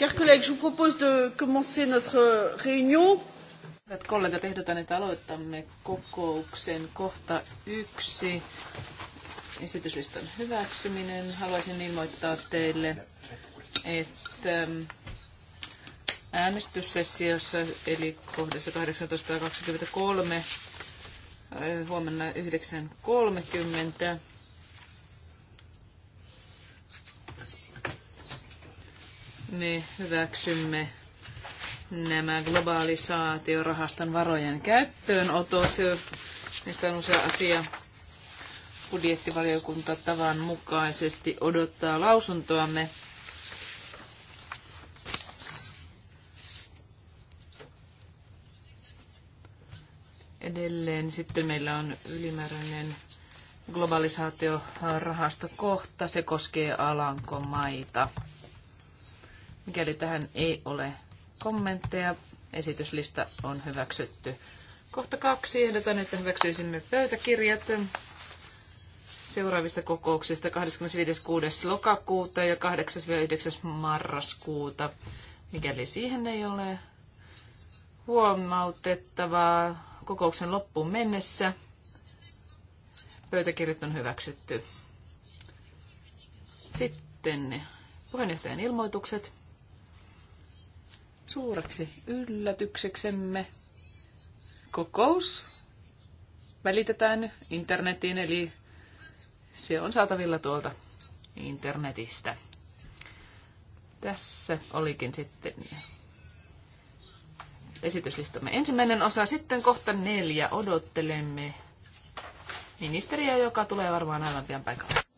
Chers collègues, je vous propose de commencer notre euh, réunion. Hyvät kollegat, ehdotan, että aloitamme kokouksen kohta yksi. Esityslistan hyväksyminen. Haluaisin ilmoittaa teille, että ähm, äänestyssessiossa, eli kohdassa 18.23, äh, huomenna 9.30, me hyväksymme nämä globaalisaatiorahaston varojen käyttöönotot. Niistä on usea asia. Budjettivaliokunta tavan mukaisesti odottaa lausuntoamme. Edelleen sitten meillä on ylimääräinen globalisaatiorahastokohta. Se koskee Alankomaita. maita. Mikäli tähän ei ole kommentteja, esityslista on hyväksytty. Kohta kaksi ehdotan, että hyväksyisimme pöytäkirjat seuraavista kokouksista 25.6. lokakuuta ja 8.9. marraskuuta. Mikäli siihen ei ole huomautettavaa kokouksen loppuun mennessä, pöytäkirjat on hyväksytty. Sitten puheenjohtajan ilmoitukset suureksi yllätykseksemme kokous välitetään internetiin, eli se on saatavilla tuolta internetistä. Tässä olikin sitten esityslistamme ensimmäinen osa. Sitten kohta neljä odottelemme ministeriä, joka tulee varmaan aivan pian paikalle.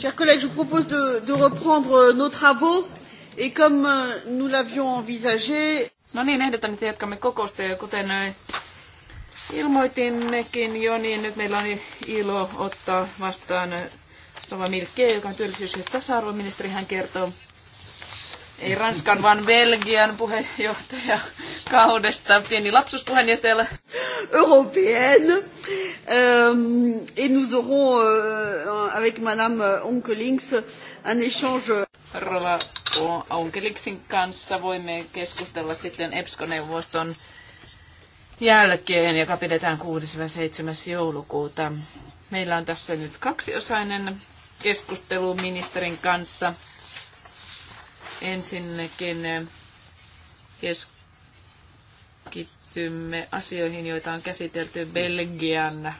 Chers collègues, je vous propose de, de reprendre euh, nos travaux et comme euh, nous l'avions envisagé. No niin, ehdotan, että jatkamme kokousta ja kuten äh, ilmoitimmekin jo, niin nyt meillä on ilo ottaa vastaan äh, Rova Milke, joka on työllisyys- ja tasa-arvoministeri. Hän kertoo ei Ranskan, vaan Belgian puheenjohtaja kaudesta. Pieni lapsus puheenjohtajalla. Européenne Euh, et nous aurons euh, avec Madame Onkelings un échange. Rova kanssa voimme keskustella sitten EPSCO-neuvoston jälkeen, joka pidetään 6.7. joulukuuta. Meillä on tässä nyt kaksiosainen keskustelu ministerin kanssa. Ensinnäkin eh, keskustelu keskitymme asioihin, joita on käsitelty Belgian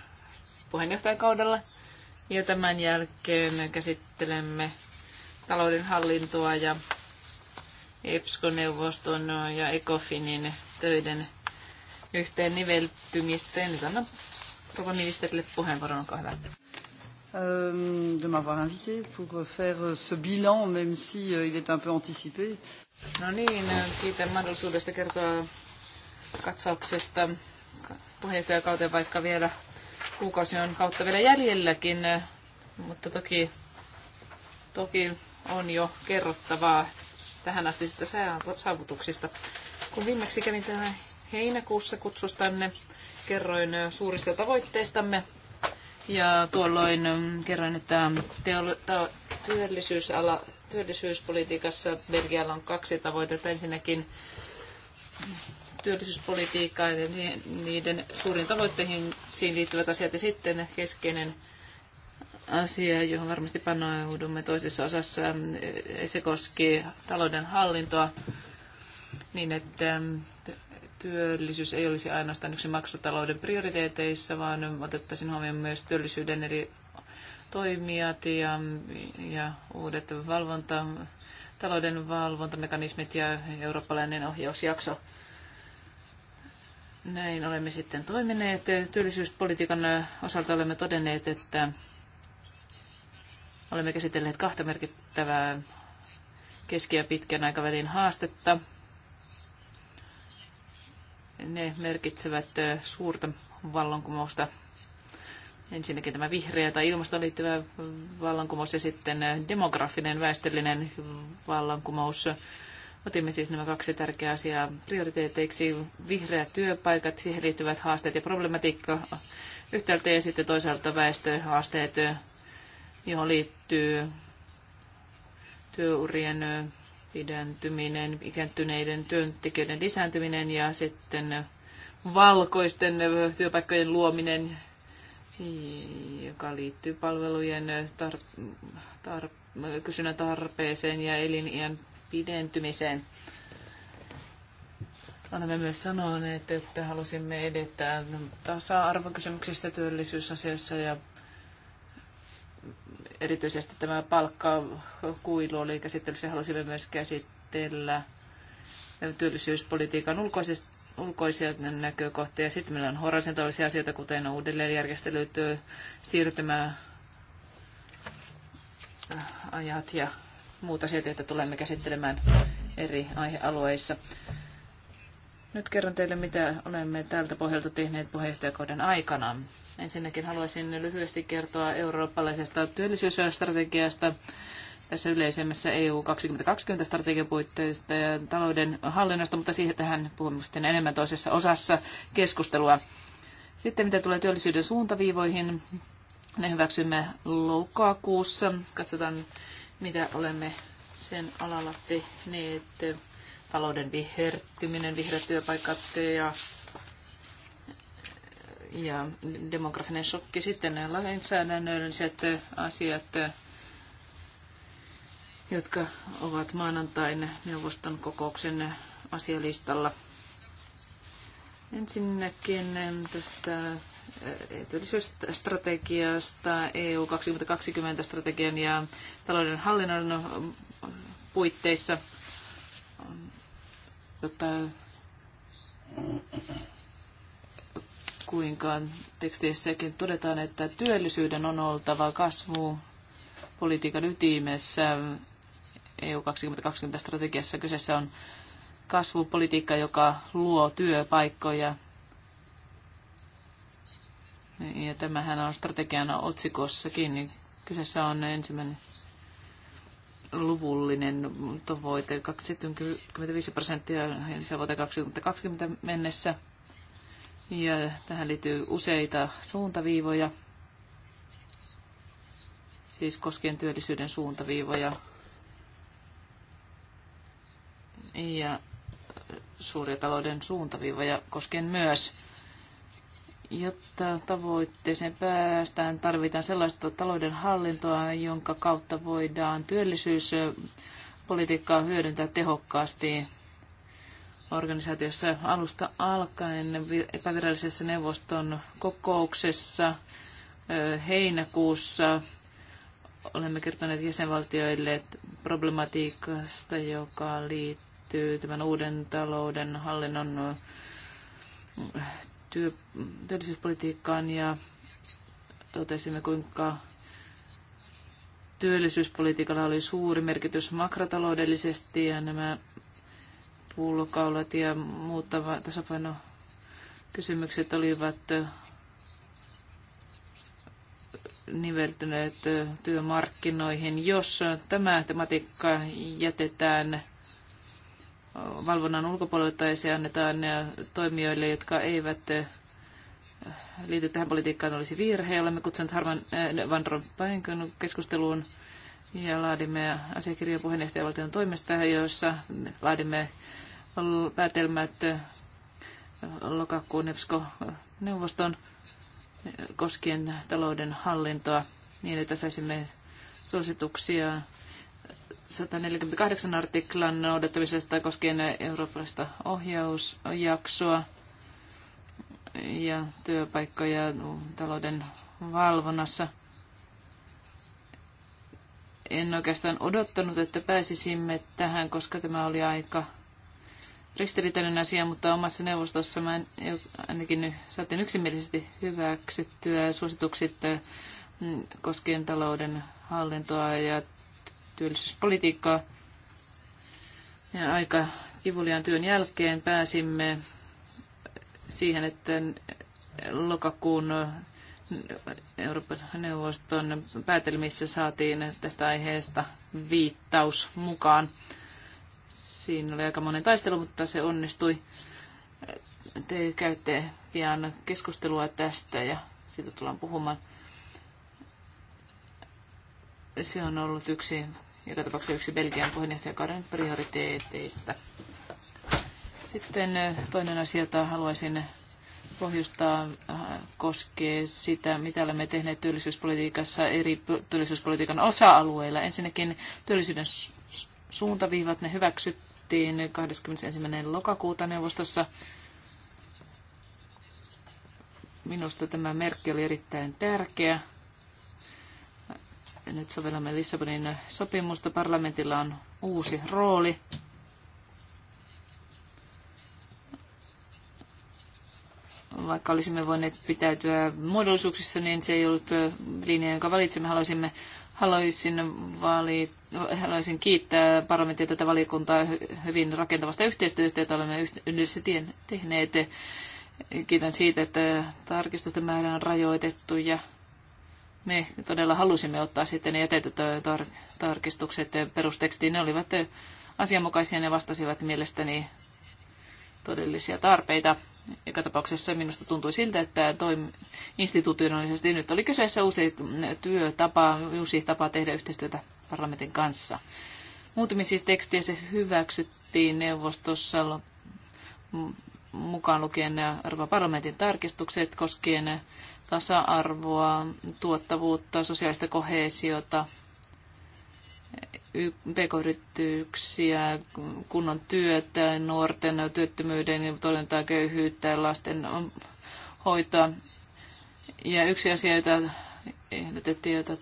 puheenjohtajakaudella. Ja tämän jälkeen käsittelemme talouden hallintoa ja EPSCO-neuvoston ja ECOFINin töiden yhteen niveltymistä. nyt annan rouva ministerille puheenvuoron, onko hyvä. Euh, de m'avoir invité pour faire ce bilan, même si euh, il est un peu anticipé. No niin, kiitän mahdollisuudesta kertoa katsauksesta puheenjohtajakauteen, vaikka vielä kuukausi on kautta vielä jäljelläkin, mutta toki, toki on jo kerrottavaa tähän asti sitä saavutuksista. Kun viimeksi kävin tänä heinäkuussa kutsustanne, kerroin suurista tavoitteistamme ja tuolloin kerroin, että teolo- ta- työllisyysala, työllisyyspolitiikassa Belgialla on kaksi tavoitetta. Ensinnäkin työllisyyspolitiikkaan ja niiden suurin tavoitteisiin liittyvät asiat. Ja sitten keskeinen asia, johon varmasti panoudumme toisessa osassa, mm, se koski talouden hallintoa niin, että mm, työllisyys ei olisi ainoastaan yksi makrotalouden prioriteeteissa, vaan otettaisiin huomioon myös työllisyyden eri toimijat ja, mm, ja uudet valvonta, talouden valvontamekanismit ja eurooppalainen ohjausjakso. Näin olemme sitten toimineet. Työllisyyspolitiikan osalta olemme todenneet, että olemme käsitelleet kahta merkittävää keski- ja pitkän aikavälin haastetta. Ne merkitsevät suurta vallankumousta. Ensinnäkin tämä vihreä tai ilmastoon liittyvä vallankumous ja sitten demografinen väestöllinen vallankumous Otimme siis nämä kaksi tärkeää asiaa prioriteeteiksi. Vihreät työpaikat, siihen liittyvät haasteet ja problematiikka yhtäältä ja sitten toisaalta väestöhaasteet, johon liittyy työurien pidentyminen, ikääntyneiden työntekijöiden lisääntyminen ja sitten valkoisten työpaikkojen luominen, joka liittyy palvelujen tar- tar- kysynnän tarpeeseen ja elinien pidentymiseen. Olemme myös sanoneet, että halusimme edetä tasa-arvokysymyksissä, työllisyysasioissa ja erityisesti tämä palkkakuilu oli käsittelyssä. Halusimme myös käsitellä työllisyyspolitiikan ulkoisista ulkoisia näkökohtia. Sitten meillä on horisontaalisia asioita, kuten uudelleenjärjestelyt, siirtymäajat ja muut asiat, joita tulemme käsittelemään eri aihealueissa. Nyt kerron teille, mitä olemme tältä pohjalta tehneet puheenjohtajakauden aikana. Ensinnäkin haluaisin lyhyesti kertoa eurooppalaisesta työllisyysstrategiasta tässä yleisemmässä EU 2020-strategian puitteista ja talouden hallinnosta, mutta siihen tähän puhumme sitten enemmän toisessa osassa keskustelua. Sitten mitä tulee työllisyyden suuntaviivoihin, ne hyväksymme loukkaakuussa. Katsotaan mitä olemme sen alalla tehneet. Talouden vihertyminen, vihreät työpaikat ja, ja demografinen shokki. Sitten ne lainsäädännölliset asiat, jotka ovat maanantain neuvoston kokouksen asialistalla. Ensinnäkin tästä työllisyysstrategiasta, EU 2020 strategian ja talouden hallinnon puitteissa, Tota, kuinka teksteissäkin todetaan, että työllisyyden on oltava kasvu politiikan ytimessä. EU 2020 strategiassa kyseessä on kasvupolitiikka, joka luo työpaikkoja ja tämähän on strategiana otsikossakin, niin kyseessä on ensimmäinen luvullinen tavoite, 25 prosenttia lisää vuoteen 2020 mennessä. Ja tähän liittyy useita suuntaviivoja, siis koskien työllisyyden suuntaviivoja ja suuria talouden suuntaviivoja koskien myös Jotta tavoitteeseen päästään, tarvitaan sellaista talouden hallintoa, jonka kautta voidaan työllisyyspolitiikkaa hyödyntää tehokkaasti organisaatiossa alusta alkaen epävirallisessa neuvoston kokouksessa heinäkuussa olemme kertoneet jäsenvaltioille problematiikasta, joka liittyy tämän uuden talouden hallinnon työ, työllisyyspolitiikkaan ja totesimme, kuinka työllisyyspolitiikalla oli suuri merkitys makrotaloudellisesti ja nämä pullokaulat ja muut tasapainokysymykset olivat niveltyneet työmarkkinoihin. Jos tämä tematiikka jätetään valvonnan ulkopuolelle tai se annetaan äh, toimijoille, jotka eivät äh, liity tähän politiikkaan, olisi virhe. Olemme kutsuneet Harman äh, Van Rompuyn keskusteluun ja laadimme asiakirjan puheenjohtajavaltion toimesta, jossa laadimme päätelmät lokakuun EPSCO-neuvoston koskien talouden hallintoa niin, että saisimme suosituksia 148 artiklan noudattamisesta koskien eurooppalaista ohjausjaksoa ja työpaikkoja talouden valvonnassa. En oikeastaan odottanut, että pääsisimme tähän, koska tämä oli aika ristiriitainen asia, mutta omassa neuvostossa mä ainakin saatiin yksimielisesti hyväksyttyä suositukset mm, koskien talouden hallintoa ja työllisyyspolitiikkaa. Ja aika kivuliaan työn jälkeen pääsimme siihen, että lokakuun Euroopan neuvoston päätelmissä saatiin tästä aiheesta viittaus mukaan. Siinä oli aika monen taistelu, mutta se onnistui. Te käytte pian keskustelua tästä ja siitä tullaan puhumaan. Se on ollut yksi joka tapauksessa yksi Belgian puheenjohtajakauden prioriteeteista. Sitten toinen asia, jota haluaisin pohjustaa, äh, koskee sitä, mitä olemme tehneet työllisyyspolitiikassa eri työllisyyspolitiikan osa-alueilla. Ensinnäkin työllisyyden suuntaviivat, ne hyväksyttiin 21. lokakuuta neuvostossa. Minusta tämä merkki oli erittäin tärkeä nyt sovellamme Lissabonin sopimusta. Parlamentilla on uusi rooli. Vaikka olisimme voineet pitäytyä muodollisuuksissa, niin se ei ollut linja, jonka valitsimme. Haluaisimme, haluaisin, vali, haluaisin kiittää parlamenttia tätä valiokuntaa hyvin rakentavasta yhteistyöstä, jota olemme yhdessä tehneet. Kiitän siitä, että tarkistusten määrä on rajoitettu ja me todella halusimme ottaa sitten ne jätetyt tar- tarkistukset perustekstiin. Ne olivat asianmukaisia ja vastasivat mielestäni todellisia tarpeita. Joka tapauksessa minusta tuntui siltä, että toim- institutionaalisesti nyt oli kyseessä uusi työtapa, uusi tapa tehdä yhteistyötä parlamentin kanssa. Muutamia siis tekstiä se hyväksyttiin neuvostossa mukaan lukien Euroopan parlamentin tarkistukset koskien tasa-arvoa, tuottavuutta, sosiaalista kohesiota, pk-yrityksiä, kunnon työtä, nuorten työttömyyden torjuntaa, köyhyyttä, lasten hoitoa. Ja yksi asia, jota ehdotettiin, jota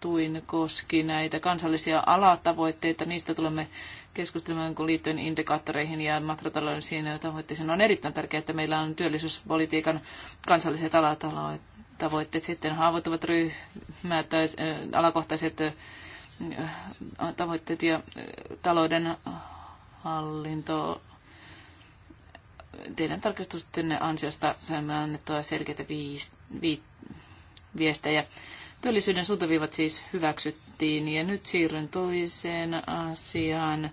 tuin, koski näitä kansallisia alatavoitteita. Niistä tulemme keskustelemaan kun liittyen indikaattoreihin ja makrotaloudellisiin tavoitteisiin. On erittäin tärkeää, että meillä on työllisyyspolitiikan kansalliset alatavoitteet, sitten haavoittuvat ryhmät, äh, alakohtaiset äh, tavoitteet ja äh, talouden hallinto. Teidän tarkastusten ansiosta saimme annettua selkeitä viis, vi, viestejä Työllisyyden suuntaviivat siis hyväksyttiin ja nyt siirryn toiseen asiaan.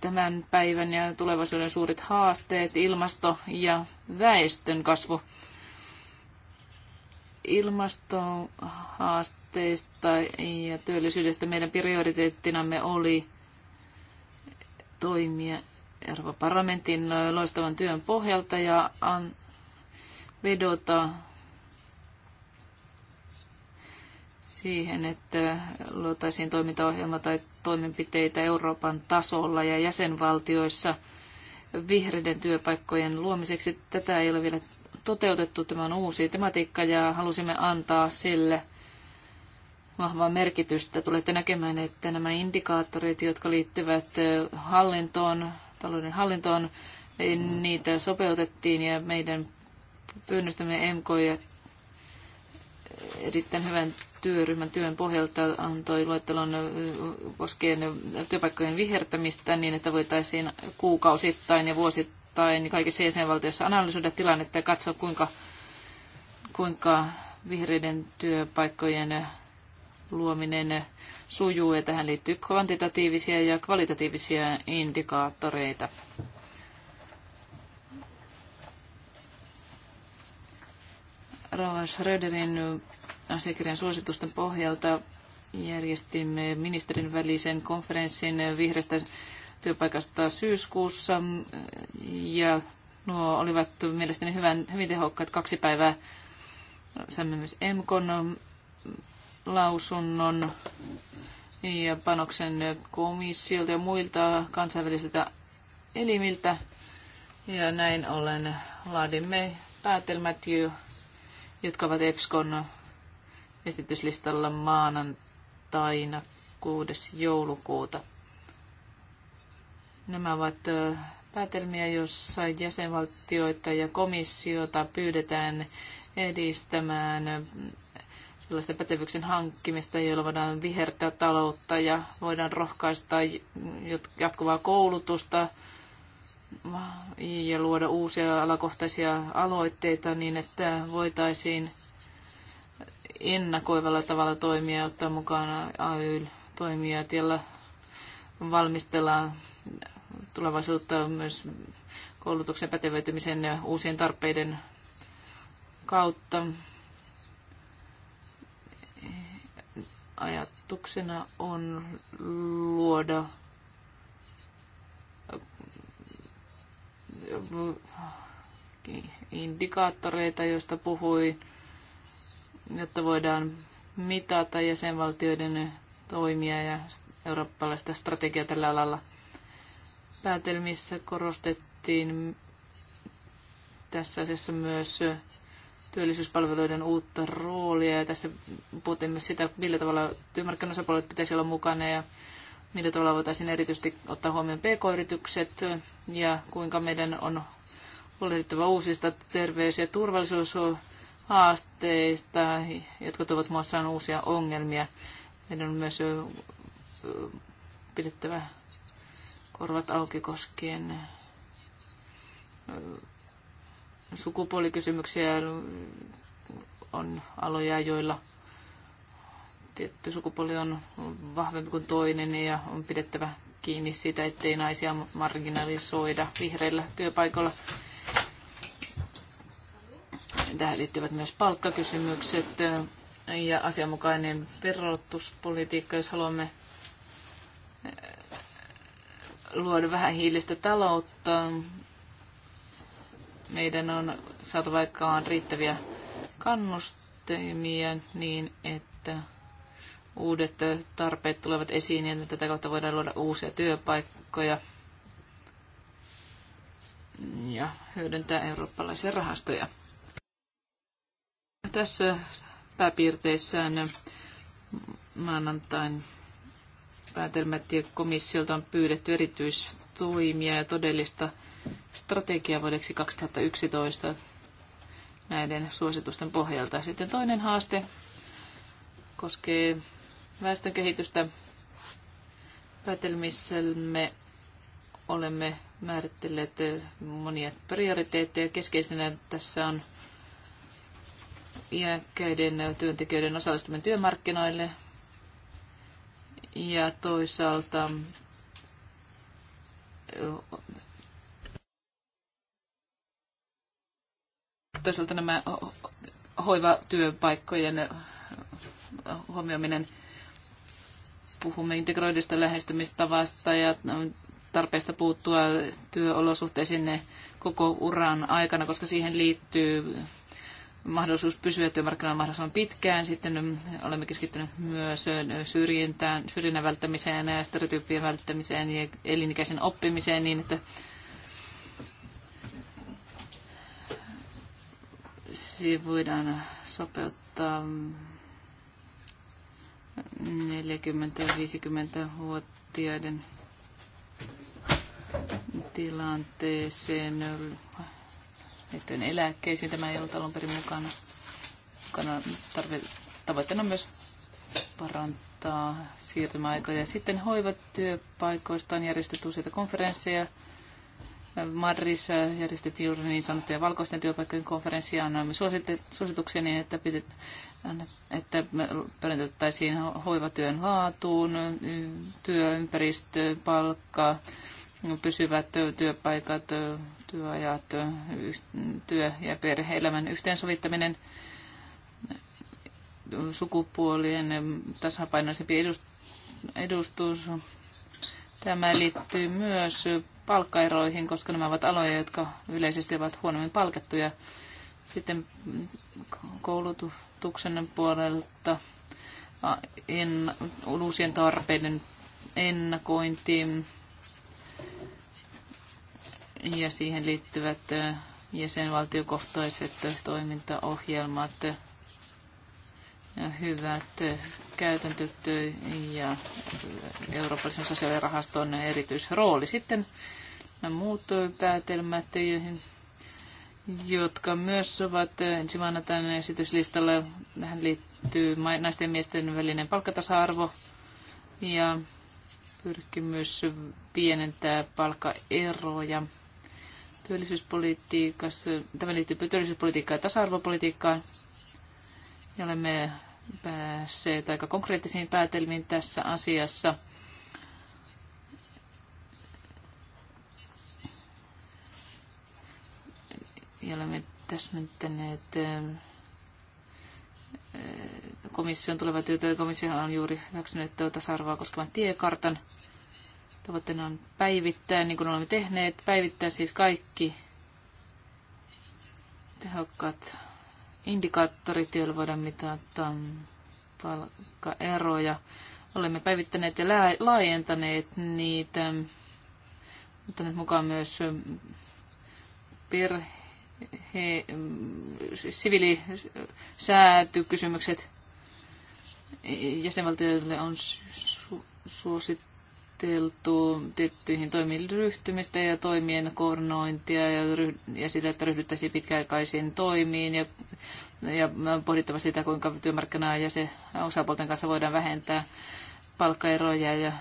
Tämän päivän ja tulevaisuuden suurit haasteet, ilmasto ja väestön kasvu. Ilmastohaasteista ja työllisyydestä meidän prioriteettinamme oli toimia Euroopan parlamentin loistavan työn pohjalta ja vedota siihen, että luotaisiin toimintaohjelma tai toimenpiteitä Euroopan tasolla ja jäsenvaltioissa vihreiden työpaikkojen luomiseksi. Tätä ei ole vielä toteutettu, tämä on uusi tematiikka ja halusimme antaa sille vahvaa merkitystä. Tulette näkemään, että nämä indikaattorit, jotka liittyvät hallintoon, talouden hallintoon, niitä sopeutettiin ja meidän pyynnöstämme MK ja erittäin hyvän työryhmän työn pohjalta antoi luettelon koskien työpaikkojen vihertämistä niin, että voitaisiin kuukausittain ja vuosittain kaikissa jäsenvaltioissa analysoida tilannetta ja katsoa, kuinka, kuinka vihreiden työpaikkojen luominen sujuu ja tähän liittyy kvantitatiivisia ja kvalitatiivisia indikaattoreita. Rauha Schröderin asiakirjan suositusten pohjalta järjestimme ministerin välisen konferenssin vihreästä työpaikasta syyskuussa ja nuo olivat mielestäni hyvän, hyvin tehokkaat kaksi päivää. Saimme myös EMKon lausunnon ja panoksen komissiolta ja muilta kansainvälisiltä elimiltä. Ja näin ollen laadimme päätelmät, jotka ovat EPSCon esityslistalla maanantaina 6. joulukuuta. Nämä ovat päätelmiä, joissa jäsenvaltioita ja komissiota pyydetään edistämään sellaisten pätevyyksen hankkimista, joilla voidaan vihertää taloutta ja voidaan rohkaista jatkuvaa koulutusta ja luoda uusia alakohtaisia aloitteita niin, että voitaisiin ennakoivalla tavalla toimia, ottaa mukaan AY-toimijat, joilla valmistellaan tulevaisuutta myös koulutuksen pätevöitymisen ja uusien tarpeiden kautta. Ajatuksena on luoda indikaattoreita, joista puhuin jotta voidaan mitata jäsenvaltioiden toimia ja eurooppalaista strategiaa tällä alalla. Päätelmissä korostettiin tässä asiassa myös työllisyyspalveluiden uutta roolia. Ja tässä puhuttiin myös sitä, millä tavalla työmarkkinosapuolet pitäisi olla mukana ja millä tavalla voitaisiin erityisesti ottaa huomioon pk-yritykset ja kuinka meidän on huolehdittava uusista terveys- ja turvallisuus- haasteista, jotka tuovat muassaan uusia ongelmia. Meidän on myös pidettävä korvat auki koskien sukupuolikysymyksiä. On aloja, joilla tietty sukupuoli on vahvempi kuin toinen ja on pidettävä kiinni siitä, ettei naisia marginalisoida vihreillä työpaikoilla Tähän liittyvät myös palkkakysymykset ja asianmukainen verotuspolitiikka, jos haluamme eh, luoda vähän hiilistä taloutta. Meidän on saatu vaikkaan riittäviä kannustimia niin, että uudet tarpeet tulevat esiin ja tätä kautta voidaan luoda uusia työpaikkoja ja hyödyntää eurooppalaisia rahastoja tässä pääpiirteissään maanantain päätelmät ja komissiolta on pyydetty erityistoimia ja todellista strategiaa vuodeksi 2011 näiden suositusten pohjalta. Sitten toinen haaste koskee väestön kehitystä. Päätelmissämme olemme määritelleet monia prioriteetteja. Keskeisenä tässä on iäkkäiden työntekijöiden osallistuminen työmarkkinoille ja toisaalta toisaalta nämä hoivatyöpaikkojen huomioiminen. Puhumme integroidista lähestymistavasta ja tarpeesta puuttua työolosuhteisiin koko uran aikana, koska siihen liittyy mahdollisuus pysyä työmarkkinoilla mahdollisimman pitkään. Sitten mm, olemme keskittyneet myös syrjintään, syrjinnän välttämiseen ja stereotyyppien välttämiseen ja elinikäisen oppimiseen niin, että se voidaan sopeuttaa 40-50-vuotiaiden tilanteeseen liittyen eläkkeisiin. Tämä ei ollut alun perin mukana. mukana tarve, tavoitteena myös parantaa siirtymäaikoja. Sitten hoivatyöpaikoista on järjestetty useita konferensseja. Madrissa järjestettiin juuri niin sanottuja valkoisten työpaikkojen konferenssia. Annoimme suosituksia niin, että, pitet, että parantettaisiin hoivatyön laatuun, työympäristö, palkka, pysyvät työpaikat, työajat, työ- ja perhe-elämän yhteensovittaminen, sukupuolien tasapainoisempi edustus. Tämä liittyy myös palkkaeroihin, koska nämä ovat aloja, jotka yleisesti ovat huonommin palkettuja, Sitten koulutuksen puolelta en, uusien tarpeiden ennakointiin ja siihen liittyvät jäsenvaltiokohtaiset toimintaohjelmat, ja hyvät käytäntöt ja Euroopan sosiaalirahaston erityisrooli. Sitten muut päätelmät, jotka myös ovat ensi tämän esityslistalla. Tähän liittyy naisten ja miesten välinen palkkatasa-arvo ja pyrkimys pienentää palkkaeroja työllisyyspolitiikassa, tämä liittyy työllisyyspolitiikkaan ja tasa-arvopolitiikkaan. Ja olemme päässeet aika konkreettisiin päätelmiin tässä asiassa. Ja olemme täsmentäneet komission tuleva työtä. Komissio on juuri hyväksynyt tasa-arvoa koskevan tiekartan. Tavoitteena on päivittää, niin kuin olemme tehneet, päivittää siis kaikki tehokkaat indikaattorit, joilla voidaan mitata palkkaeroja. Olemme päivittäneet ja laajentaneet niitä, mutta nyt mukaan myös perhe, siis siviilisäätykysymykset. Jäsenvaltioille on suosittu suunniteltu tiettyihin toimiin ryhtymistä ja toimien koordinointia ja, ryh- ja sitä, että ryhdyttäisiin pitkäaikaisiin toimiin ja, ja pohdittava sitä, kuinka työmarkkinaa ja se osapuolten kanssa voidaan vähentää palkkaeroja ja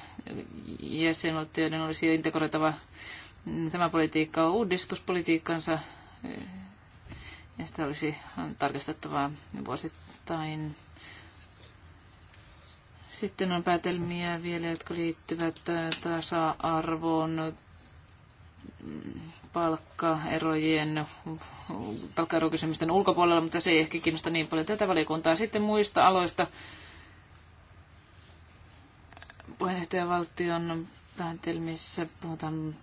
jäsenvaltioiden olisi integroitava tämä politiikka on uudistuspolitiikkansa eh, ja sitä olisi tarkistettavaa vuosittain sitten on päätelmiä vielä, jotka liittyvät äh, tasa-arvoon, mm, palkkaerojen, palkkaerokysymysten ulkopuolella, mutta se ei ehkä kiinnosta niin paljon tätä valiokuntaa. Sitten muista aloista puheenjohtajavaltion päätelmissä puhutaan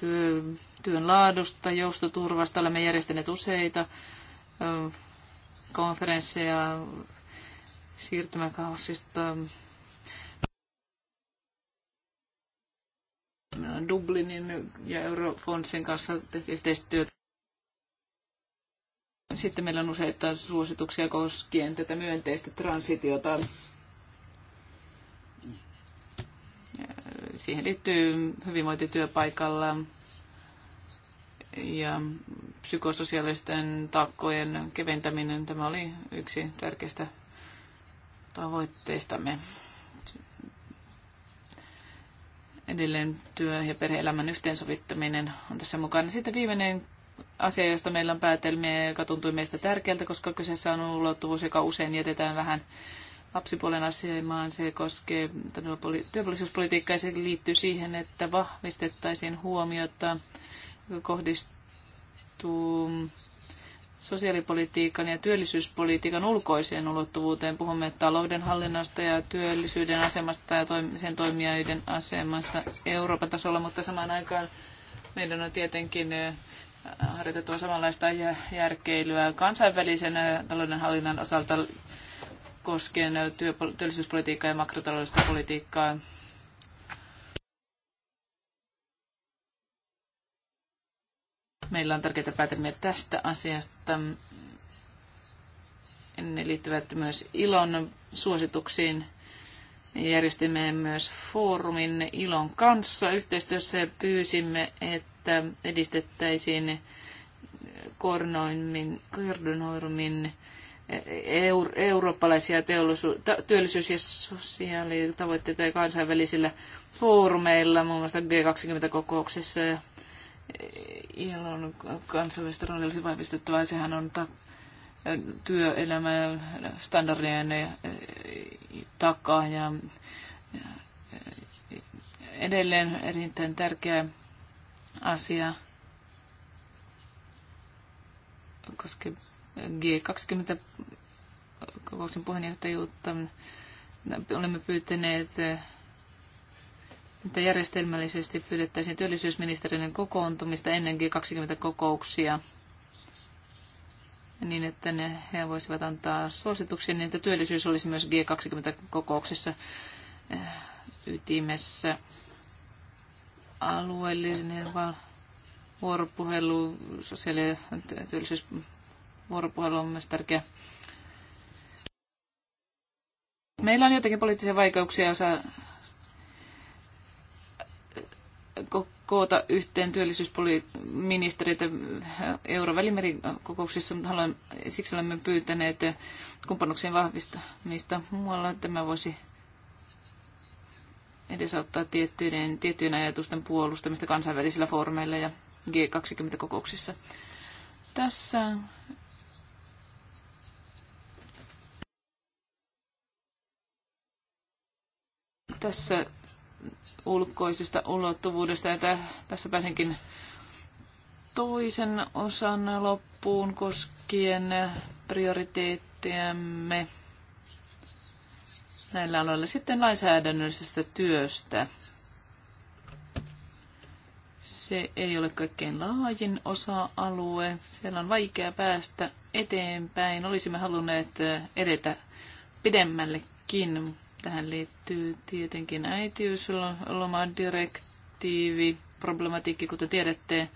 työ, työn laadusta, joustoturvasta. Olemme järjestäneet useita konferensseja siirtymäkausista, Meillä on Dublinin ja Eurofondsin kanssa tehty yhteistyötä. Sitten meillä on useita suosituksia koskien tätä myönteistä transitiota. Siihen liittyy hyvinvointityöpaikalla ja psykososiaalisten taakkojen keventäminen. Tämä oli yksi tärkeistä tavoitteistamme edelleen työ- ja perhe-elämän yhteensovittaminen on tässä mukana. Sitten viimeinen asia, josta meillä on päätelmiä, joka tuntui meistä tärkeältä, koska kyseessä on ulottuvuus, joka usein jätetään vähän lapsipuolen asemaan. Se koskee työpolitiikkaa ja se liittyy siihen, että vahvistettaisiin huomiota, joka kohdistuu sosiaalipolitiikan ja työllisyyspolitiikan ulkoiseen ulottuvuuteen. Puhumme talouden hallinnasta ja työllisyyden asemasta ja sen toimijoiden asemasta Euroopan tasolla, mutta samaan aikaan meidän on tietenkin harjoitettava samanlaista järkeilyä kansainvälisen talouden hallinnan osalta koskien työllisyyspolitiikkaa ja makrotaloudellista politiikkaa. Meillä on tärkeitä päätelmiä tästä asiasta. Ne liittyvät myös ilon suosituksiin. Järjestimme myös foorumin ilon kanssa yhteistyössä ja pyysimme, että edistettäisiin koordinoimin, koordinoimin eh, eur, eurooppalaisia työllisyys- ja sosiaalitavoitteita kansainvälisillä foorumeilla, muun muassa G20-kokouksessa ja ILOn kansainvälistä roolia olisi vahvistettava. Sehän on ta- työelämän standardien takaa ja edelleen erittäin tärkeä asia Koske G20 kokouksen puheenjohtajuutta. Olemme pyytäneet että järjestelmällisesti pyydettäisiin työllisyysministeriön kokoontumista ennen G20-kokouksia niin, että ne, he voisivat antaa suosituksia niin, että työllisyys olisi myös G20-kokouksessa eh, ytimessä. Alueellinen val- vuoropuhelu, sosiaali- ja työllisyysvuoropuhelu on myös tärkeä. Meillä on jotakin poliittisia vaikeuksia osa koota yhteen työllisyysministeriöitä Eurovälimerin kokouksissa, mutta haluan, siksi olemme pyytäneet kumppanuksien vahvistamista muualla. Tämä voisi edesauttaa tiettyjen, tiettyjen ajatusten puolustamista kansainvälisillä foorumeilla ja G20-kokouksissa. Tässä tässä ulkoisesta ulottuvuudesta. Ja tässä pääsenkin toisen osan loppuun koskien prioriteettiamme näillä aloilla sitten lainsäädännöllisestä työstä. Se ei ole kaikkein laajin osa-alue. Siellä on vaikea päästä eteenpäin. Olisimme halunneet edetä pidemmällekin, Tähän liittyy tietenkin äitiyslomadirektiivi, problematiikki, kuten tiedätte,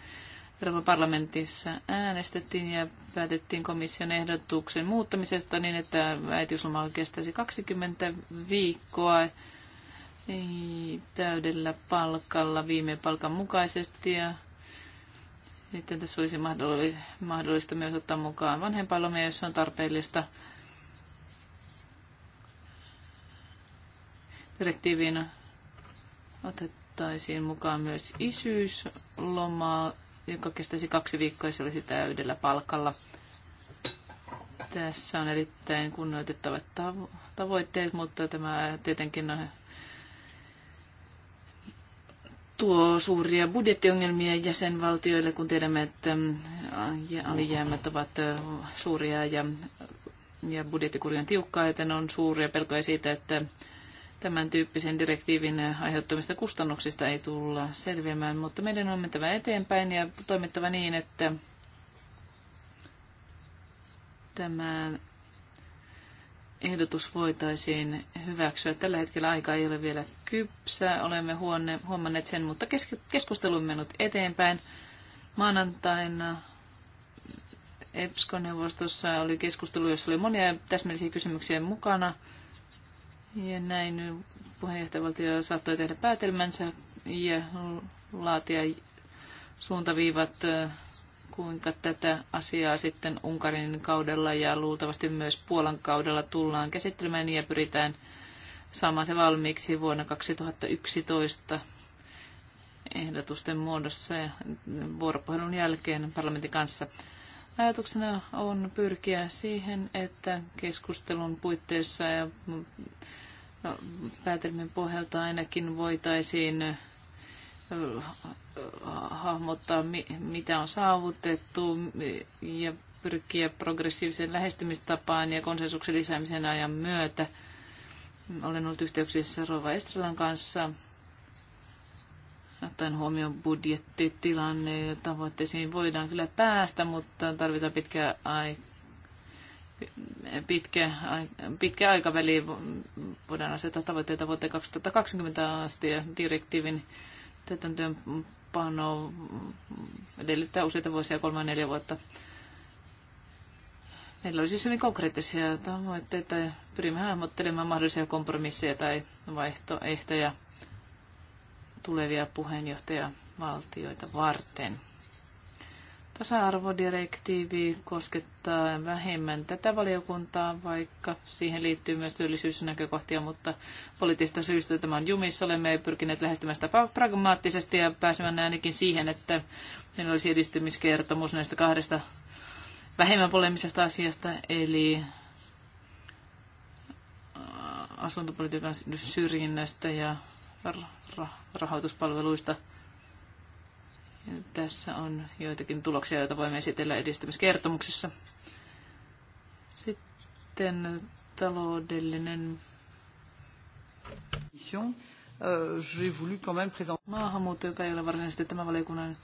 Euroopan parlamentissa äänestettiin ja päätettiin komission ehdotuksen muuttamisesta niin, että äitiysloma kestäisi 20 viikkoa täydellä palkalla viime palkan mukaisesti ja sitten tässä olisi mahdollista myös ottaa mukaan vanhempailomia, jos on tarpeellista. direktiivin otettaisiin mukaan myös isyyslomaa, joka kestäisi kaksi viikkoa ja se olisi täydellä palkalla. Tässä on erittäin kunnioitettavat tavo- tavoitteet, mutta tämä tietenkin on äh, tuo suuria budjettiongelmia jäsenvaltioille, kun tiedämme, että mm, alijäämät ovat äh, suuria ja, ja budjettikuri on tiukkaa, joten on suuria pelkoja siitä, että tämän tyyppisen direktiivin aiheuttamista kustannuksista ei tulla selviämään, mutta meidän on mentävä eteenpäin ja toimittava niin, että tämä ehdotus voitaisiin hyväksyä. Tällä hetkellä aika ei ole vielä kypsä, olemme huonne, huomanneet sen, mutta keskustelu on mennyt eteenpäin. Maanantaina EPSCO-neuvostossa oli keskustelu, jossa oli monia täsmällisiä kysymyksiä mukana – ja näin puheenjohtajavaltio saattoi tehdä päätelmänsä ja laatia suuntaviivat, kuinka tätä asiaa sitten Unkarin kaudella ja luultavasti myös Puolan kaudella tullaan käsittelemään ja pyritään saamaan se valmiiksi vuonna 2011 ehdotusten muodossa ja vuoropuhelun jälkeen parlamentin kanssa. Ajatuksena on pyrkiä siihen, että keskustelun puitteissa ja No, päätelmien pohjalta ainakin voitaisiin hahmottaa, mitä on saavutettu ja pyrkiä progressiiviseen lähestymistapaan ja konsensuksen lisäämisen ajan myötä. Olen ollut yhteyksissä Rova Estrelan kanssa ottaen huomioon budjettitilanne ja tavoitteisiin voidaan kyllä päästä, mutta tarvitaan pitkää aikaa pitkä, pitkä aikaväli. Voidaan asettaa tavoitteita vuoteen 2020 asti ja direktiivin täytäntöönpano edellyttää useita vuosia, kolme neljä vuotta. Meillä oli siis hyvin konkreettisia tavoitteita ja pyrimme hahmottelemaan mahdollisia kompromisseja tai vaihtoehtoja tulevia puheenjohtajavaltioita varten. Tasa-arvodirektiivi koskettaa vähemmän tätä valiokuntaa, vaikka siihen liittyy myös työllisyysnäkökohtia, mutta poliittisista syistä tämä on jumissa. Olemme pyrkineet lähestymään sitä pragmaattisesti ja pääsemään ainakin siihen, että meillä olisi edistymiskertomus näistä kahdesta vähemmän polemisesta asiasta, eli asuntopolitiikan syrjinnästä ja rahoituspalveluista – ja tässä on joitakin tuloksia, joita voimme esitellä edistymiskertomuksessa. Sitten taloudellinen euh, maahanmuutto, joka ei ole varsinaisesti tämän valiokunnan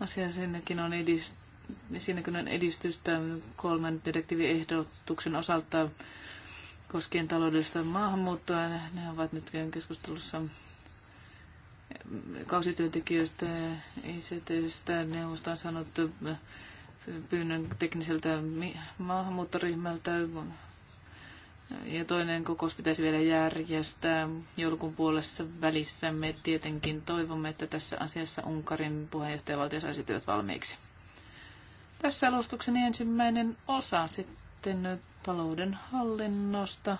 asia, sinnekin on edist- siinäkin on edistystä kolmen direktiiviehdotuksen ehdotuksen osalta koskien taloudellista maahanmuuttoa. Ne ovat nyt keskustelussa kausityöntekijöistä ICTstä neuvosto on sanottu pyynnön tekniseltä maahanmuuttoryhmältä ja toinen kokous pitäisi vielä järjestää joulukuun puolessa välissä. Me tietenkin toivomme, että tässä asiassa Unkarin puheenjohtajavaltio saisi työt valmiiksi. Tässä alustukseni ensimmäinen osa sitten talouden hallinnosta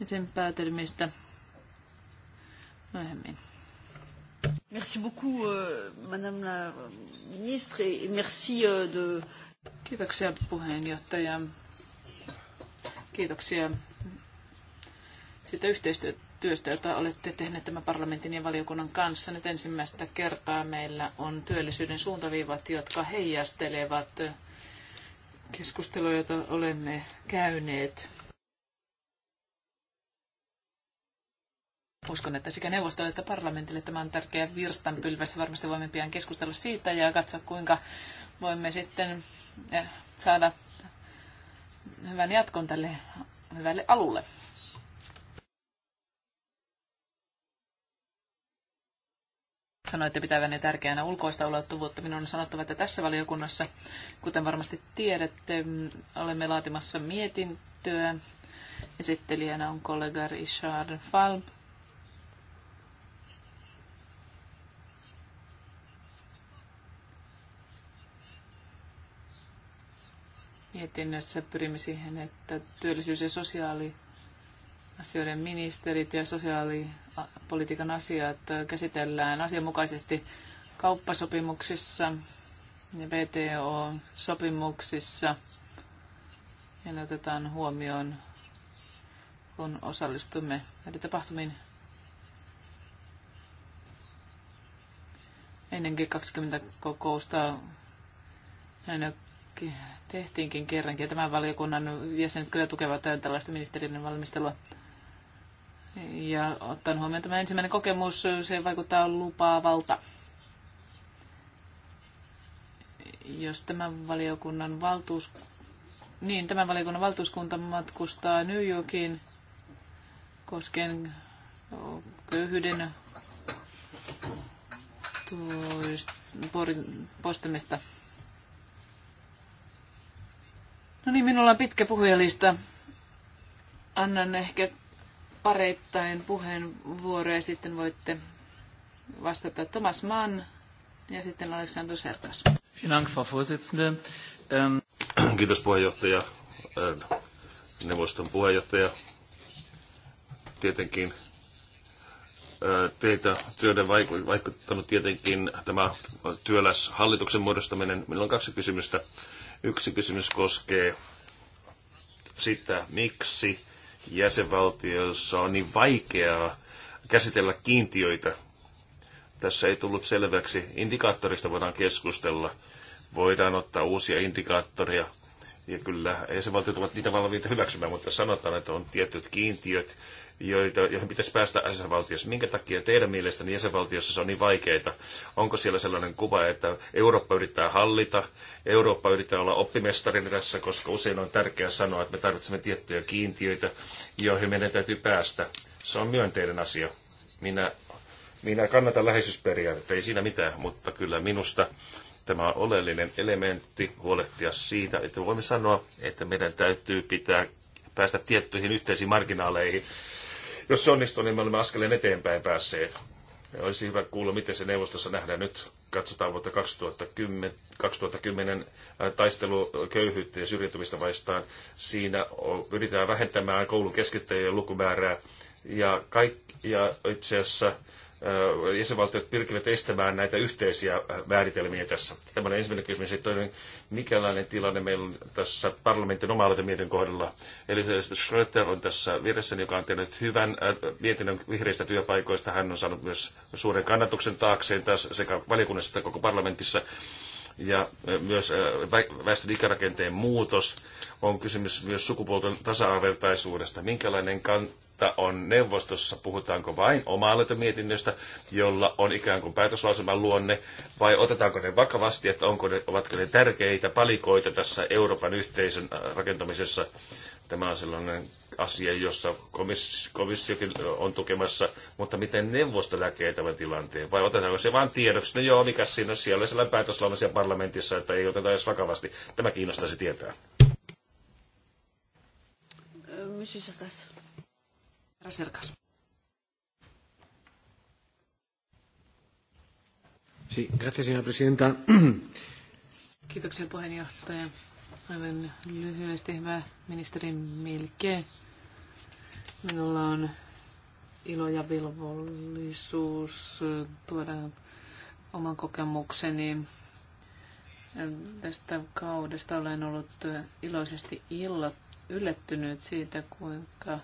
ja sen päätelmistä myöhemmin. Merci beaucoup, euh, madame la euh, ministre, et merci euh, de... Kiitoksia puheenjohtaja. Kiitoksia siitä yhteistyöstä, jota olette tehneet tämän parlamentin ja valiokunnan kanssa. Nyt ensimmäistä kertaa meillä on työllisyyden suuntaviivat, jotka heijastelevat keskusteluja, jota olemme käyneet Uskon, että sekä neuvostolle että parlamentille tämä on tärkeä virstanpylväs. Varmasti voimme pian keskustella siitä ja katsoa, kuinka voimme sitten eh, saada hyvän jatkon tälle hyvälle alulle. Sanoitte pitävänne tärkeänä ulkoista ulottuvuutta. Minun on sanottava, että tässä valiokunnassa, kuten varmasti tiedätte, olemme laatimassa mietintöä. Esittelijänä on kollega Richard Falb. mietinnössä pyrimme siihen, että työllisyys- ja sosiaaliasioiden ministerit ja sosiaalipolitiikan asiat käsitellään asianmukaisesti kauppasopimuksissa ja VTO-sopimuksissa. Ja ne otetaan huomioon, kun osallistumme näiden tapahtumiin. Ennenkin 20 kokousta näin tehtiinkin kerrankin. Ja tämän valiokunnan jäsenet kyllä tukevat tällaista ministeriön valmistelua. Ja ottaen huomioon tämä ensimmäinen kokemus, se vaikuttaa lupaavalta. Jos tämän valiokunnan, valtuus, niin, tämän valiokunnan valtuuskunta matkustaa New Yorkiin koskien köyhyyden postimista, No niin, minulla on pitkä puhujalista. Annan ehkä pareittain puheenvuoroja ja sitten voitte vastata Thomas Mann ja sitten Aleksandr Serkas. Ähm, Kiitos puheenjohtaja, ähm, neuvoston puheenjohtaja. Tietenkin äh, teitä työden vaikuttanut tietenkin tämä työläs hallituksen muodostaminen. Meillä on kaksi kysymystä. Yksi kysymys koskee sitä, miksi jäsenvaltioissa on niin vaikeaa käsitellä kiintiöitä. Tässä ei tullut selväksi. Indikaattorista voidaan keskustella. Voidaan ottaa uusia indikaattoria. Ja kyllä jäsenvaltiot ovat niitä valmiita hyväksymään, mutta sanotaan, että on tietyt kiintiöt, joita, joihin pitäisi päästä jäsenvaltiossa. Minkä takia teidän mielestänne jäsenvaltiossa se on niin vaikeaa? Onko siellä sellainen kuva, että Eurooppa yrittää hallita, Eurooppa yrittää olla oppimestarin tässä, koska usein on tärkeää sanoa, että me tarvitsemme tiettyjä kiintiöitä, joihin meidän täytyy päästä. Se on myönteinen asia. Minä, minä kannatan läheisyysperiaatetta, ei siinä mitään, mutta kyllä minusta tämä on oleellinen elementti huolehtia siitä, että voimme sanoa, että meidän täytyy pitää päästä tiettyihin yhteisiin marginaaleihin jos se onnistuu, niin me olemme askeleen eteenpäin päässeet. Ja olisi hyvä kuulla, miten se neuvostossa nähdään nyt. Katsotaan vuotta 2010, 2010 äh, taistelu köyhyyttä ja syrjintymistä vastaan. Siinä pyritään vähentämään koulun keskittäjien lukumäärää. Ja, kaik, ja itse asiassa jäsenvaltiot pyrkivät estämään näitä yhteisiä määritelmiä tässä. Tämä on ensimmäinen kysymys. Ja toinen, mikälainen tilanne meillä on tässä parlamentin oma mietinnön kohdalla. Eli Schröter on tässä vieressä, joka on tehnyt hyvän mietinnön vihreistä työpaikoista. Hän on saanut myös suuren kannatuksen taakseen tässä sekä valiokunnassa että koko parlamentissa ja myös väestön ikärakenteen muutos on kysymys myös sukupuolten tasa-arveltaisuudesta. Minkälainen kan, että on neuvostossa, puhutaanko vain oma mietinnöstä, jolla on ikään kuin päätöslauseman luonne, vai otetaanko ne vakavasti, että onko ne, ovatko ne tärkeitä palikoita tässä Euroopan yhteisön äh, rakentamisessa. Tämä on sellainen asia, jossa komissiokin äh, on tukemassa, mutta miten neuvosto näkee tämän tilanteen? Vai otetaanko se vain tiedoksi? No joo, mikä siinä on siellä sellainen päätöslauseman siellä parlamentissa, että ei oteta edes vakavasti. Tämä kiinnostaisi tietää. Äh, Monsieur Sarkas. Sí, gracias, señora presidenta. Kiitoksia puheenjohtaja. Aivan lyhyesti, hyvä ministeri Milke. Minulla on ilo ja velvollisuus tuoda oman kokemukseni tästä kaudesta. Olen ollut iloisesti illa yllättynyt siitä, kuinka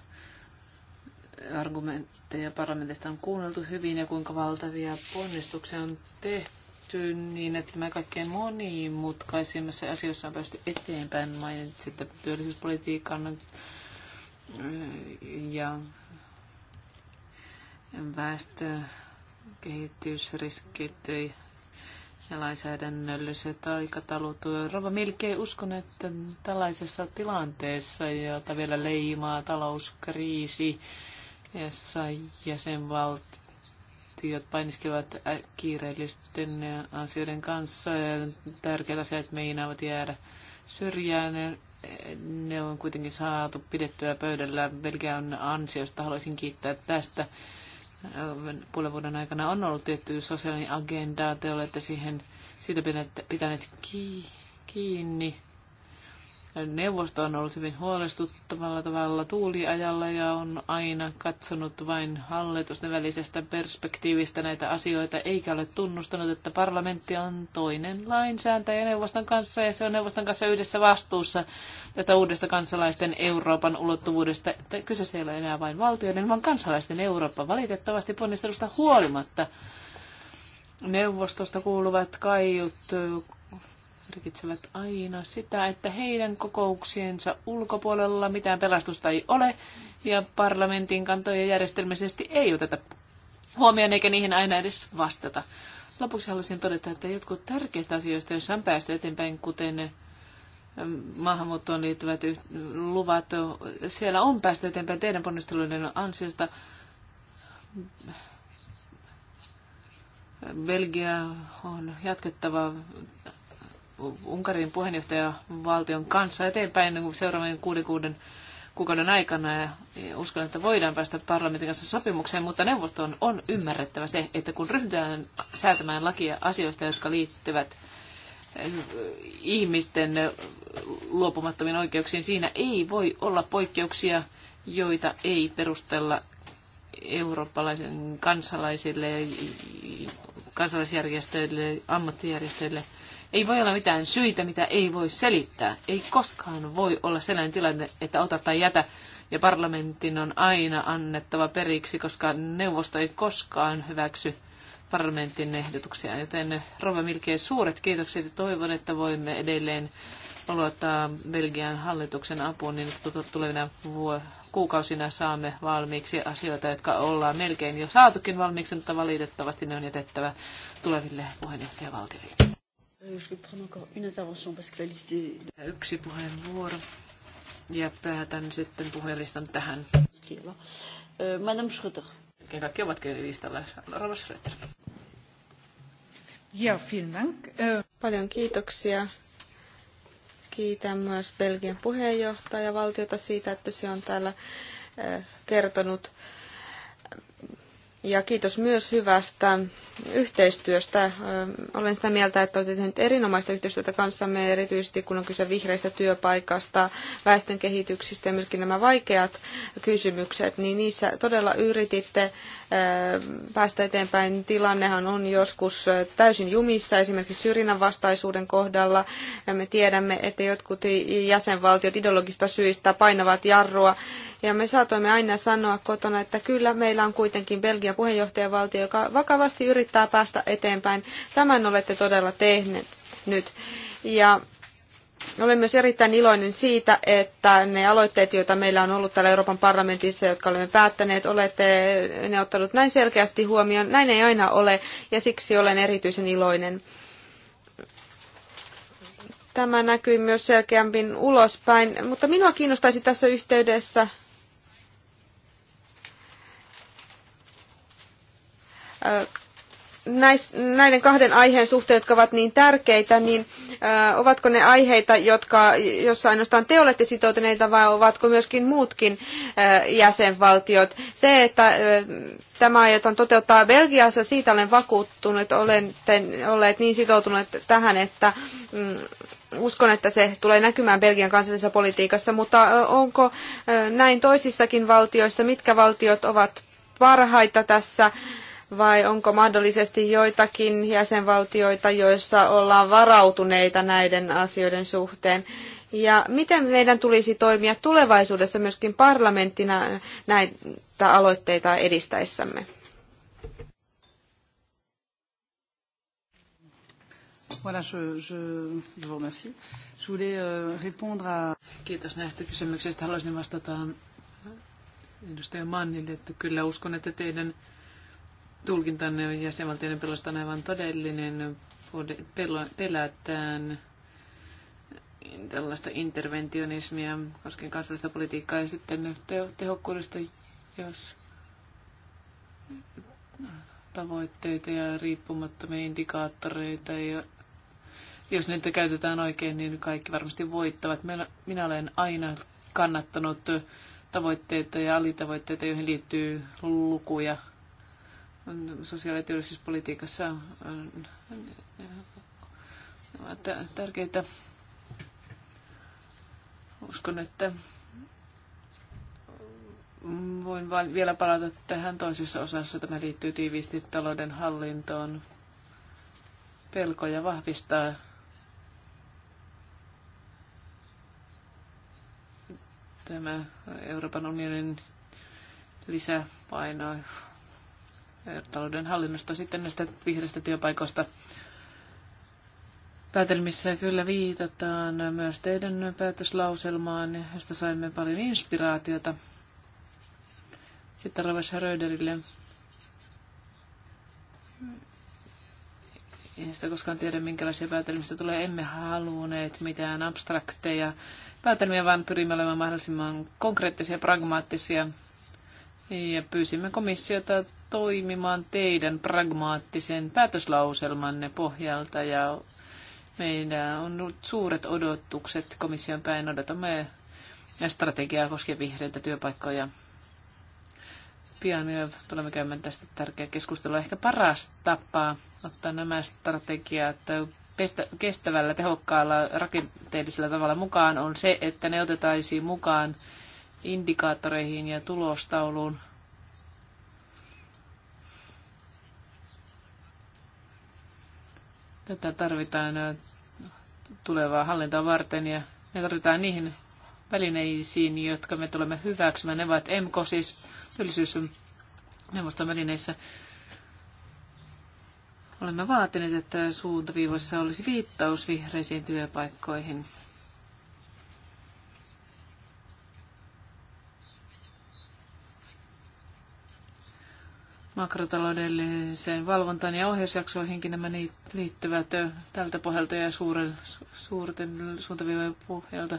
argumentteja parlamentista on kuunneltu hyvin ja kuinka valtavia ponnistuksia on tehty niin, että me kaikkein monimutkaisimmissa asioissa on päästy eteenpäin. että työllisyyspolitiikan eh, ja väestö, kehitysriskit ja lainsäädännölliset aikataulut. Rova Milkei uskon, että tällaisessa tilanteessa, jota vielä leimaa talouskriisi, jossa jäsenvaltiot painiskelevat äh, kiireellisten äh, asioiden kanssa. Tärkeät asiat meinaavat jäädä syrjään. Ne on kuitenkin saatu pidettyä pöydällä on ansiosta. Haluaisin kiittää tästä. Äh, puolen vuoden aikana on ollut tietty sosiaalinen agenda. Te olette siihen, siitä pitäneet kiinni neuvosto on ollut hyvin huolestuttavalla tavalla tuuliajalla ja on aina katsonut vain hallitusten välisestä perspektiivistä näitä asioita, eikä ole tunnustanut, että parlamentti on toinen lainsääntäjä neuvoston kanssa ja se on neuvoston kanssa yhdessä vastuussa tästä uudesta kansalaisten Euroopan ulottuvuudesta. Että kyseessä ei ole enää vain valtioiden, vaan kansalaisten Eurooppa valitettavasti ponnistelusta huolimatta. Neuvostosta kuuluvat kaiut merkitsevät aina sitä, että heidän kokouksiensa ulkopuolella mitään pelastusta ei ole ja parlamentin kantoja järjestelmällisesti ei oteta huomioon eikä niihin aina edes vastata. Lopuksi haluaisin todeta, että jotkut tärkeistä asioista, joissa on päästy eteenpäin, kuten ähm, maahanmuuttoon liittyvät luvat, siellä on päästy eteenpäin teidän ponnisteluiden ansiosta. Belgia on jatkettava Unkarin puheenjohtajavaltion kanssa eteenpäin seuraavien kuuden, kuuden kuukauden aikana ja uskon, että voidaan päästä parlamentin kanssa sopimukseen, mutta neuvoston on ymmärrettävä se, että kun ryhdytään säätämään lakia asioista, jotka liittyvät eh, ihmisten luopumattomiin oikeuksiin, siinä ei voi olla poikkeuksia, joita ei perustella eurooppalaisen kansalaisille, kansalaisjärjestöille, ammattijärjestöille – ei voi olla mitään syitä, mitä ei voi selittää. Ei koskaan voi olla sellainen tilanne, että ota tai jätä. Ja parlamentin on aina annettava periksi, koska neuvosto ei koskaan hyväksy parlamentin ehdotuksia. Joten Rova Milkeen suuret kiitokset ja toivon, että voimme edelleen luottaa Belgian hallituksen apuun, niin tulevina kuukausina saamme valmiiksi asioita, jotka ollaan melkein jo saatukin valmiiksi, mutta valitettavasti ne on jätettävä tuleville puheenjohtajavaltioille. Yksi puheenvuoro ja päätän sitten puheenlistan tähän. Euh, Madame Schröter. Kaikki ovatkin listalla. Rova Schröter. Ja, vielen Dank. Euh, Paljon kiitoksia. Kiitän myös Belgian puheenjohtajavaltiota siitä, että se on täällä äh, kertonut ja kiitos myös hyvästä yhteistyöstä. Olen sitä mieltä, että olette tehneet erinomaista yhteistyötä kanssamme, erityisesti kun on kyse vihreistä työpaikasta, väestön kehityksistä ja myöskin nämä vaikeat kysymykset, niin niissä todella yrititte päästä eteenpäin. Tilannehan on joskus täysin jumissa, esimerkiksi syrjinnän vastaisuuden kohdalla. Me tiedämme, että jotkut jäsenvaltiot ideologista syistä painavat jarrua. Ja me saatoimme aina sanoa kotona, että kyllä meillä on kuitenkin Belgian puheenjohtajavaltio, joka vakavasti yrittää päästä eteenpäin. Tämän olette todella tehneet nyt. Ja olen myös erittäin iloinen siitä, että ne aloitteet, joita meillä on ollut täällä Euroopan parlamentissa, jotka olemme päättäneet, olette ne ottanut näin selkeästi huomioon. Näin ei aina ole ja siksi olen erityisen iloinen. Tämä näkyy myös selkeämpin ulospäin, mutta minua kiinnostaisi tässä yhteydessä näiden kahden aiheen suhteen, jotka ovat niin tärkeitä, niin ovatko ne aiheita, jotka, jossa ainoastaan te olette sitoutuneita vai ovatko myöskin muutkin jäsenvaltiot? Se, että tämä aiotaan toteuttaa Belgiassa, siitä olen vakuuttunut, olen olleet niin sitoutuneet tähän, että mm, uskon, että se tulee näkymään Belgian kansallisessa politiikassa, mutta onko näin toisissakin valtioissa, mitkä valtiot ovat parhaita tässä vai onko mahdollisesti joitakin jäsenvaltioita, joissa ollaan varautuneita näiden asioiden suhteen? Ja miten meidän tulisi toimia tulevaisuudessa myöskin parlamenttina näitä aloitteita edistäessämme? Voilà, je, je, je Je voulais euh, répondre à... Kiitos näistä kysymyksistä. Haluaisin vastata edustaja Mannille, että kyllä uskon, että teidän tulkintanne jäsenvaltioiden pelosta on aivan todellinen. Pelätään tällaista interventionismia koskien kansallista politiikkaa ja sitten tehokkuudesta, jos tavoitteita ja riippumattomia indikaattoreita ja jos niitä käytetään oikein, niin kaikki varmasti voittavat. Minä olen aina kannattanut tavoitteita ja alitavoitteita, joihin liittyy lukuja on sosiaali- ja työllisyyspolitiikassa ovat tärkeitä. Uskon, että voin vain vielä palata tähän toisessa osassa. Tämä liittyy tiiviisti talouden hallintoon. Pelkoja vahvistaa tämä Euroopan unionin lisäpaino talouden hallinnosta. Sitten näistä vihreistä työpaikoista päätelmissä kyllä viitataan myös teidän päätöslauselmaan, josta saimme paljon inspiraatiota. Sitten Ravas Röderille. En sitä koskaan tiedä, minkälaisia päätelmistä tulee. Emme halunneet mitään abstrakteja päätelmiä, vaan pyrimme olemaan mahdollisimman konkreettisia, pragmaattisia. Ja pyysimme komissiota toimimaan teidän pragmaattisen päätöslauselmanne pohjalta ja meillä on ollut suuret odotukset komission päin. Odotamme strategiaa koskien vihreitä työpaikkoja pian tulemme käymään tästä tärkeää keskustelua. Ehkä paras tapa ottaa nämä strategiat kestävällä, tehokkaalla, rakenteellisella tavalla mukaan on se, että ne otetaisiin mukaan indikaattoreihin ja tulostauluun – Tätä tarvitaan tulevaa hallintaa varten ja ne tarvitaan niihin välineisiin, jotka me tulemme hyväksymään. Ne ovat EMKO, siis työllisyysneuvoston välineissä. Olemme vaatineet, että suuntaviivoissa olisi viittaus vihreisiin työpaikkoihin. makrotaloudelliseen valvontaan ja ohjausjaksoihinkin nämä liittyvät tältä pohjalta ja suuren, suurten suuntaviivojen pohjalta.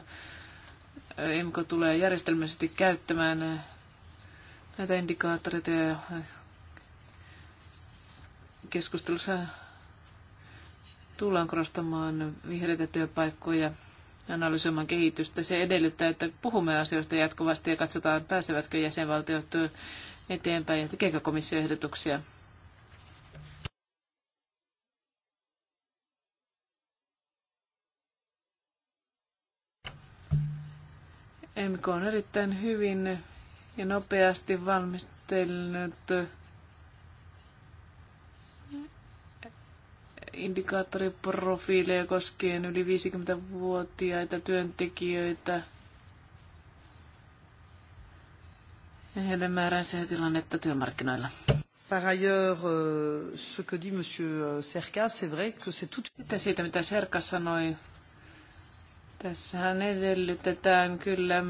IMCO tulee järjestelmällisesti käyttämään näitä indikaattoreita ja keskustelussa tullaan korostamaan vihreitä työpaikkoja analysoimaan kehitystä. Se edellyttää, että puhumme asioista jatkuvasti ja katsotaan, pääsevätkö jäsenvaltiot eteenpäin ja tekeekö komissio ehdotuksia? MK on erittäin hyvin ja nopeasti valmistellut indikaattoriprofiileja koskien yli 50-vuotiaita työntekijöitä – heidän määränsä ja tilannetta työmarkkinoilla. Par ailleurs, euh, ce que dit Monsieur euh, Serka, c'est vrai que c'est tout... Sitten siitä, mitä Serka sanoi, tässähän edellytetään kyllä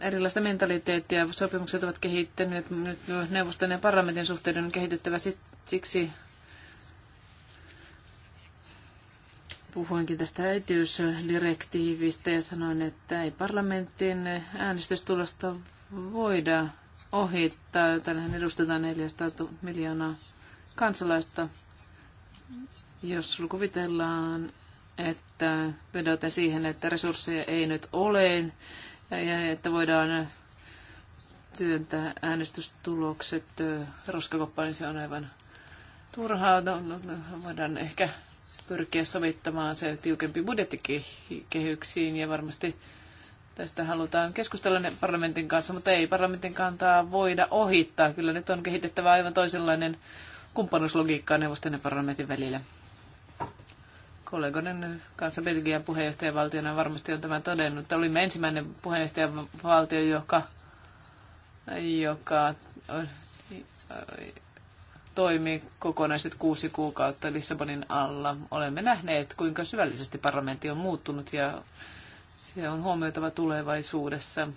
erilaista mentaliteettia. Sopimukset ovat kehittyneet, nyt neuvoston ja parlamentin suhteiden on kehitettävä siksi puhuinkin tästä äitiysdirektiivistä ja sanoin, että ei parlamentin äänestystulosta voida ohittaa. Tällähän edustetaan 400 miljoonaa kansalaista. Jos kuvitellaan, että vedotaan siihen, että resursseja ei nyt ole ja että voidaan työntää äänestystulokset eh, roskakoppaan, niin se on aivan turhaa. No, no, no, voidaan ehkä pyrkiä sovittamaan se tiukempi budjettikehyksiin ja varmasti tästä halutaan keskustella parlamentin kanssa, mutta ei parlamentin kantaa voida ohittaa. Kyllä nyt on kehitettävä aivan toisenlainen kumppanuuslogiikka neuvoston ja parlamentin välillä. Kollegoiden kanssa Belgian puheenjohtajavaltiona varmasti on tämä todennut. Olimme ensimmäinen puheenjohtajavaltio, joka, joka toimi kokonaiset kuusi kuukautta Lissabonin alla. Olemme nähneet, kuinka syvällisesti parlamentti on muuttunut ja se on huomioitava tulevaisuudessa.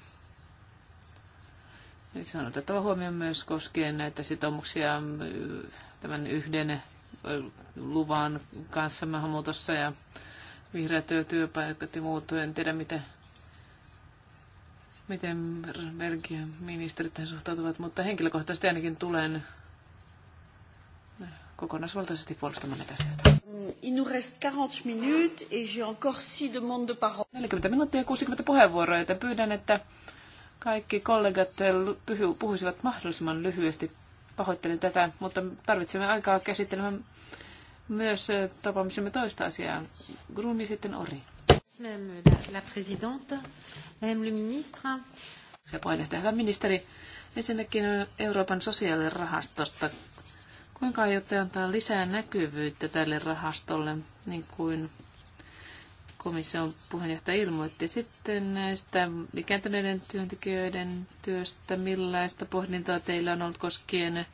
Se on otettava huomioon myös koskien näitä sitoumuksia mm, tämän yhden luvan kanssa maahanmuutossa ja vihreät työpaikat ja muut. En tiedä, miten, miten Belgian ministerit suhtautuvat, mutta henkilökohtaisesti ainakin tulen kokonaisvaltaisesti puolustamaan näitä asioita. Mm, il nous reste 40 minutes et j'ai encore 6 demandes de parole. 40 minuuttia ja 60 puheenvuoroa, joten pyydän, että kaikki kollegat puhuisivat mahdollisimman lyhyesti. Pahoittelen tätä, mutta tarvitsemme aikaa käsittelemään myös tapaamisemme toista asiaa. Gruni sitten Ori. Madame la présidente, madame le ministre. Se puheenjohtaja, hyvä ministeri. Ensinnäkin Euroopan sosiaalirahastosta Kuinka aiotte antaa lisää näkyvyyttä tälle rahastolle, niin kuin komission puheenjohtaja ilmoitti sitten näistä ikääntyneiden työntekijöiden työstä, millaista pohdintaa teillä on ollut koskien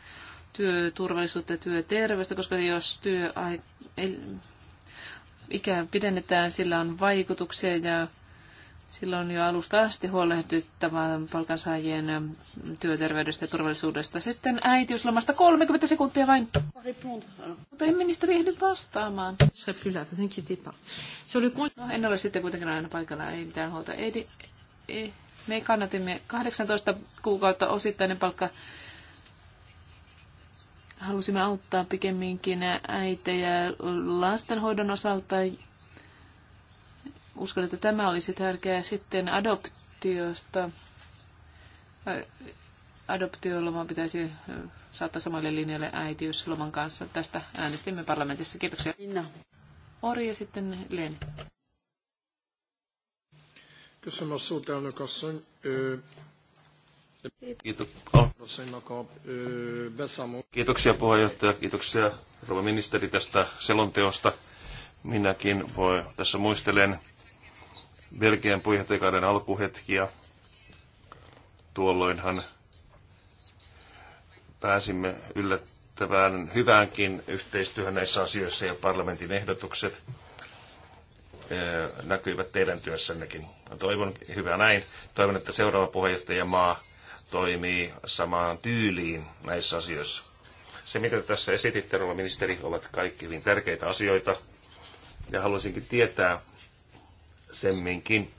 työturvallisuutta ja työterveystä, koska jos työ ikään pidennetään, sillä on vaikutuksia ja Silloin jo alusta asti huolehdittava palkansaajien työterveydestä ja turvallisuudesta. Sitten äitiyslomasta 30 sekuntia vain. Mutta en ministeri ehdi vastaamaan. No, en ole sitten kuitenkin aina paikalla, ei mitään huolta. Ei, ei. Me kannatimme 18 kuukautta osittainen palkka. Halusimme auttaa pikemminkin äitejä lastenhoidon osalta Uskon, että tämä olisi tärkeää sitten adoptiosta. Adoptioloma pitäisi saattaa samalle linjalle äitiysloman kanssa. Tästä äänestimme parlamentissa. Kiitoksia. Minna. Ori ja sitten Len. Kysymys a szót, elnök Kiitoksia puheenjohtaja, kiitoksia rouva ministeri tästä selonteosta. Minäkin voi tässä muistelen Belgian puheenjohtajakauden alkuhetkiä. Tuolloinhan pääsimme yllättävään hyväänkin yhteistyöhön näissä asioissa ja parlamentin ehdotukset eh, näkyivät teidän työssännekin. Toivon, hyvä näin, toivon, että seuraava puheenjohtajamaa toimii samaan tyyliin näissä asioissa. Se, mitä tässä esititte, rouva ministeri, ovat kaikki hyvin tärkeitä asioita. Ja haluaisinkin tietää, semminkin,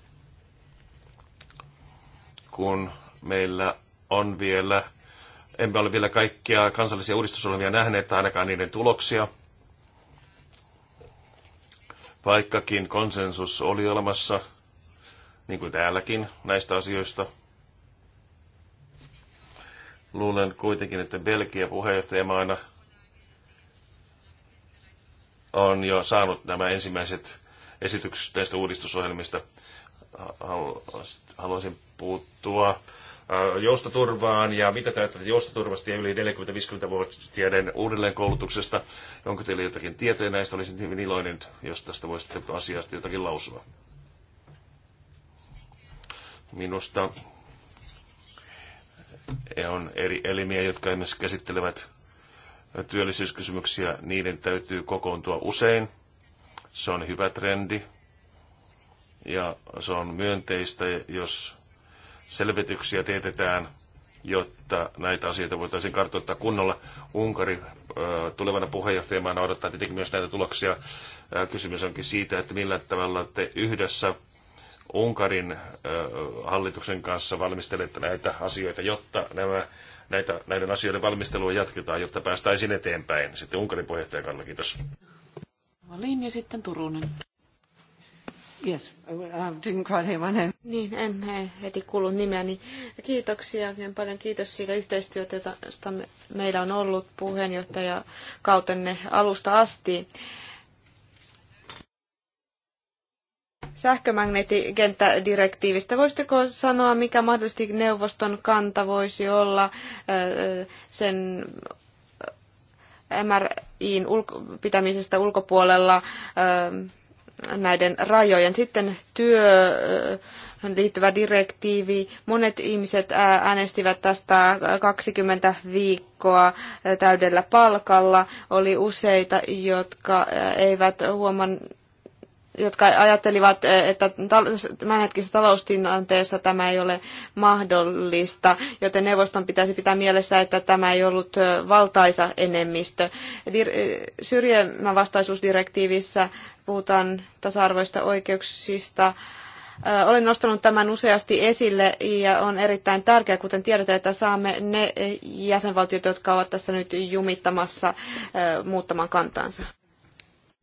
kun meillä on vielä, emme ole vielä kaikkia kansallisia uudistusohjelmia nähneet, tai ainakaan niiden tuloksia, vaikkakin konsensus oli olemassa, niin kuin täälläkin, näistä asioista. Luulen kuitenkin, että Belgia puheenjohtajamaana on jo saanut nämä ensimmäiset esityksistä näistä uudistusohjelmista. Haluaisin puuttua joustoturvaan ja mitä täältä joustoturvasta ja yli 40-50-vuotiaiden uudelleenkoulutuksesta. Onko teillä jotakin tietoja näistä? Olisin hyvin iloinen, jos tästä voisitte asiasta jotakin lausua. Minusta e on eri elimiä, jotka myös käsittelevät työllisyyskysymyksiä. Niiden täytyy kokoontua usein se on hyvä trendi ja se on myönteistä, jos selvityksiä teetetään, jotta näitä asioita voitaisiin kartoittaa kunnolla. Unkari tulevana puheenjohtajamaana odottaa tietenkin myös näitä tuloksia. Kysymys onkin siitä, että millä tavalla te yhdessä Unkarin hallituksen kanssa valmistelette näitä asioita, jotta nämä, näitä, näiden asioiden valmistelua jatketaan, jotta päästäisiin eteenpäin. Sitten Unkarin puheenjohtajakalla, Kiitos. Valin ja sitten Turunen. Yes, I didn't quite hear my name. Niin, en heti kuullut nimeäni. Kiitoksia oikein paljon. Kiitos siitä yhteistyötä, jota meillä on ollut puheenjohtaja kautenne alusta asti. sähkömagneettikenttädirektiivistä. Voisitteko sanoa, mikä mahdollisesti neuvoston kanta voisi olla sen MRIin ulko- pitämisestä ulkopuolella näiden rajojen. Sitten työ liittyvä direktiivi. Monet ihmiset äänestivät tästä 20 viikkoa täydellä palkalla. Oli useita, jotka eivät huomanneet jotka ajattelivat, eh, että tämänhetkisessä taloustilanteessa tämä ei ole mahdollista, joten neuvoston pitäisi pitää mielessä, että tämä ei ollut eh, valtaisa enemmistö. Eh, syrjimävastaisuusdirektiivissä puhutaan tasa-arvoista oikeuksista. Olen nostanut tämän useasti esille ja on erittäin tärkeää, kuten tiedetään, että saamme ne jäsenvaltiot, jotka ovat tässä nyt jumittamassa muuttamaan kantansa.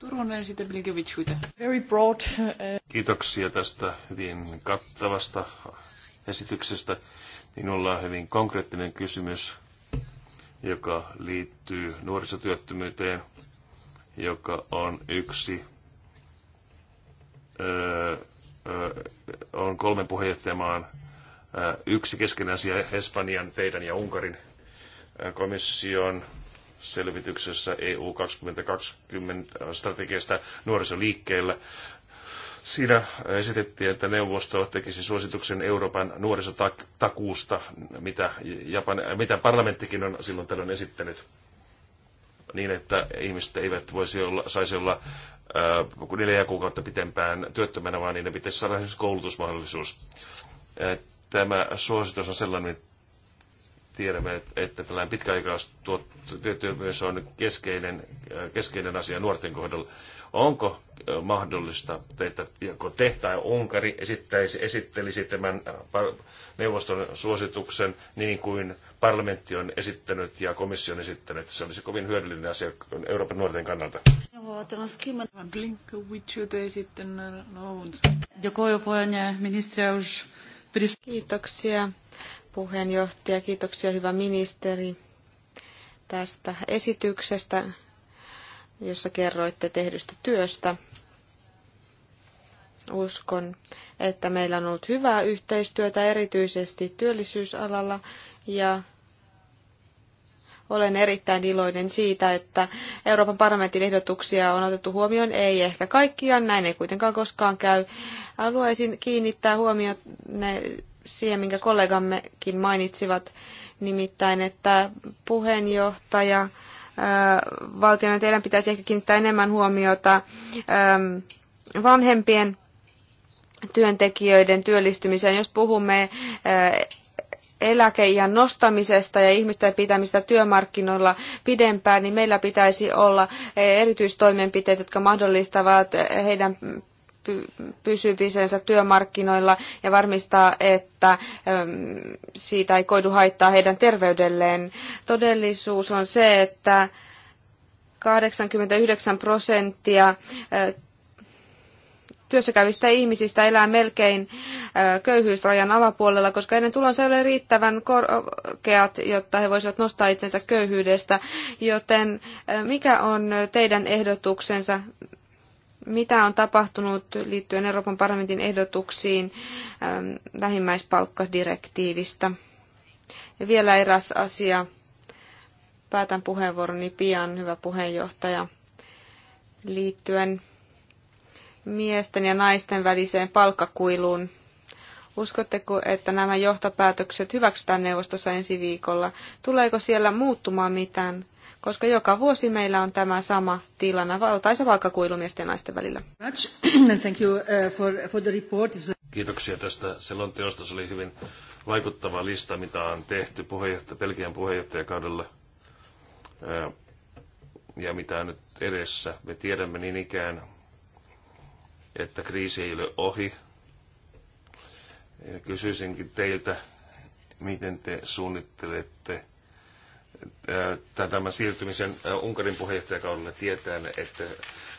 Turunen, sitten Blinkevichuita. Very broad. Uh, Kiitoksia tästä hyvin kattavasta esityksestä. Minulla on hyvin konkreettinen kysymys, joka liittyy nuorisotyöttömyyteen, joka on yksi öö, öö, on kolmen puheenjohtajamaan öö, yksi kesken asia Espanjan, teidän ja Unkarin komission selvityksessä EU 2020 strategiasta nuorisoliikkeellä. Siinä esitettiin, että neuvosto tekisi suosituksen Euroopan nuorisotakuusta, mitä, Japan, mitä parlamenttikin on silloin tällöin esittänyt, niin että ihmiset eivät voisi olla, saisi olla äh, neljä kuukautta pitempään työttömänä, vaan niiden pitäisi saada koulutusmahdollisuus. Äh, tämä suositus on sellainen, tiedämme, että tällainen pitkäaikaistyöttömyys on keskeinen, äh, keskeinen asia nuorten kohdalla. Onko äh, mahdollista, että joko te tai Unkari esittäisi, esittelisi tämän äh, neuvoston suosituksen niin kuin parlamentti on esittänyt ja komissio on esittänyt? Se olisi kovin hyödyllinen asia Euroopan nuorten kannalta. Kiitoksia puheenjohtaja. Kiitoksia hyvä ministeri tästä esityksestä, jossa kerroitte tehdystä työstä. Uskon, että meillä on ollut hyvää yhteistyötä erityisesti työllisyysalalla ja olen erittäin iloinen siitä, että Euroopan parlamentin ehdotuksia on otettu huomioon. Ei ehkä kaikkia, näin ei kuitenkaan koskaan käy. Haluaisin kiinnittää huomioon siihen, minkä kollegammekin mainitsivat, nimittäin, että puheenjohtaja valtiona teidän pitäisi ehkä kiinnittää enemmän huomiota vanhempien työntekijöiden työllistymiseen. Jos puhumme eläkeiän nostamisesta ja ihmisten pitämistä työmarkkinoilla pidempään, niin meillä pitäisi olla erityistoimenpiteet, jotka mahdollistavat heidän pysymisensä työmarkkinoilla ja varmistaa, että ähm, siitä ei koidu haittaa heidän terveydelleen. Todellisuus on se, että 89 prosenttia äh, työssäkäyvistä ihmisistä elää melkein äh, köyhyysrajan alapuolella, koska heidän tulonsa ei ole riittävän korkeat, jotta he voisivat nostaa itsensä köyhyydestä. Joten äh, mikä on teidän ehdotuksensa? mitä on tapahtunut liittyen Euroopan parlamentin ehdotuksiin ähm, vähimmäispalkkadirektiivistä. Ja vielä eräs asia. Päätän puheenvuoroni pian, hyvä puheenjohtaja, liittyen miesten ja naisten väliseen palkkakuiluun. Uskotteko, että nämä johtopäätökset hyväksytään neuvostossa ensi viikolla? Tuleeko siellä muuttumaan mitään? koska joka vuosi meillä on tämä sama tilanne, valtaisa valkakuilu miesten ja naisten välillä. Uh, Kiitoksia tästä selonteosta. Se oli hyvin vaikuttava lista, mitä on tehty puheenjohtaja, Pelkian puheenjohtajakaudella uh, ja mitä on nyt edessä. Me tiedämme niin ikään, että kriisi ei ole ohi. Ja kysyisinkin teiltä, miten te suunnittelette tämän siirtymisen Unkarin puheenjohtajakaudelle tietää, että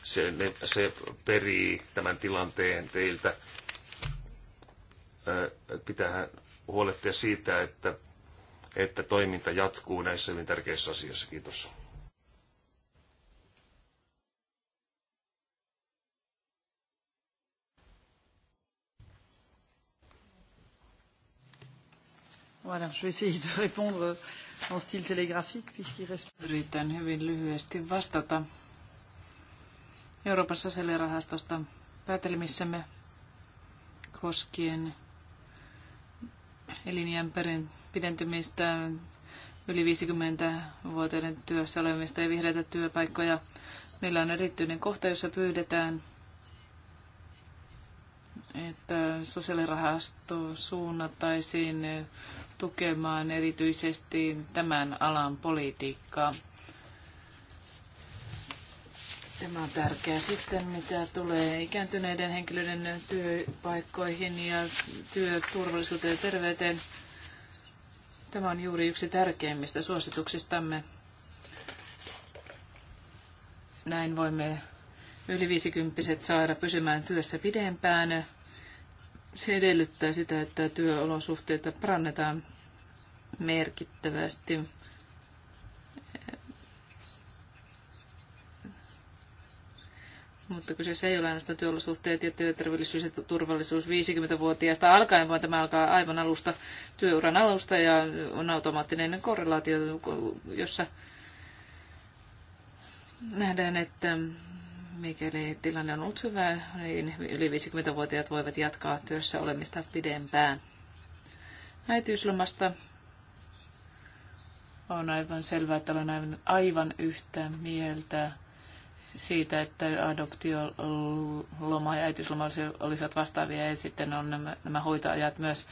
se, ne, se perii tämän tilanteen teiltä. Pitää huolehtia siitä, että, että toiminta jatkuu näissä hyvin tärkeissä asioissa. Kiitos. Voilà, je vais essayer de répondre en style télégraphique puisqu'il reste... Yritän hyvin lyhyesti vastata. Euroopan sosiaalirahastosta päätelmissämme koskien elinjään pidentymistä, yli 50-vuotiaiden työssä olemista ja vihreitä työpaikkoja. Meillä on erityinen kohta, jossa pyydetään, että sosiaalirahasto suunnattaisiin tukemaan erityisesti tämän alan politiikkaa. Tämä on tärkeää sitten, mitä tulee ikääntyneiden henkilöiden työpaikkoihin ja työturvallisuuteen ja terveyteen. Tämä on juuri yksi tärkeimmistä suosituksistamme. Näin voimme yli 50 saada pysymään työssä pidempään se edellyttää sitä, että työolosuhteita parannetaan merkittävästi. Mutta kyseessä ei ole ainoastaan työolosuhteet ja työterveellisyys ja turvallisuus 50-vuotiaasta alkaen, vaan tämä alkaa aivan alusta, työuran alusta ja on automaattinen korrelaatio, jossa nähdään, että mikäli tilanne on ollut hyvä, niin yli 50-vuotiaat voivat jatkaa työssä olemista pidempään. Äitiyslomasta on aivan selvää, että olen aivan, aivan yhtä mieltä siitä, että adoptioloma ja äitiysloma olisivat vastaavia ja sitten on nämä, nämä hoitoajat myös,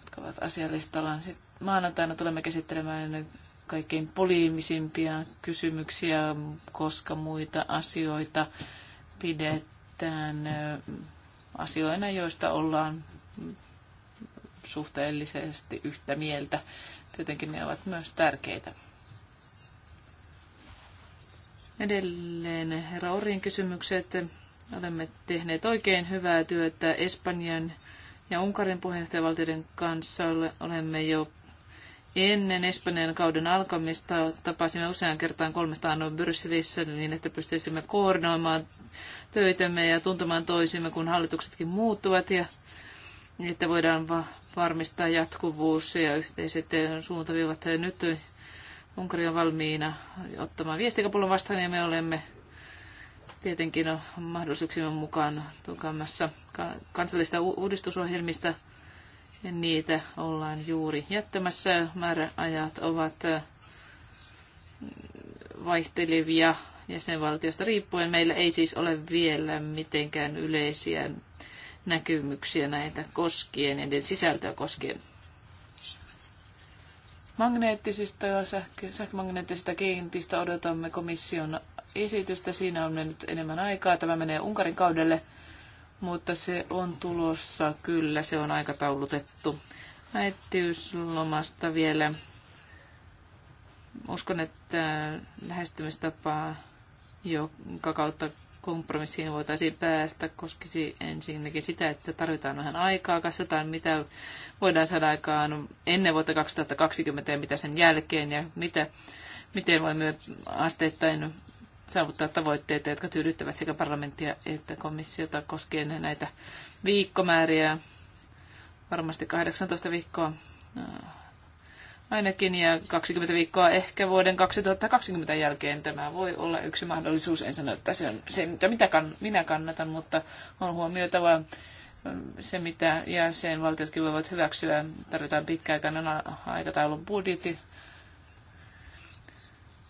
jotka ovat asialistalla. Sitten maanantaina tulemme käsittelemään kaikkein poliimisimpia kysymyksiä, koska muita asioita pidetään asioina, joista ollaan suhteellisesti yhtä mieltä. Tietenkin ne ovat myös tärkeitä. Edelleen herra Orin kysymykset. Olemme tehneet oikein hyvää työtä Espanjan ja Unkarin puheenjohtajavaltioiden kanssa. Olemme jo Ennen Espanjan kauden alkamista tapasimme usean kertaan annoin Brysselissä niin, että pystyisimme koordinoimaan töitämme ja tuntemaan toisimme, kun hallituksetkin muuttuvat ja että voidaan va- varmistaa jatkuvuus ja yhteiset suuntaviivat. Ja nyt Unkari on valmiina ottamaan viestikapulon vastaan ja me olemme tietenkin mahdollisuuksien mukaan tukemassa kansallista uudistusohjelmista – Niitä ollaan juuri jättämässä. Määräajat ovat äh, vaihtelevia jäsenvaltiosta riippuen. Meillä ei siis ole vielä mitenkään yleisiä näkymyksiä näitä koskien, niiden sisältöä koskien. Magneettisista ja sähkö, sähkömagneettisista kiintistä odotamme komission esitystä. Siinä on mennyt enemmän aikaa. Tämä menee Unkarin kaudelle mutta se on tulossa, kyllä se on aikataulutettu. Äitiyslomasta vielä. Uskon, että lähestymistapaa, jonka kautta kompromissiin voitaisiin päästä, koskisi ensinnäkin sitä, että tarvitaan vähän aikaa, katsotaan mitä voidaan saada aikaan ennen vuotta 2020 ja mitä sen jälkeen ja mitä, miten voimme asteittain saavuttaa tavoitteita, jotka tyydyttävät sekä parlamenttia että komissiota koskien näitä viikkomääriä. Varmasti 18 viikkoa äh, ainakin ja 20 viikkoa ehkä vuoden 2020 jälkeen tämä voi olla yksi mahdollisuus. En sano, että se on se, mitä kann, minä kannatan, mutta on huomioitava äh, se, mitä jäsenvaltiotkin voivat hyväksyä. Tarvitaan pitkäaikainen aikataulun budjetti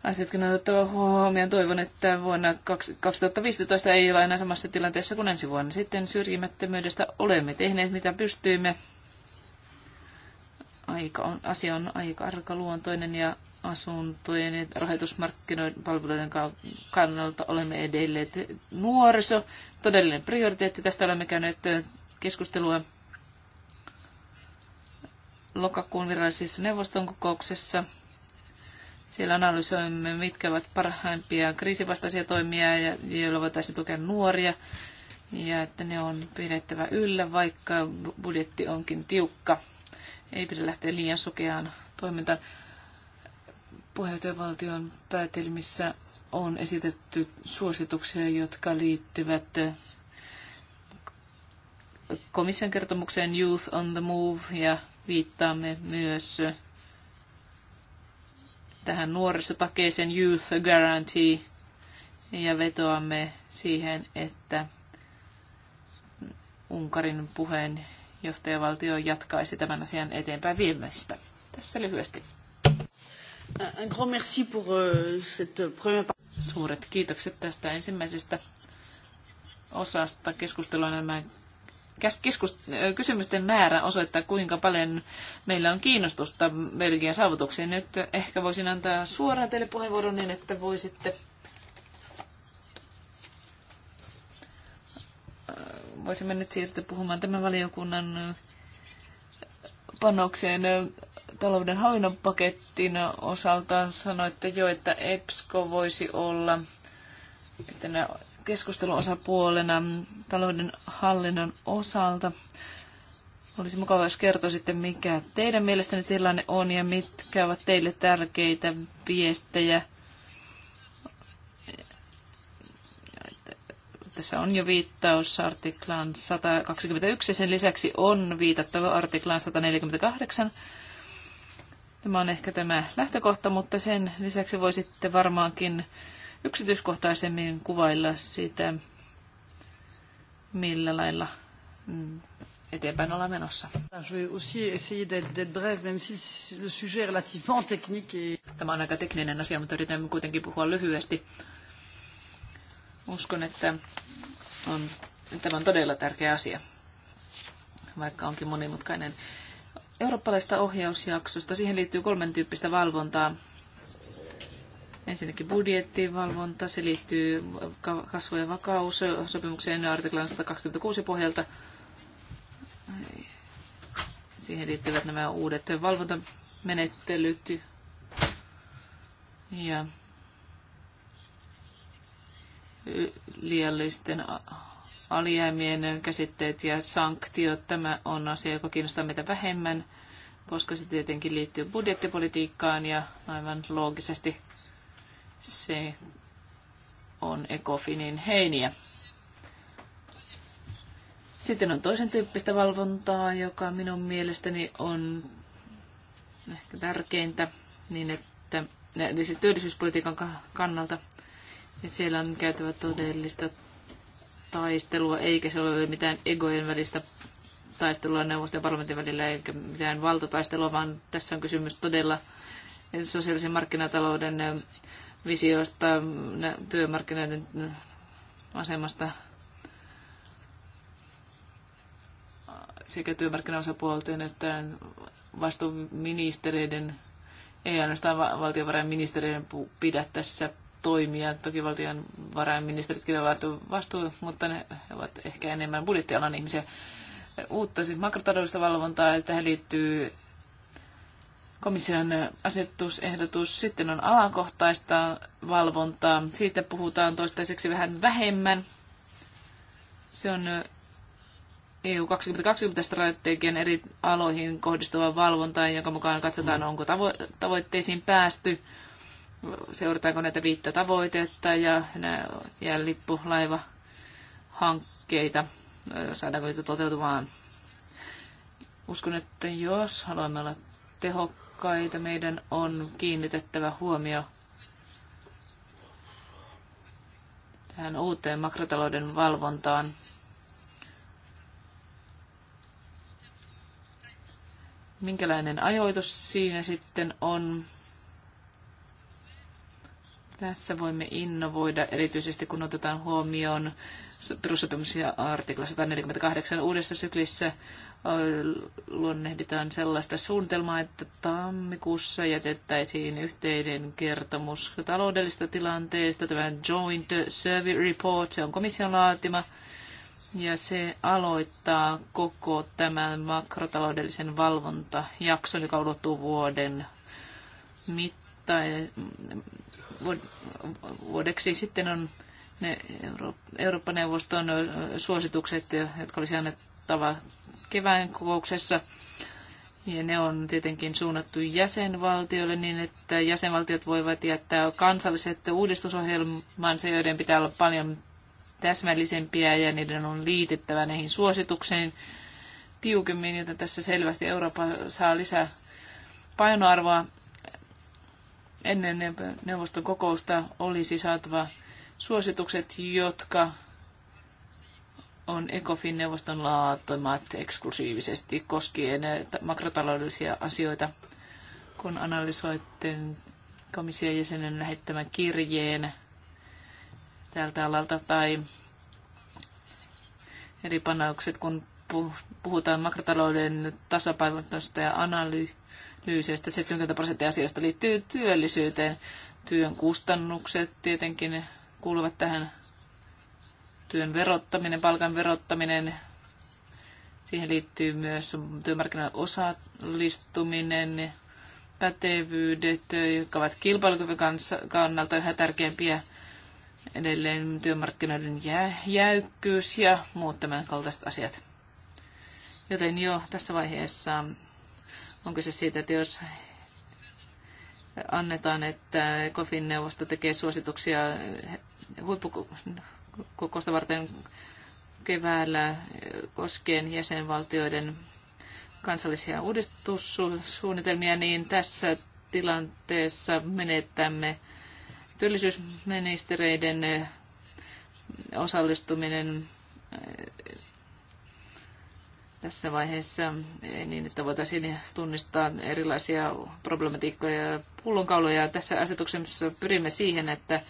asiat on otettava huomioon. Toivon, että vuonna 2015 ei ole enää samassa tilanteessa kuin ensi vuonna. Sitten syrjimättömyydestä olemme tehneet mitä pystyimme. Aika on, asia on aika arkaluontoinen ja asuntojen ja rahoitusmarkkinoiden palveluiden kannalta olemme edelleen nuoriso. Todellinen prioriteetti. Tästä olemme käyneet keskustelua lokakuun virallisessa neuvoston kokouksessa – siellä analysoimme, mitkä ovat parhaimpia kriisivastaisia toimia, joilla voitaisiin tukea nuoria ja että ne on pidettävä yllä, vaikka budjetti onkin tiukka. Ei pidä lähteä liian sokeaan toimintaan. Puheenjohtajavaltion päätelmissä on esitetty suosituksia, jotka liittyvät komission kertomukseen Youth on the Move ja viittaamme myös tähän nuorisotakeeseen Youth Guarantee ja vetoamme siihen, että Unkarin puheenjohtajavaltio jatkaisi tämän asian eteenpäin viimeistä. Tässä lyhyesti. Un grand merci pour euh, cette première... Suuret kiitokset tästä ensimmäisestä osasta. Keskustelua nämä kysymysten määrä osoittaa, kuinka paljon meillä on kiinnostusta Belgian saavutuksiin. Nyt ehkä voisin antaa suoraan teille puheenvuoron niin, että voisitte voisimme nyt siirtyä puhumaan tämän valiokunnan panokseen talouden hallinnon pakettiin osaltaan sanoitte jo, että EPSCO voisi olla nämä keskusteluosapuolena talouden hallinnon osalta. Olisi mukava, jos kertoisitte, mikä teidän mielestänne tilanne on ja mitkä ovat teille tärkeitä viestejä. Tässä on jo viittaus artiklaan 121 ja sen lisäksi on viitattava artiklaan 148. Tämä on ehkä tämä lähtökohta, mutta sen lisäksi voisitte varmaankin yksityiskohtaisemmin kuvailla sitä, millä lailla mm, eteenpäin ollaan menossa. Tämä on aika tekninen asia, mutta yritän kuitenkin puhua lyhyesti. Uskon, että on, tämä on todella tärkeä asia, vaikka onkin monimutkainen. Eurooppalaista ohjausjaksosta, siihen liittyy kolmen tyyppistä valvontaa. Ensinnäkin budjettivalvonta, se liittyy kasvu- ja vakaussopimukseen artiklan 126 pohjalta. Siihen liittyvät nämä uudet valvontamenettelyt ja liiallisten alijäämien käsitteet ja sanktiot. Tämä on asia, joka kiinnostaa meitä vähemmän, koska se tietenkin liittyy budjettipolitiikkaan ja aivan loogisesti se on Ecofinin heiniä. Sitten on toisen tyyppistä valvontaa, joka minun mielestäni on ehkä tärkeintä, niin että se niin siis työllisyyspolitiikan kannalta. Ja siellä on käytävä todellista taistelua, eikä se ole mitään egojen välistä taistelua neuvoston ja parlamentin välillä, eikä mitään valtataistelua, vaan tässä on kysymys todella sosiaalisen markkinatalouden visiosta, työmarkkinoiden asemasta sekä työmarkkinaosapuolten että vastuuministereiden, ei ainoastaan valtiovarainministeriön pidä tässä toimia. Toki valtiovarainministeritkin ovat vastuu, mutta ne ovat ehkä enemmän budjettialan ihmisiä. Uutta siis makrotaloudellista valvontaa, tähän liittyy komission asetusehdotus. Sitten on alankohtaista valvontaa. Siitä puhutaan toistaiseksi vähän vähemmän. Se on EU 2020-strategian eri aloihin kohdistuvaa valvontaa, jonka mukaan katsotaan, onko tavo- tavoitteisiin päästy, seurataanko näitä viittä tavoitetta ja, ja hankkeita saadaanko niitä toteutumaan. Uskon, että jos haluamme olla tehokkaita, ehdokkaita meidän on kiinnitettävä huomio tähän uuteen makrotalouden valvontaan. Minkälainen ajoitus siinä sitten on? Tässä voimme innovoida, erityisesti kun otetaan huomioon perussopimuksia artikla 148 uudessa syklissä luonnehditaan sellaista suunnitelmaa, että tammikuussa jätettäisiin yhteinen kertomus taloudellisesta tilanteesta, tämä Joint Survey Report, se on komission laatima, ja se aloittaa koko tämän makrotaloudellisen valvontajakson, joka ulottuu vuoden mittaan. Vuodeksi sitten on ne Euro- Eurooppa-neuvoston suositukset, jotka olisi annettava kevään kokouksessa. Ja ne on tietenkin suunnattu jäsenvaltioille niin, että jäsenvaltiot voivat jättää kansalliset uudistusohjelmansa, joiden pitää olla paljon täsmällisempiä ja niiden on liitettävä näihin suosituksiin tiukemmin, joten tässä selvästi Eurooppa saa lisää painoarvoa. Ennen neuvoston kokousta olisi saatava suositukset, jotka on ECOFIN-neuvoston laatimat eksklusiivisesti koskien makrotaloudellisia asioita. Kun analysoitte komission jäsenen lähettämän kirjeen tältä alalta tai eri panaukset, kun puhutaan makrotalouden tasapainottamisesta ja analyyseistä, 70 prosenttia asioista liittyy työllisyyteen, työn kustannukset tietenkin kuuluvat tähän työn verottaminen, palkan verottaminen. Siihen liittyy myös työmarkkinoiden osallistuminen, pätevyydet, jotka ovat kilpailukyvyn kannalta yhä tärkeimpiä. Edelleen työmarkkinoiden jäykkyys ja muut tämän kaltaiset asiat. Joten jo tässä vaiheessa on kyse siitä, että jos annetaan, että cofin neuvosto tekee suosituksia huippukokousta varten keväällä koskien jäsenvaltioiden kansallisia uudistussuunnitelmia, niin tässä tilanteessa menettämme työllisyysministereiden eh, osallistuminen eh, tässä vaiheessa eh, niin, että voitaisiin tunnistaa erilaisia problematiikkoja ja pullonkauloja. Tässä asetuksessa pyrimme siihen, että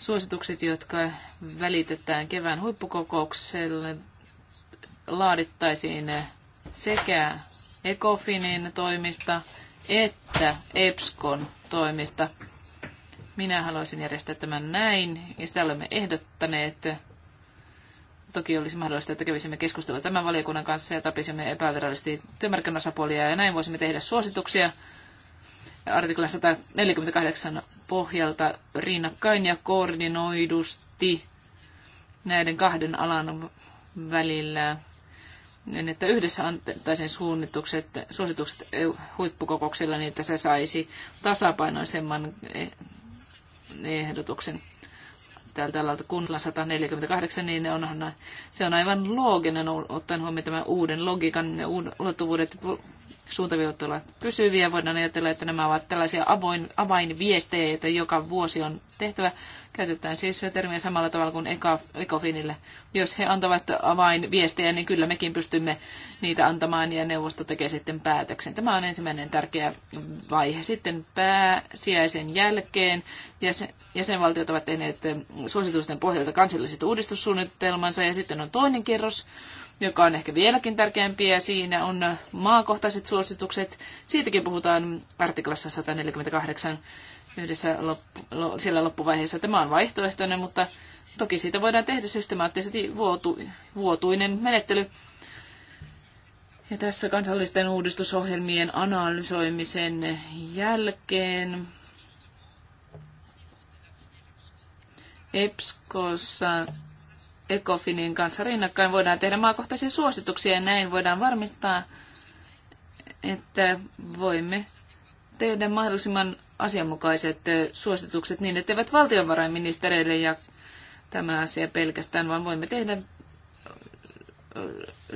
suositukset, jotka välitetään kevään huippukokoukselle, laadittaisiin sekä Ecofinin toimista että EPSCON toimista. Minä haluaisin järjestää tämän näin, ja sitä olemme ehdottaneet. Toki olisi mahdollista, että kävisimme keskustelua tämän valiokunnan kanssa ja tapisimme epävirallisesti työmarkkinasapuolia, ja näin voisimme tehdä suosituksia artikla 148 pohjalta rinnakkain ja koordinoidusti näiden kahden alan välillä, niin että yhdessä antaisin suunnitukset, suositukset huippukokouksilla, niin että se saisi tasapainoisemman eh, ehdotuksen tältä alalta kunnalla 148, niin onhan, se on aivan looginen ottaen huomioon tämän uuden logiikan ja ulottuvuudet suuntaviivat ovat pysyviä. Voidaan ajatella, että nämä ovat tällaisia avoin, avainviestejä, joita joka vuosi on tehtävä. Käytetään siis termiä samalla tavalla kuin ECOFINille. Jos he antavat avainviestejä, niin kyllä mekin pystymme niitä antamaan ja neuvosto tekee sitten päätöksen. Tämä on ensimmäinen tärkeä vaihe. Sitten pääsiäisen jälkeen jäsenvaltiot ovat tehneet suositusten pohjalta kansalliset uudistussuunnitelmansa ja sitten on toinen kerros joka on ehkä vieläkin tärkeämpiä. Siinä on maakohtaiset suositukset. Siitäkin puhutaan artiklassa 148 yhdessä loppu, lo, siellä loppuvaiheessa. Tämä on vaihtoehtoinen, mutta toki siitä voidaan tehdä systemaattisesti vuotu, vuotuinen menettely. Ja tässä kansallisten uudistusohjelmien analysoimisen jälkeen EPSKossa ECOFINin kanssa rinnakkain voidaan tehdä maakohtaisia suosituksia ja näin voidaan varmistaa, että voimme tehdä mahdollisimman asianmukaiset suositukset niin, että eivät valtionvarainministereille ja tämä asia pelkästään, vaan voimme tehdä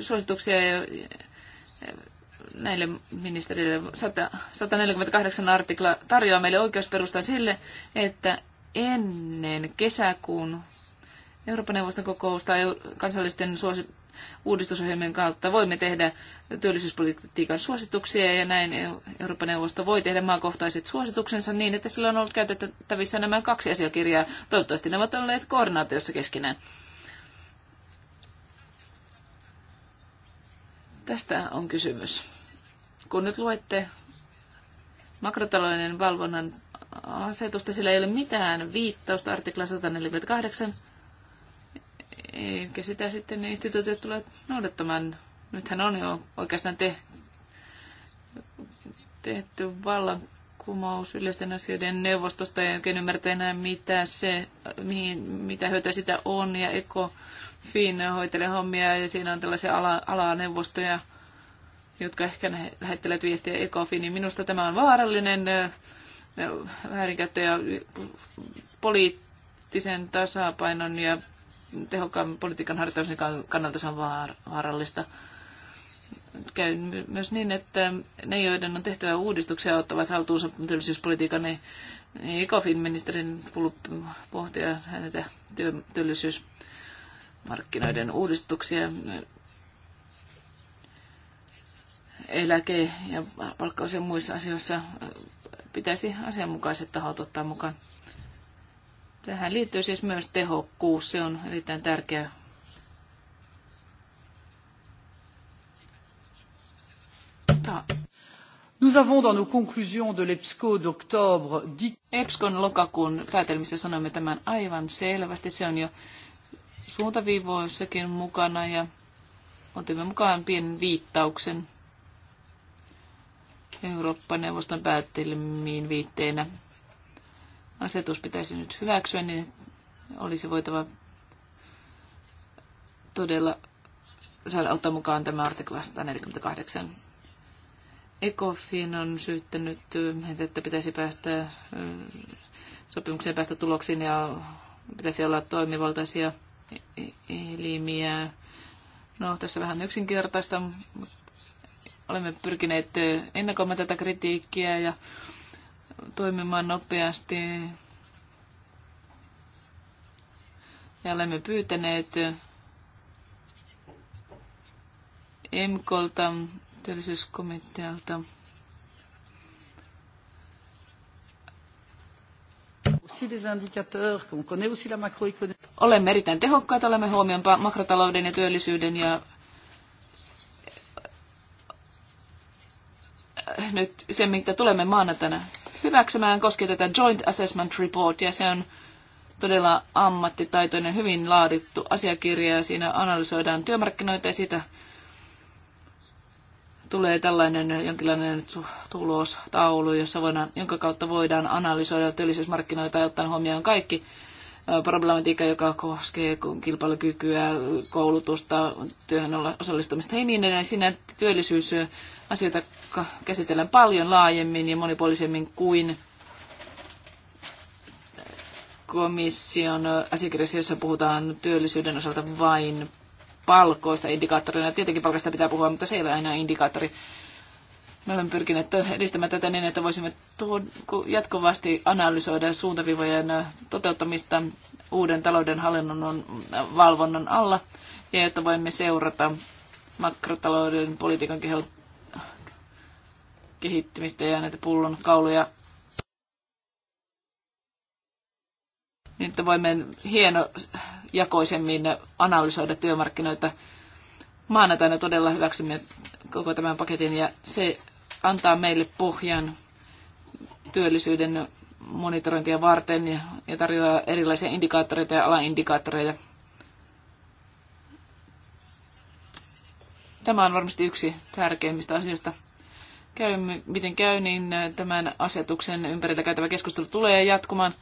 suosituksia näille ministerille. 148 artikla tarjoaa meille oikeusperustan sille, että ennen kesäkuun Euroopan neuvoston kokousta kansallisten suosi- uudistusohjelmien kautta voimme tehdä työllisyyspolitiikan suosituksia ja näin Euroopan neuvosto voi tehdä maakohtaiset suosituksensa niin, että sillä on ollut käytettävissä nämä kaksi asiakirjaa. Toivottavasti ne ovat olleet koordinaatiossa keskenään. Tästä on kysymys. Kun nyt luette makrotalouden valvonnan asetusta, sillä ei ole mitään viittausta artikla 148 eikä sitä sitten ne instituutiot tule noudattamaan. Nythän on jo oikeastaan te, tehty vallankumous yleisten asioiden neuvostosta, ja oikein ymmärtää enää, mitä, se, mihin, mitä hyötyä sitä on, ja Fin hoitelee hommia, ja siinä on tällaisia ala, alaneuvostoja, jotka ehkä lähettelevät viestiä ECOFINin. Minusta tämä on vaarallinen väärinkäyttö ja poliittisen tasapainon ja tehokkaan politiikan harjoittamisen kannalta se on vaarallista. Käy myös niin, että ne, joiden on tehtävä uudistuksia, ottavat haltuunsa työllisyyspolitiikan, niin ECOFin ministerin pohtia näitä työllisyysmarkkinoiden uudistuksia eläke- ja palkkaus- ja muissa asioissa pitäisi asianmukaiset tahot ottaa mukaan. Tähän liittyy siis myös tehokkuus, se on erittäin tärkeä Nous avons dans nos conclusions de l'EPSCO d'octobre dit... EPSCOn lokakuun päätelmissä sanoimme tämän aivan selvästi. Se on jo suuntaviivoissakin mukana ja otimme mukaan pienen viittauksen Eurooppa-neuvoston päätelmiin viitteenä asetus pitäisi nyt hyväksyä, niin olisi voitava todella saada ottaa mukaan tämä artikla 148. ECOFIN on syyttänyt, että pitäisi päästä sopimukseen päästä tuloksiin ja pitäisi olla toimivaltaisia elimiä. No, tässä vähän yksinkertaista. Olemme pyrkineet ennakoimaan tätä kritiikkiä ja toimimaan nopeasti ja olemme pyytäneet EMKolta, työllisyyskomitealta, Olemme erittäin tehokkaita, olemme huomioon makrotalouden ja työllisyyden ja äh, nyt se, mitä tulemme maanantaina hyväksymään koskee tätä Joint Assessment Reportia. Se on todella ammattitaitoinen, hyvin laadittu asiakirja ja siinä analysoidaan työmarkkinoita ja siitä tulee tällainen jonkinlainen tulostaulu, jossa voidaan, jonka kautta voidaan analysoida työllisyysmarkkinoita ja ottaa huomioon kaikki problematiikka, joka koskee kilpailukykyä, koulutusta, työhön osallistumista ja niin edelleen. Siinä työllisyysasioita käsitellään paljon laajemmin ja monipuolisemmin kuin komission asiakirjassa, jossa puhutaan työllisyyden osalta vain palkoista indikaattorina. Tietenkin palkasta pitää puhua, mutta se ei ole aina indikaattori. Me olemme pyrkineet edistämään tätä niin, että voisimme jatkuvasti analysoida suuntavivojen äh, toteuttamista uuden talouden hallinnon äh, valvonnan alla, ja jotta voimme seurata makrotalouden politiikan kehittymistä ja näitä pullon kauluja niin että voimme hienojakoisemmin analysoida työmarkkinoita. Maanantaina todella hyväksymme koko tämän paketin ja se antaa meille pohjan työllisyyden monitorointia varten ja, ja tarjoaa erilaisia indikaattoreita ja alaindikaattoreita. Tämä on varmasti yksi tärkeimmistä asioista. Käy, miten käy, niin tämän asetuksen ympärillä käytävä keskustelu tulee jatkumaan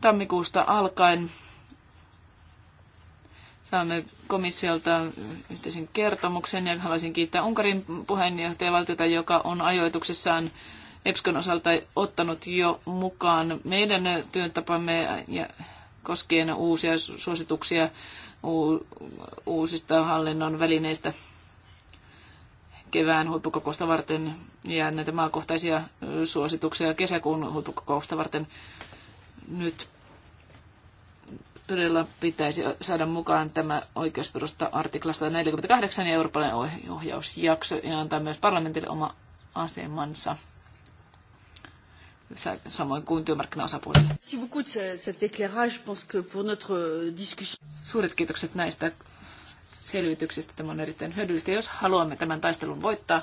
tammikuusta alkaen saamme komissiolta yhteisen kertomuksen ja haluaisin kiittää Unkarin puheenjohtajavaltiota, joka on ajoituksessaan EPSCOn osalta ottanut jo mukaan meidän työntapamme ja koskien uusia suosituksia uusista hallinnon välineistä kevään huippukokousta varten ja näitä maakohtaisia suosituksia kesäkuun huippukokousta varten. Nyt todella pitäisi saada mukaan tämä oikeusperusta artikla 148 ja Euroopan ohjausjakso ja antaa myös parlamentille oma asemansa samoin kuin työmarkkinaosapuolille. Suuret kiitokset näistä selvityksistä. Tämä on erittäin hyödyllistä. Jos haluamme tämän taistelun voittaa,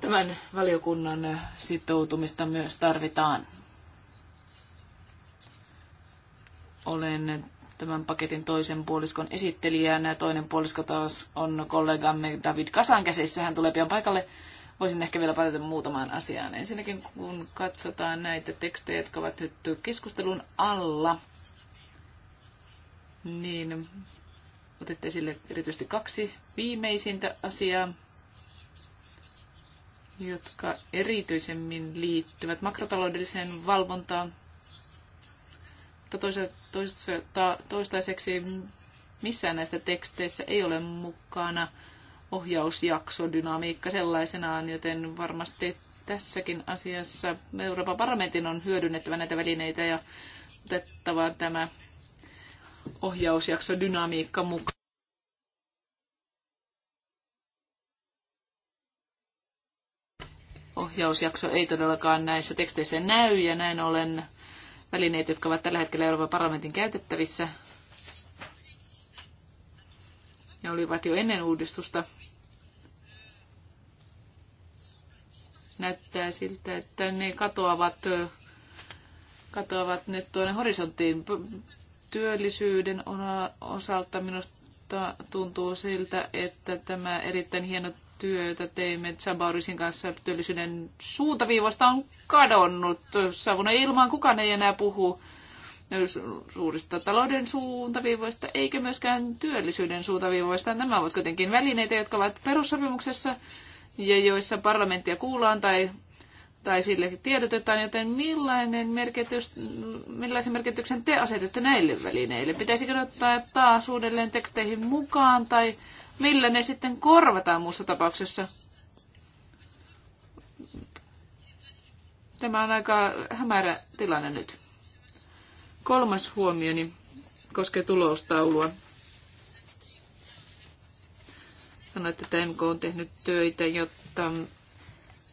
tämän valiokunnan sitoutumista myös tarvitaan. Olen tämän paketin toisen puoliskon esittelijänä. Toinen puolisko taas on kollegamme David Kasan käsissä. Hän tulee pian paikalle. Voisin ehkä vielä palata muutamaan asiaan. Ensinnäkin kun katsotaan näitä tekstejä, jotka ovat nyt keskustelun alla, niin otette esille erityisesti kaksi viimeisintä asiaa, jotka erityisemmin liittyvät makrotaloudelliseen valvontaan mutta toista, toistaiseksi missään näistä teksteissä ei ole mukana ohjausjakso dynamiikka sellaisenaan, joten varmasti tässäkin asiassa Euroopan parlamentin on hyödynnettävä näitä välineitä ja otettava tämä ohjausjakso dynamiikka mukaan. Ohjausjakso ei todellakaan näissä teksteissä näy ja näin ollen välineet, jotka ovat tällä hetkellä Euroopan parlamentin käytettävissä ja olivat jo ennen uudistusta. Näyttää siltä, että ne katoavat, katoavat nyt tuonne horisonttiin. Työllisyyden osalta minusta tuntuu siltä, että tämä erittäin hieno työtä teimme Zabaurisin kanssa työllisyyden suuntaviivasta on kadonnut. Savuna ilmaan kukaan ei enää puhu suurista talouden suuntaviivoista, eikä myöskään työllisyyden suuntaviivoista. Nämä ovat kuitenkin välineitä, jotka ovat perussopimuksessa ja joissa parlamenttia kuullaan tai, tai sille tiedotetaan, joten millainen merkitys, millaisen merkityksen te asetette näille välineille? Pitäisikö ottaa taas uudelleen teksteihin mukaan tai millä ne sitten korvataan muussa tapauksessa? Tämä on aika hämärä tilanne nyt. Kolmas huomioni koskee tulostaulua. Sanoit, että MK on tehnyt töitä, jotta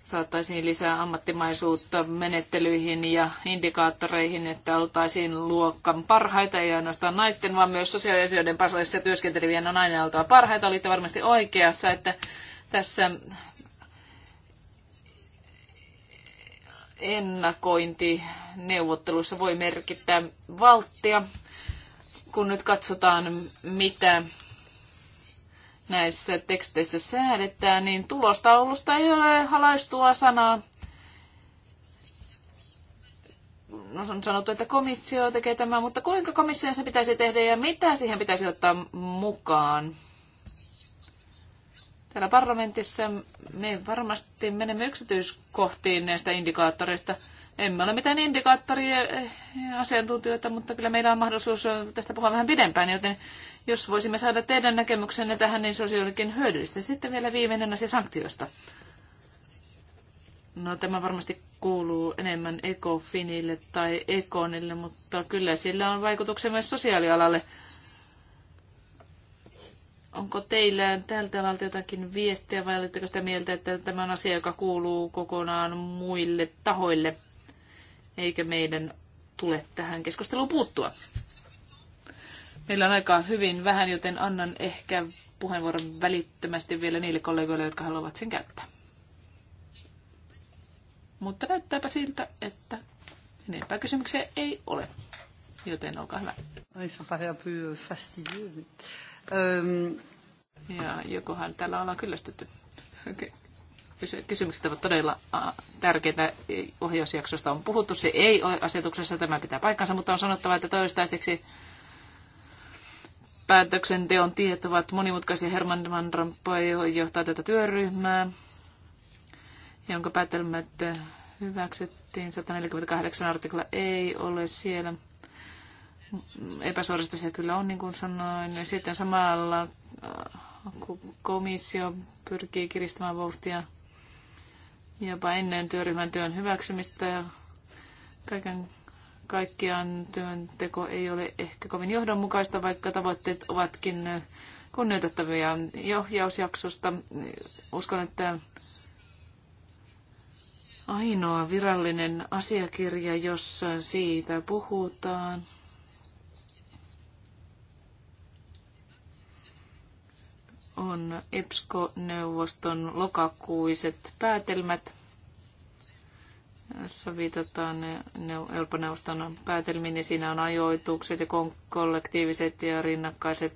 saataisiin lisää ammattimaisuutta menettelyihin ja indikaattoreihin, että oltaisiin luokan parhaita, ei ainoastaan naisten, vaan myös sosiaaliasioiden parissa työskentelevien on aina oltava parhaita. Olitte varmasti oikeassa, että tässä ennakointi neuvottelussa voi merkittää valttia, kun nyt katsotaan, mitä näissä teksteissä säädetään, niin tulostaulusta ei ole halaistua sanaa. No, on sanottu, että komissio tekee tämän, mutta kuinka komission se pitäisi tehdä ja mitä siihen pitäisi ottaa mukaan? Täällä parlamentissa me varmasti menemme yksityiskohtiin näistä indikaattoreista. Emme ole mitään indikaattoria eh, asiantuntijoita, mutta kyllä meillä on mahdollisuus tästä puhua vähän pidempään, joten jos voisimme saada teidän näkemyksenne tähän, niin se olisi jollekin hyödyllistä. Sitten vielä viimeinen asia sanktioista. No tämä varmasti kuuluu enemmän ekofinille tai ekonille, mutta kyllä sillä on vaikutuksia myös sosiaalialalle. Onko teillä tältä alalta jotakin viestiä vai oletteko sitä mieltä, että tämä on asia, joka kuuluu kokonaan muille tahoille, eikä meidän tule tähän keskusteluun puuttua? Meillä on aikaa hyvin vähän, joten annan ehkä puheenvuoron välittömästi vielä niille kollegoille, jotka haluavat sen käyttää. Mutta näyttääpä siltä, että enempää kysymyksiä ei ole. Joten olkaa hyvä. Ja jokohan täällä ollaan kyllästytty. kysymykset ovat todella tärkeitä. Ohjausjaksosta on puhuttu. Se ei ole asetuksessa, tämä pitää paikkansa, mutta on sanottava, että toistaiseksi päätöksenteon tiet ovat monimutkaisia. Herman Van Rompuy johtaa tätä työryhmää, jonka päätelmät hyväksyttiin. 148 artikla ei ole siellä. Epäsuorasta se kyllä on, niin kuin sanoin. sitten samalla äh, komissio pyrkii kiristämään vauhtia jopa ennen työryhmän työn hyväksymistä ja kaiken kaikkiaan työnteko ei ole ehkä kovin johdonmukaista, vaikka tavoitteet ovatkin kunnioitettavia Johjausjaksosta Uskon, että ainoa virallinen asiakirja, jossa siitä puhutaan, on EPSCO-neuvoston lokakuiset päätelmät – jossa viitataan Euroopan päätelmiin, niin siinä on ajoitukset ja kollektiiviset ja rinnakkaiset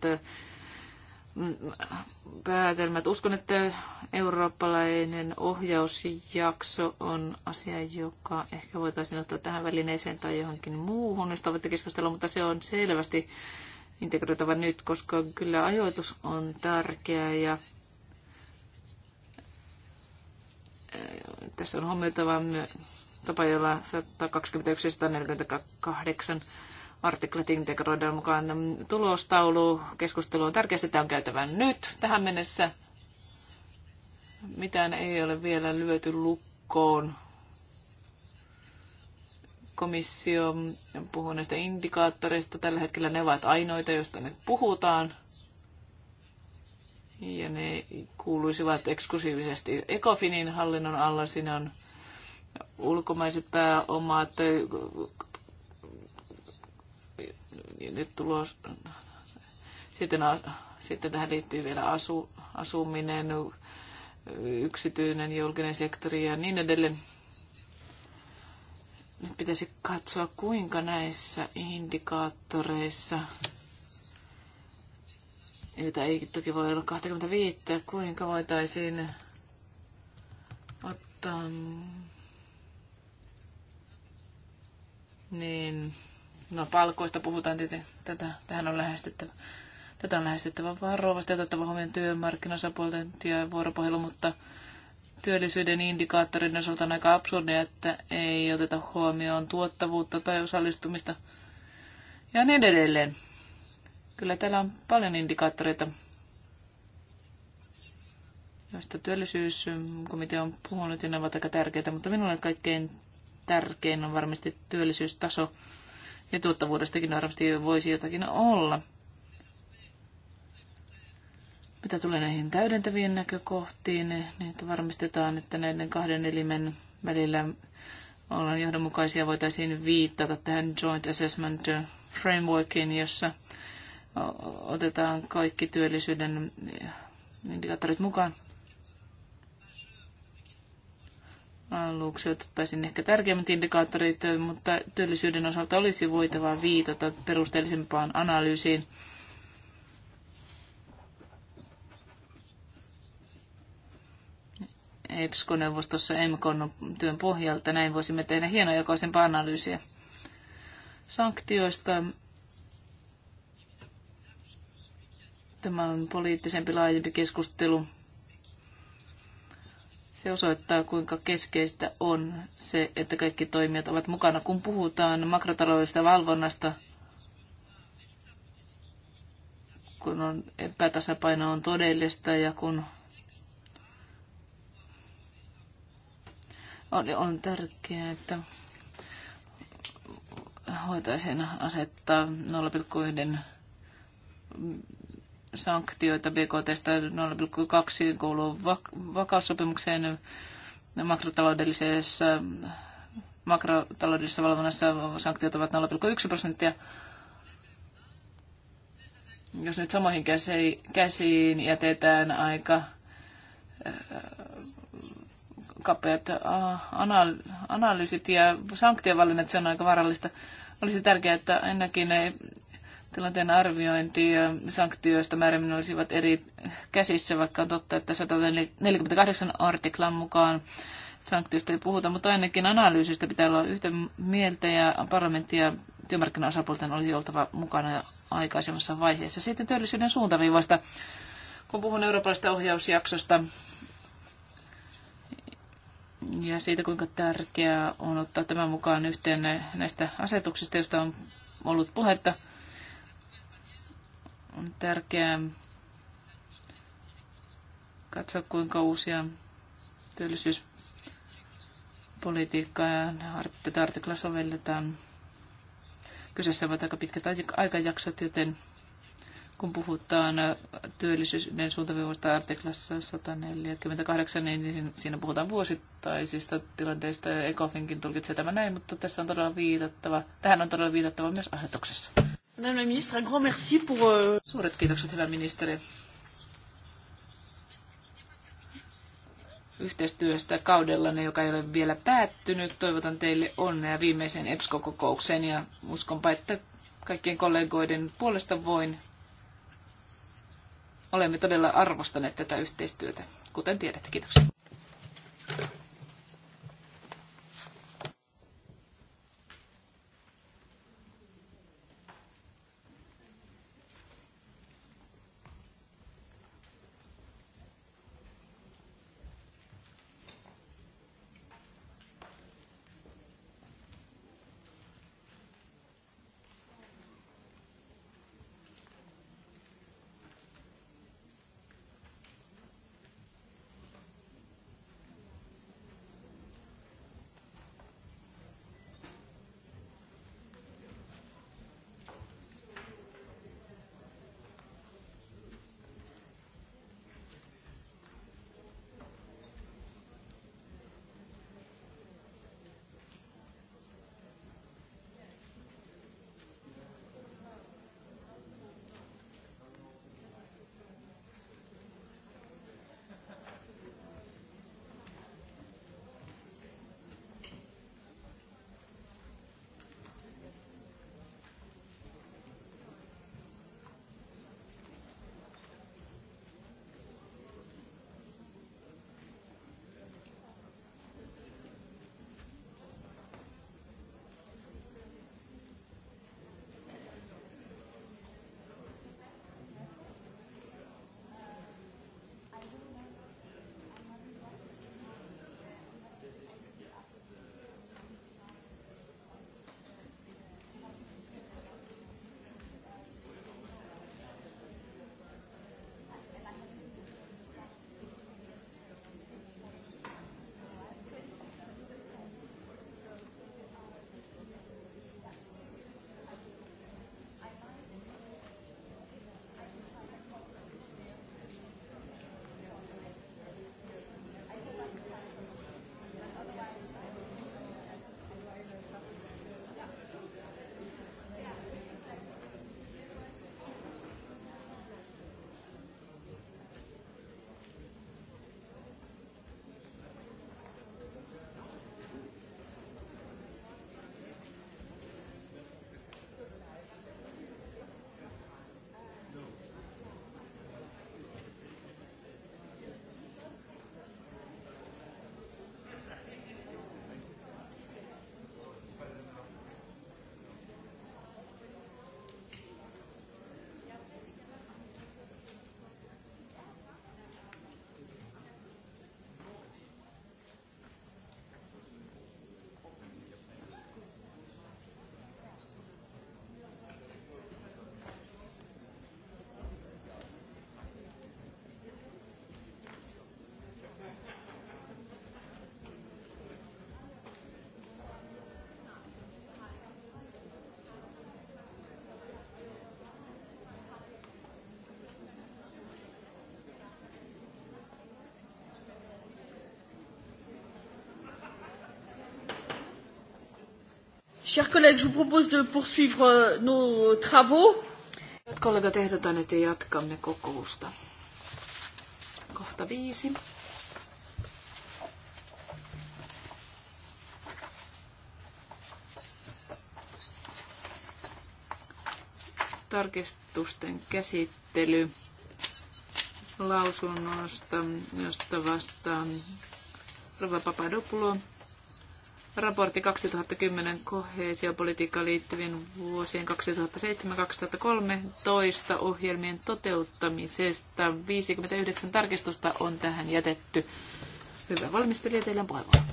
mm, päätelmät. Uskon, että eurooppalainen ohjausjakso on asia, joka ehkä voitaisiin ottaa tähän välineeseen tai johonkin muuhun, josta voitte keskustella, mutta se on selvästi integroitava nyt, koska kyllä ajoitus on tärkeä ja tässä on huomioitava myös tapa, jolla 121-148 integroidaan mukaan. Tulostaulu, keskustelu on tärkeä, sitä on käytävä nyt tähän mennessä. Mitään ei ole vielä lyöty lukkoon. Komissio puhuu näistä indikaattoreista. Tällä hetkellä ne ovat ainoita, joista nyt puhutaan. Ja ne kuuluisivat eksklusiivisesti Ecofinin hallinnon alla. Siinä on ulkomaiset pääomat, niin tulos, sitten, sitten tähän liittyy vielä asu, asuminen, yksityinen, julkinen sektori ja niin edelleen. Nyt pitäisi katsoa, kuinka näissä indikaattoreissa, joita ei toki voi olla 25, kuinka voitaisiin ottaa niin no palkoista puhutaan tietysti, tätä, tähän on lähestyttävä. Tätä on lähestyttävä varovasti ja otettava huomioon työmarkkinasapuolten ja vuoropuhelu, mutta työllisyyden indikaattorin osalta on aika absurdia, että ei oteta huomioon tuottavuutta tai osallistumista ja niin edelleen. Kyllä täällä on paljon indikaattoreita, joista työllisyyskomitea mm, on puhunut ja ne ovat aika tärkeitä, mutta minulle kaikkein tärkein on varmasti työllisyystaso ja tuottavuudestakin varmasti voisi jotakin olla. Mitä tulee näihin täydentäviin näkökohtiin, niin että varmistetaan, että näiden kahden elimen välillä ollaan johdonmukaisia, voitaisiin viittata tähän Joint Assessment Frameworkiin, jossa otetaan kaikki työllisyyden indikaattorit mukaan. aluksi otettaisiin ehkä tärkeimmät indikaattorit, mutta työllisyyden osalta olisi voitava viitata perusteellisempaan analyysiin. EPSCO-neuvostossa EMKON työn pohjalta. Näin voisimme tehdä hienojakoisempaa analyysiä. Sanktioista tämä on poliittisempi laajempi keskustelu. Se osoittaa, kuinka keskeistä on se, että kaikki toimijat ovat mukana. Kun puhutaan makrotaloudellisesta valvonnasta, kun on epätasapaino on todellista ja kun on, on tärkeää, että voitaisiin asettaa 0,1 sanktioita BKTstä 0,2 kuuluu vakaussopimukseen makrotaloudellisessa, makrotaloudellisessa valvonnassa sanktiot ovat 0,1 prosenttia. Jos nyt samoihin käsiin jätetään aika äh, kapeat äh, analyysit ja sanktiovalinnat, se on aika varallista. Olisi tärkeää, että ei tilanteen arviointi ja sanktioista määrämmin olisivat eri käsissä, vaikka on totta, että 148 artiklan mukaan sanktioista ei puhuta, mutta ainakin analyysistä pitää olla yhtä mieltä ja parlamentti ja työmarkkinaosapuolten olisi oltava mukana aikaisemmassa vaiheessa. Sitten työllisyyden suuntaviivoista, kun puhun eurooppalaisesta ohjausjaksosta ja siitä, kuinka tärkeää on ottaa tämän mukaan yhteen näistä asetuksista, joista on ollut puhetta – on tärkeää katsoa, kuinka uusia työllisyyspolitiikkaa ja tätä artiklaa sovelletaan. Kyseessä ovat aika pitkät aikajaksot, joten kun puhutaan työllisyyden suuntaviivasta artiklassa 148, niin siinä puhutaan vuosittaisista tilanteista. Ekofinkin tulkitsee tämä näin, mutta tässä on todella viitattava, tähän on todella viitattava myös asetuksessa. Madame la ministre, un grand merci pour... Euh, Suuret kiitokset, hyvä ministeri. yhteistyöstä kaudellanne, joka ei ole vielä päättynyt. Toivotan teille onnea viimeiseen EPSCO-kokoukseen ja uskonpa, että kaikkien kollegoiden puolesta voin. Olemme todella arvostaneet tätä yhteistyötä, kuten tiedätte. Kiitoksia. Chers collègues, je vous propose de poursuivre euh, nos euh, travaux. Hyvät kollegat, ehdotan, että jatkamme kokousta. Kohta viisi. Tarkistusten käsittely lausunnosta, josta vastaan Rova Papadopoulos raportti 2010 koheesiopolitiikkaan liittyvien vuosien 2007-2013 ohjelmien toteuttamisesta. 59 tarkistusta on tähän jätetty. Hyvä valmistelija, teillä on puheenvuoro.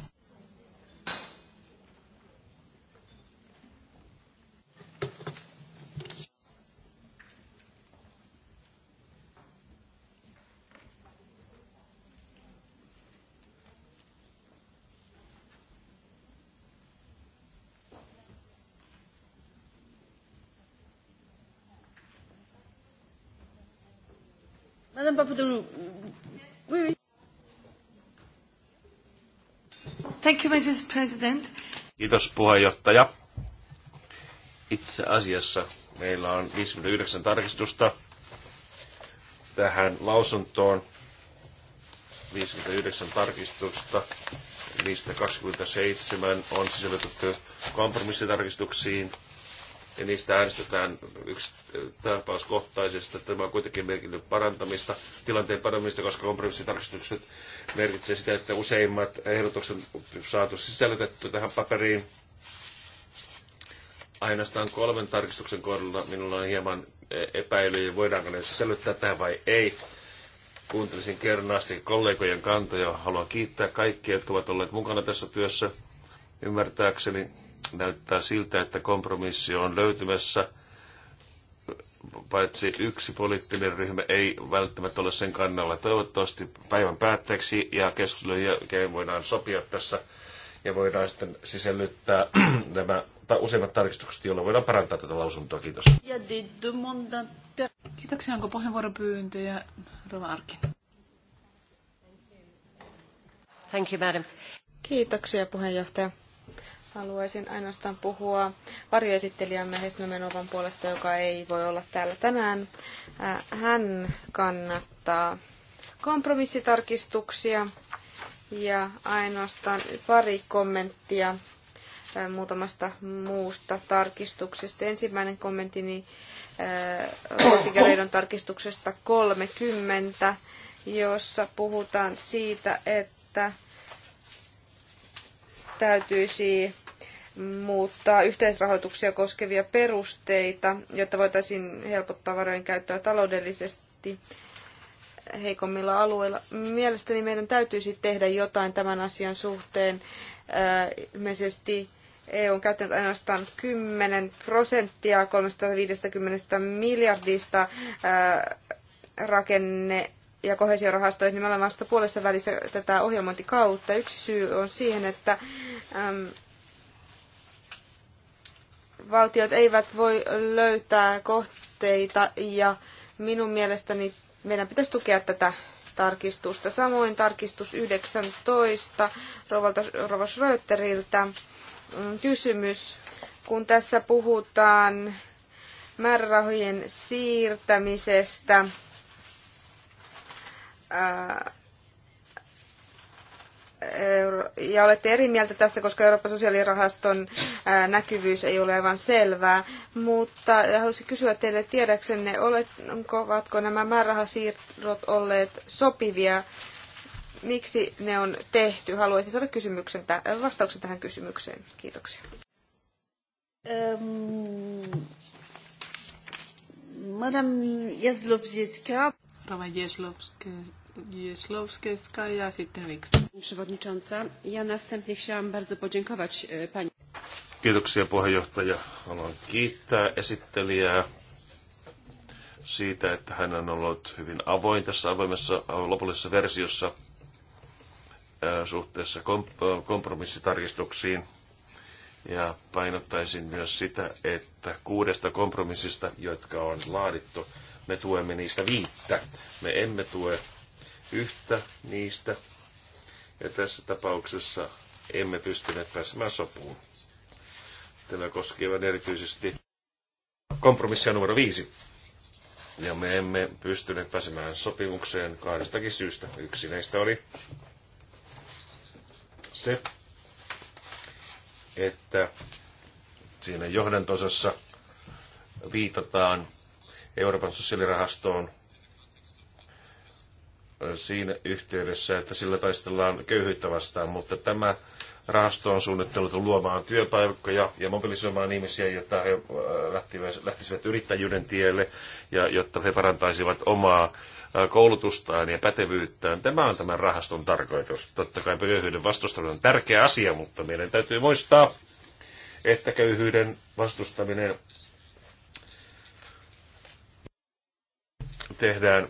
même pas pour Oui, oui. Thank you, Mrs. President. Kiitos puheenjohtaja. Itse asiassa meillä on 59 tarkistusta tähän lausuntoon. 59 tarkistusta, niistä 27 on sisällytetty kompromissitarkistuksiin ja niistä äänestetään yksi äh, tapauskohtaisesti. Tämä on kuitenkin merkinnyt parantamista, tilanteen parantamista, koska kompromissitarkistukset merkitsevät sitä, että useimmat ehdotukset on saatu sisällytetty tähän paperiin. Ainoastaan kolmen tarkistuksen kohdalla minulla on hieman äh, epäilyjä, voidaanko ne sisällyttää tähän vai ei. Kuuntelisin asti kollegojen kantoja. Haluan kiittää kaikkia, jotka ovat olleet mukana tässä työssä. Ymmärtääkseni näyttää siltä, että kompromissi on löytymässä, paitsi yksi poliittinen ryhmä ei välttämättä ole sen kannalla. Toivottavasti päivän päätteeksi ja keskustelun jälkeen voidaan sopia tässä ja voidaan sitten sisällyttää nämä tai useimmat tarkistukset, joilla voidaan parantaa tätä lausuntoa. Kiitos. Kiitoksia. Onko puheenvuoropyyntöjä? Rova Arkin. Thank you, madam. Kiitoksia puheenjohtaja. Haluaisin ainoastaan puhua varjoesittelijämme Hesnomenovan puolesta, joka ei voi olla täällä tänään. Äh, hän kannattaa kompromissitarkistuksia ja ainoastaan pari kommenttia äh, muutamasta muusta tarkistuksesta. Ensimmäinen kommenttini äh, Rotikereidon tarkistuksesta 30, jossa puhutaan siitä, että täytyisi muuttaa yhteisrahoituksia koskevia perusteita, jotta voitaisiin helpottaa varojen käyttöä taloudellisesti heikommilla alueilla. Mielestäni meidän täytyisi tehdä jotain tämän asian suhteen. Äh, ilmeisesti EU on käyttänyt ainoastaan 10 prosenttia 350 miljardista äh, rakenne- ja kohesiorahastoihin. Me olemme vasta puolessa välissä tätä ohjelmointikautta. Yksi syy on siihen, että valtiot eivät voi löytää kohteita ja minun mielestäni meidän pitäisi tukea tätä tarkistusta. Samoin tarkistus 19 Rovalta, Rova Schröteriltä mm, kysymys, kun tässä puhutaan määrärahojen siirtämisestä ää, ja olette eri mieltä tästä, koska Euroopan sosiaalirahaston näkyvyys ei ole aivan selvää, mutta haluaisin kysyä teille tiedäksenne, ovatko nämä määrärahasiirrot olleet sopivia, miksi ne on tehty? Haluaisin saada kysymyksen, vastauksen tähän kysymykseen. Kiitoksia. Madame Jeslowska. Rova Jeslowska Przewodnicząca, ja na wstępie chciałam bardzo podziękować e, pani. Kiitoksia puheenjohtaja. Haluan kiittää esittelijää siitä, että hän on ollut hyvin avoin tässä avoimessa lopullisessa versiossa e, suhteessa e, kompromissitarkistuksiin. Ja painottaisin myös sitä, että kuudesta kompromissista, jotka on laadittu, me tuemme niistä viittä. Me emme tue yhtä niistä, ja tässä tapauksessa emme pystyneet pääsemään sopuun. Tämä koskee vain erityisesti kompromissia numero viisi. Ja me emme pystyneet pääsemään sopimukseen kahdestakin syystä. Yksi näistä oli se, että siinä johdantosassa viitataan Euroopan sosiaalirahastoon siinä yhteydessä, että sillä taistellaan köyhyyttä vastaan, mutta tämä rahasto on suunniteltu luomaan työpaikkoja ja mobilisoimaan ihmisiä, jotta he äh, lähtisivät yrittäjyyden tielle ja jotta he parantaisivat omaa äh, koulutustaan ja pätevyyttään. Tämä on tämän rahaston tarkoitus. Totta kai köyhyyden vastustaminen on tärkeä asia, mutta meidän täytyy muistaa, että köyhyyden vastustaminen tehdään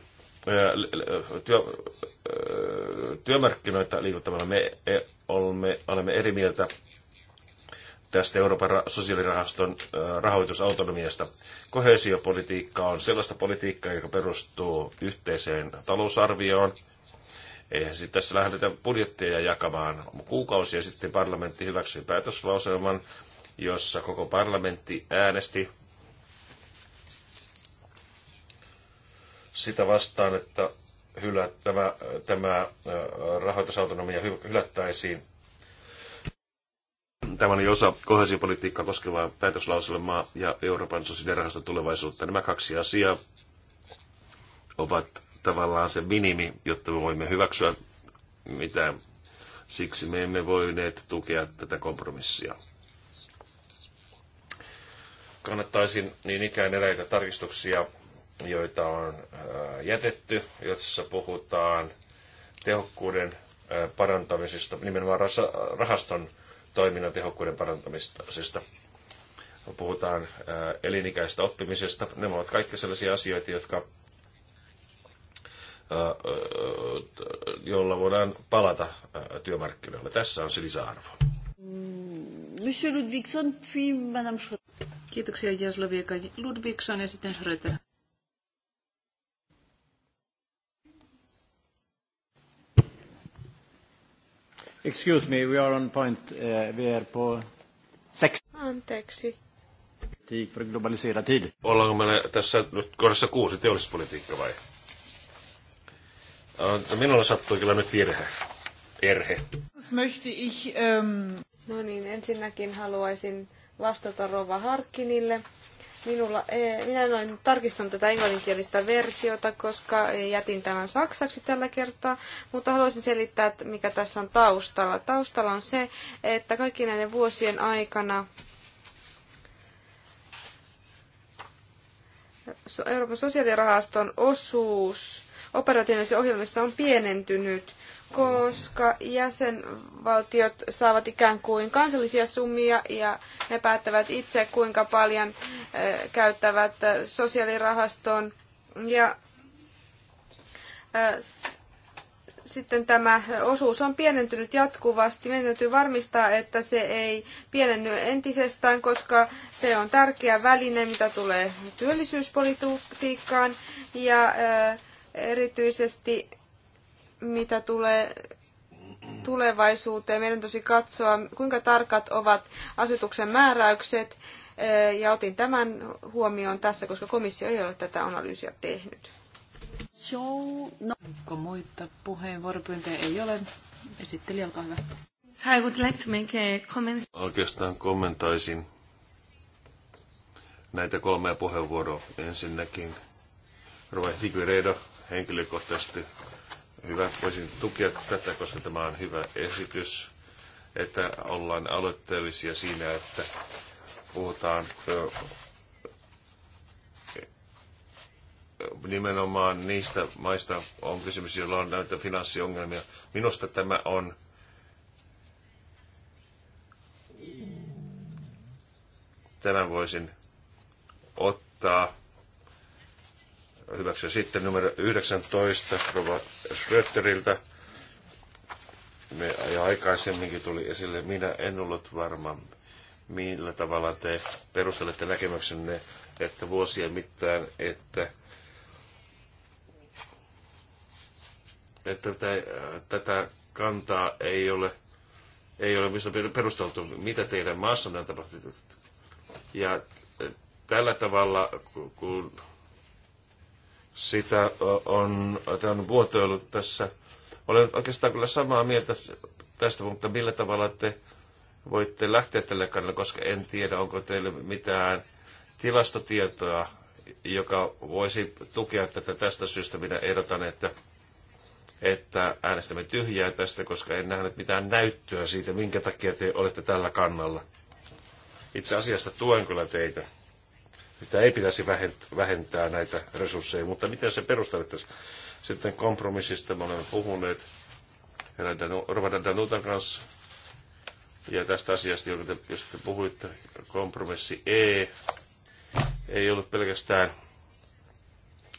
työ, työmarkkinoita liikuttamalla me e, olemme, olemme eri mieltä tästä Euroopan sosiaalirahaston rahoitusautonomiasta. Kohesiopolitiikka on sellaista politiikkaa, joka perustuu yhteiseen talousarvioon. Eihän sitten tässä lähdetä budjetteja jakamaan. Kuukausia sitten parlamentti hyväksyi päätöslauselman, jossa koko parlamentti äänesti sitä vastaan, että hylä, tämä, tämä rahoitusautonomia hylättäisiin. Tämä on osa kohesiopolitiikkaa koskevaa päätöslauselmaa ja Euroopan sosiaalirahaston tulevaisuutta. Nämä kaksi asiaa ovat tavallaan se minimi, jotta me voimme hyväksyä mitä. Siksi me emme voineet tukea tätä kompromissia. Kannattaisin niin ikään eräitä tarkistuksia joita on äh, jätetty, jossa puhutaan tehokkuuden äh, parantamisesta, nimenomaan rahaston toiminnan tehokkuuden parantamisesta. Puhutaan äh, elinikäistä oppimisesta. Nämä ovat kaikki sellaisia asioita, jotka jolla voidaan palata työmarkkinoille. Tässä on se lisäarvo. Monsieur Ludvigson, puis Madame Schröter. Kiitoksia Jaslovika Ludvigson ja sitten Schröter. Excuse me, we are on point. Eh, we are på sex. Anteeksi. För globaliserad tid. Ollaanko me tässä nyt kohdassa kuusi teollisuuspolitiikka vai? Äh, no Minulla sattui kyllä nyt virhe. Erhe. Ähm, no niin, ensinnäkin haluaisin vastata Rova Harkkinille Minulla, minä en ole tarkistanut tätä englanninkielistä versiota, koska jätin tämän saksaksi tällä kertaa, mutta haluaisin selittää, että mikä tässä on taustalla. Taustalla on se, että kaikki näiden vuosien aikana Euroopan sosiaalirahaston osuus operatiivisissa ohjelmissa on pienentynyt koska jäsenvaltiot saavat ikään kuin kansallisia summia ja ne päättävät itse, kuinka paljon käyttävät sosiaalirahastoon. Ja sitten tämä osuus on pienentynyt jatkuvasti. Meidän täytyy varmistaa, että se ei pienenny entisestään, koska se on tärkeä väline, mitä tulee työllisyyspolitiikkaan ja erityisesti mitä tulee tulevaisuuteen. Meidän tosi katsoa, kuinka tarkat ovat asetuksen määräykset, e, ja otin tämän huomioon tässä, koska komissio ei ole tätä analyysiä tehnyt. Joo, no. Onko muita puheenvuoropyyntöjä? Ei ole. Esitteli, olkaa hyvä. I would like to make a Oikeastaan kommentoisin näitä kolmea puheenvuoroa. Ensinnäkin Rova Figueiredo henkilökohtaisesti Hyvä, voisin tukea tätä, koska tämä on hyvä esitys, että ollaan aloitteellisia siinä, että puhutaan nimenomaan niistä maista on kysymys, joilla on näitä finanssiongelmia. Minusta tämä on tämän voisin ottaa hyväksyä. Sitten numero 19 Rova Schröteriltä. Me ja aikaisemminkin tuli esille, minä en ollut varma, millä tavalla te perustelette näkemyksenne, että vuosien mittaan, että että tätä kantaa ei ole, ei ole missä perusteltu, mitä teidän maassanne on tapahtunut. Ja eh, tällä tavalla, kun sitä on, on vuotoillut tässä. Olen oikeastaan kyllä samaa mieltä tästä, mutta millä tavalla te voitte lähteä tälle kannalle, koska en tiedä, onko teillä mitään tilastotietoa, joka voisi tukea tätä tästä syystä. Minä ehdotan, että, että äänestämme tyhjää tästä, koska en nähnyt mitään näyttöä siitä, minkä takia te olette tällä kannalla. Itse asiasta tuen kyllä teitä että ei pitäisi vähentää näitä resursseja, mutta miten se perustelettaisiin? Sitten kompromissista me olemme puhuneet herra Danutan kanssa, ja tästä asiasta, josta te, jos te puhuitte, kompromissi E, ei ollut pelkästään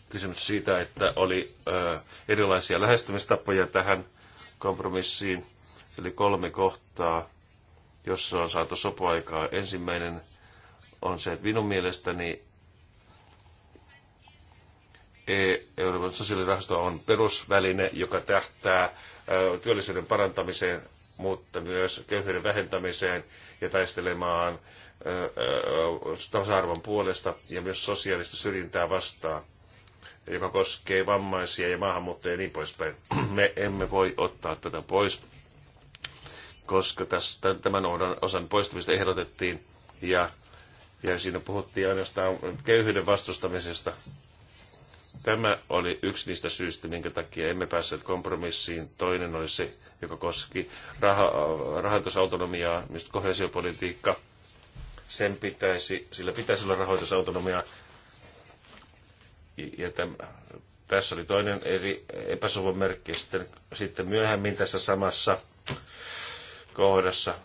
kysymys siitä, että oli ö, erilaisia lähestymistapoja tähän kompromissiin. Eli kolme kohtaa, jossa on saatu sopuaikaa. Ensimmäinen on se, että minun mielestäni e- Euroopan sosiaalirahasto on perusväline, joka tähtää työllisyyden parantamiseen, mutta myös köyhyyden vähentämiseen ja taistelemaan tasa-arvon puolesta ja myös sosiaalista syrjintää vastaan, joka koskee vammaisia ja maahanmuuttajia ja niin poispäin. Me emme voi ottaa tätä pois, koska tämän osan poistamista ehdotettiin ja ja siinä puhuttiin ainoastaan köyhyyden vastustamisesta. Tämä oli yksi niistä syistä, minkä takia emme päässeet kompromissiin. Toinen oli se, joka koski raha, rahoitusautonomiaa, mistä kohesiopolitiikka. Sen pitäisi, sillä pitäisi olla rahoitusautonomiaa. Ja tämän, tässä oli toinen eri epäsuvun merkki. Sitten, sitten myöhemmin tässä samassa kohdassa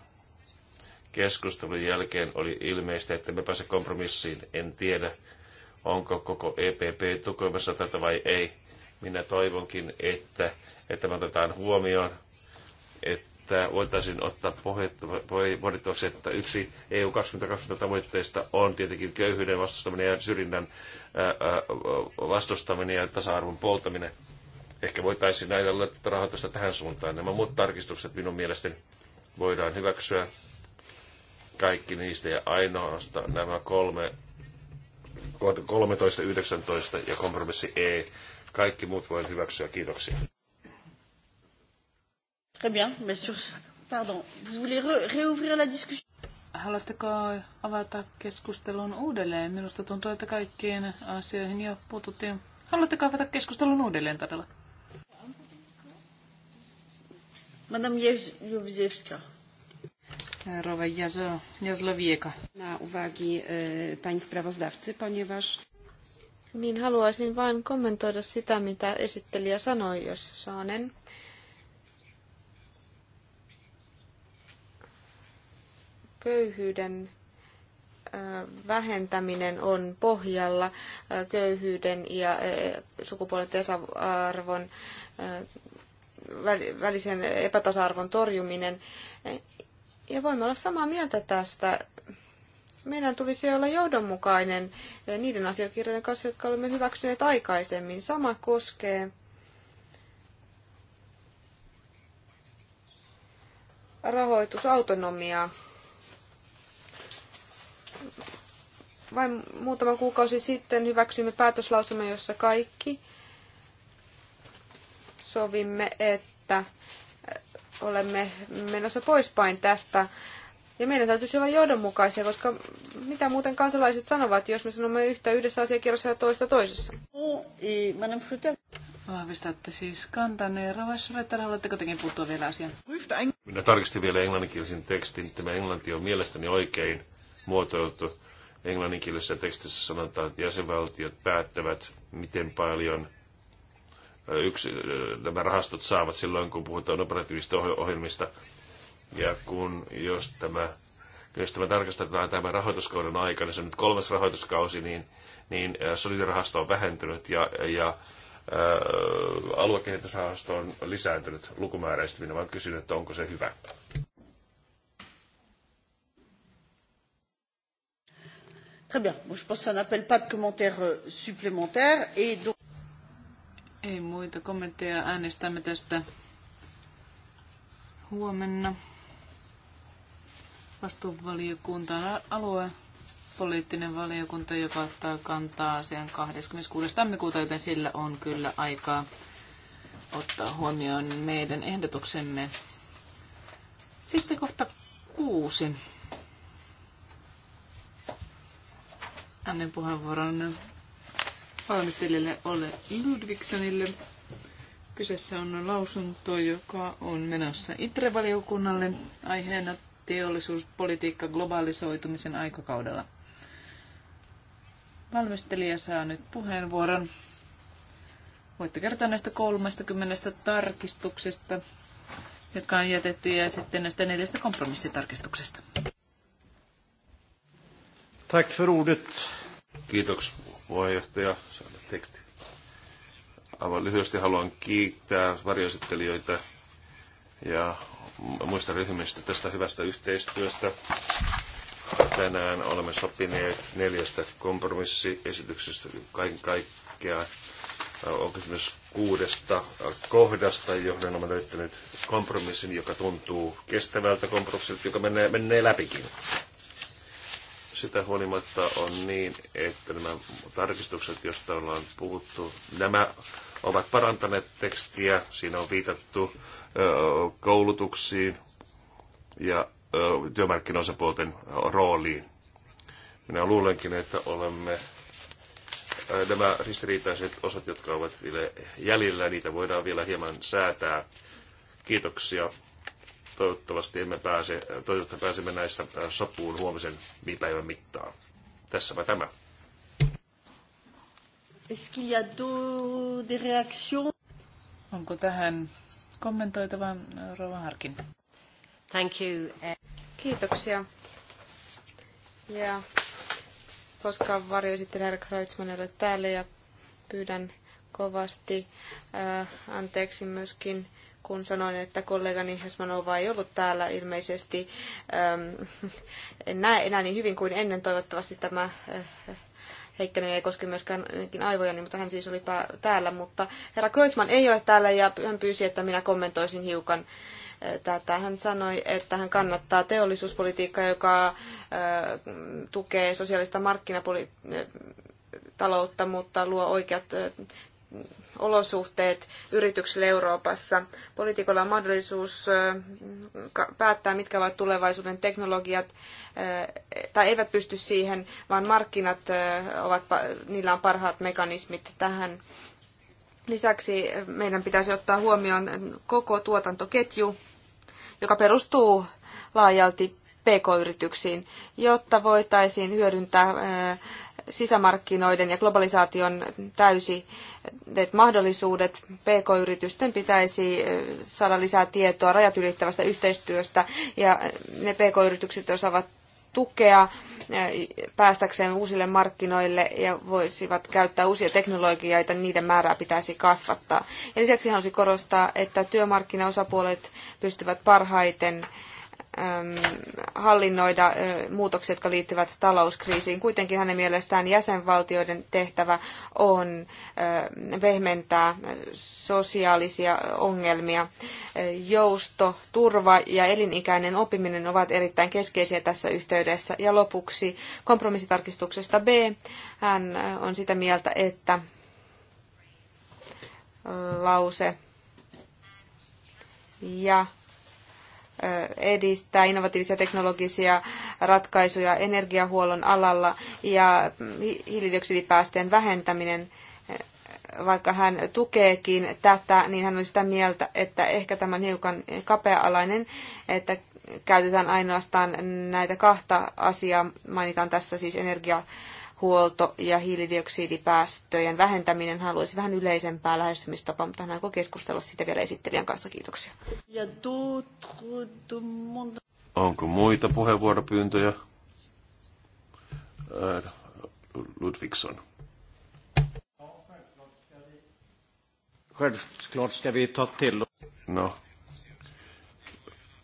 keskustelun jälkeen oli ilmeistä, että me pääse kompromissiin. En tiedä, onko koko EPP tukemassa tätä vai ei. Minä toivonkin, että, että me otetaan huomioon, että voitaisiin ottaa pohdittavaksi, että yksi EU 2020 tavoitteista on tietenkin köyhyyden vastustaminen ja syrjinnän vastustaminen ja tasa-arvon poltaminen. Ehkä voitaisiin näitä rahoitusta tähän suuntaan. Nämä muut tarkistukset minun mielestäni voidaan hyväksyä kaikki niistä ja ainoastaan nämä kolme, 13, 19 ja kompromissi E. Kaikki muut voin hyväksyä. Kiitoksia. Très bien, Monsieur. Pardon, vous voulez réouvrir la discussion? Haluatteko avata keskustelun uudelleen? Minusta tuntuu, että kaikkiin asioihin jo puututtiin. Haluatteko avata keskustelun uudelleen todella? Madame Jevzewska. Jev- Jazlowieka. Na uwagi e, pani sprawozdawcy, ponieważ... Niin haluaisin vain kommentoida sitä, mitä esittelijä sanoi, jos saanen. Köyhyyden e, vähentäminen on pohjalla e, köyhyyden ja sukupuolen tasa-arvon välisen epätasa-arvon torjuminen. Ja voimme olla samaa mieltä tästä. Meidän tulisi olla johdonmukainen eh, niiden asiakirjojen kanssa, jotka olemme hyväksyneet aikaisemmin. Sama koskee rahoitusautonomiaa. Vain muutama kuukausi sitten hyväksyimme päätöslausuman, jossa kaikki sovimme, että olemme menossa poispäin tästä. Ja meidän täytyisi olla johdonmukaisia, koska mitä muuten kansalaiset sanovat, jos me sanomme yhtä yhdessä asiakirjassa ja toista toisessa? Vahvistatte siis kantanne. ja Schröter, haluatteko tekin puuttua vielä asiaan? Minä tarkistin vielä englanninkielisen tekstin. Tämä englanti on mielestäni oikein muotoiltu. Englanninkielisessä tekstissä sanotaan, että jäsenvaltiot päättävät, miten paljon – yksi, nämä rahastot saavat silloin, kun puhutaan operatiivista ohjelmista. Ja kun, jos tämä, jos tämä tarkastetaan tämän rahoituskauden aikana, niin se on nyt kolmas rahoituskausi, niin, niin solidirahasto on vähentynyt ja, ja ää, aluekehitysrahasto on lisääntynyt lukumääräisesti. Minä vaan kysyn, että onko se hyvä. Très bien. Bon, je pense que ça n'appelle pas de commentaires euh, supplémentaires. Et donc... Ei muita kommentteja. Äänestämme tästä huomenna. Vastuuvaliokunta on alue poliittinen valiokunta, joka ottaa kantaa asian 26. tammikuuta, joten sillä on kyllä aikaa ottaa huomioon meidän ehdotuksemme. Sitten kohta kuusi. Hänen puheenvuoron valmistelijalle Ole Ludvigsonille. Kyseessä on lausunto, joka on menossa ITRE-valiokunnalle aiheena teollisuuspolitiikka globaalisoitumisen aikakaudella. Valmistelija saa nyt puheenvuoron. Voitte kertoa näistä 30 tarkistuksesta, jotka on jätetty, ja sitten näistä neljästä kompromissitarkistuksesta. Tack för ordet. Kiitoksia puheenjohtaja, teksti. Aivan lyhyesti haluan kiittää varjoesittelijöitä ja muista ryhmistä tästä hyvästä yhteistyöstä. Tänään olemme sopineet neljästä kompromissiesityksestä kaiken kaikkiaan. Äh, on kysymys kuudesta kohdasta, johon olemme löytäneet kompromissin, joka tuntuu kestävältä kompromissilta, joka menee, menee läpikin. Sitä huolimatta on niin, että nämä tarkistukset, joista ollaan puhuttu, nämä ovat parantaneet tekstiä. Siinä on viitattu koulutuksiin ja työmarkkinosapuolten rooliin. Minä luulenkin, että olemme nämä ristiriitaiset osat, jotka ovat vielä jäljellä, niitä voidaan vielä hieman säätää. Kiitoksia Toivottavasti emme pääse, toivottavasti pääsemme näistä äh, sopuun huomisen päivän mittaan. Tässäpä tämä. Onko tähän kommentoitavaa, Rova Harkin? Thank you. Kiitoksia. Ja koska varjo sitten herra Kreutzmann täällä ja pyydän kovasti äh, anteeksi myöskin kun sanoin, että kollegani Hesmanova ei ollut täällä ilmeisesti. Ähm, en näe enää niin hyvin kuin ennen. Toivottavasti tämä äh, heikkeneminen ei koske myöskään aivoja, niin mutta hän siis oli täällä. Mutta herra Kreuzman ei ole täällä ja hän pyysi, että minä kommentoisin hiukan äh, tätä. Hän sanoi, että hän kannattaa teollisuuspolitiikkaa, joka äh, tukee sosiaalista markkinataloutta, äh, mutta luo oikeat olosuhteet yrityksille Euroopassa. Poliitikolla on mahdollisuus päättää, mitkä ovat tulevaisuuden teknologiat, tai eivät pysty siihen, vaan markkinat ovat, niillä on parhaat mekanismit tähän. Lisäksi meidän pitäisi ottaa huomioon koko tuotantoketju, joka perustuu laajalti PK-yrityksiin, jotta voitaisiin hyödyntää sisämarkkinoiden ja globalisaation täysi mahdollisuudet. PK-yritysten pitäisi saada lisää tietoa rajat ylittävästä yhteistyöstä ja ne PK-yritykset osaavat tukea päästäkseen uusille markkinoille ja voisivat käyttää uusia teknologioita, niiden määrää pitäisi kasvattaa. Ja lisäksi haluaisin korostaa, että työmarkkinaosapuolet pystyvät parhaiten Ähm, hallinnoida muutoksia, jotka liittyvät talouskriisiin. Kuitenkin hänen mielestään jäsenvaltioiden tehtävä on vehmentää sosiaalisia ongelmia. Jousto, turva ja elinikäinen oppiminen ovat erittäin keskeisiä tässä yhteydessä. Ja lopuksi kompromissitarkistuksesta B. Hän on sitä mieltä, että lause ja edistää innovatiivisia teknologisia ratkaisuja energiahuollon alalla ja hiilidioksidipäästöjen vähentäminen. Vaikka hän tukeekin tätä, niin hän on sitä mieltä, että ehkä tämä on hiukan kapea-alainen, että käytetään ainoastaan näitä kahta asiaa, mainitaan tässä siis energia huolto- ja hiilidioksidipäästöjen vähentäminen. Haluaisi vähän yleisempää lähestymistapaa, mutta hän aikoo keskustella siitä vielä esittelijän kanssa. Kiitoksia. Onko muita puheenvuoropyyntöjä? Äh, Ludvigsson. No,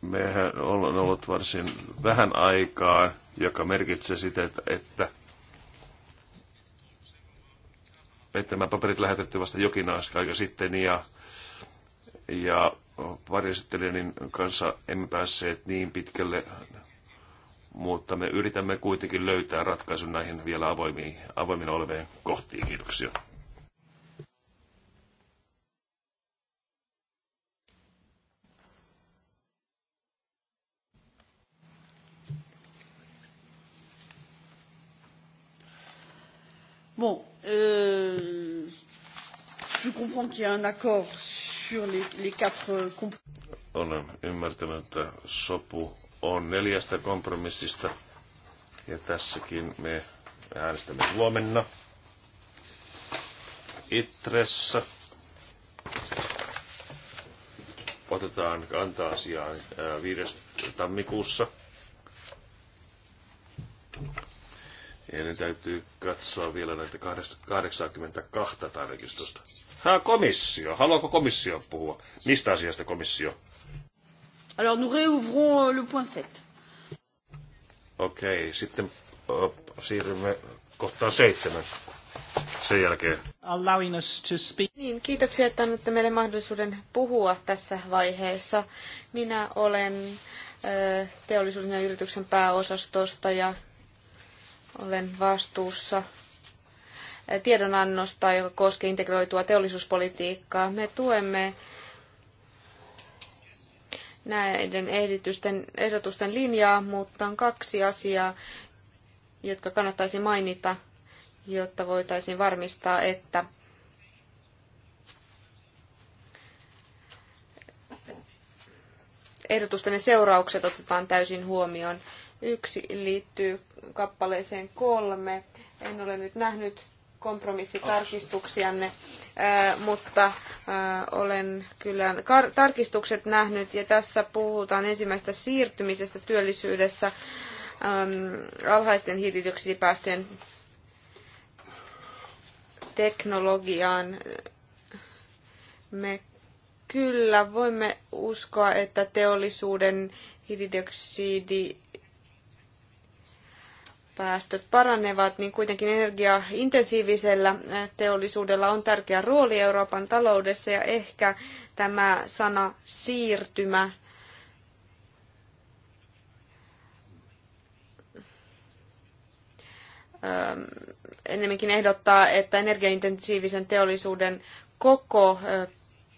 mehän on ollut varsin vähän aikaa, joka merkitsee sitä, että, että että nämä paperit lähetettiin vasta jokin aika sitten ja, ja varjesittelijöiden kanssa emme päässeet niin pitkälle, mutta me yritämme kuitenkin löytää ratkaisun näihin vielä avoimiin, avoimina oleviin kohtiin. Kiitoksia. Bon, Euh, je comprends qu'il y a un accord sur les, les quatre euh, compromis. Olen ymmärtänyt, että sopu on neljästä kompromissista. Ja tässäkin me äänestämme huomenna. Itressä otetaan kanta-asiaan 5. Äh, tammikuussa. Ja Ennen täytyy katsoa vielä näitä 82 tarkistusta. Ha, komissio. Haluaako komissio puhua? Mistä asiasta komissio? Alors nous réouvrons euh, le point 7. Okei, okay, sitten op, siirrymme kohtaan seitsemän sen jälkeen. Allowing us to speak. Niin, kiitoksia, että annatte meille mahdollisuuden puhua tässä vaiheessa. Minä olen teollisuuden ja yrityksen pääosastosta ja olen vastuussa tiedonannosta, joka koskee integroitua teollisuuspolitiikkaa. Me tuemme näiden ehdotusten linjaa, mutta on kaksi asiaa, jotka kannattaisi mainita, jotta voitaisiin varmistaa, että ehdotusten seuraukset otetaan täysin huomioon. Yksi liittyy kappaleeseen kolme. En ole nyt nähnyt kompromissitarkistuksianne, mutta olen kyllä tarkistukset nähnyt ja tässä puhutaan ensimmäistä siirtymisestä työllisyydessä alhaisten hiilidioksidipäästöjen teknologiaan. Me kyllä voimme uskoa, että teollisuuden hiilidioksidi päästöt paranevat, niin kuitenkin energiaintensiivisellä eh, teollisuudella on tärkeä rooli Euroopan taloudessa ja ehkä tämä sana siirtymä ehm, ennemminkin ehdottaa, että energiaintensiivisen teollisuuden koko eh,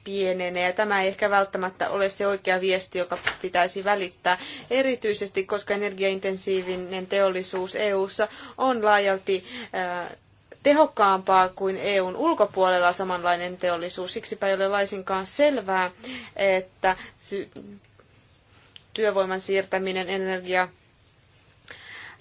pienenee. Ja tämä ei ehkä välttämättä ole se oikea viesti, joka pitäisi välittää, erityisesti koska energiaintensiivinen teollisuus EU:ssa on laajalti äh, tehokkaampaa kuin EUn ulkopuolella samanlainen teollisuus. Siksipä ei ole laisinkaan selvää, että työvoiman siirtäminen energia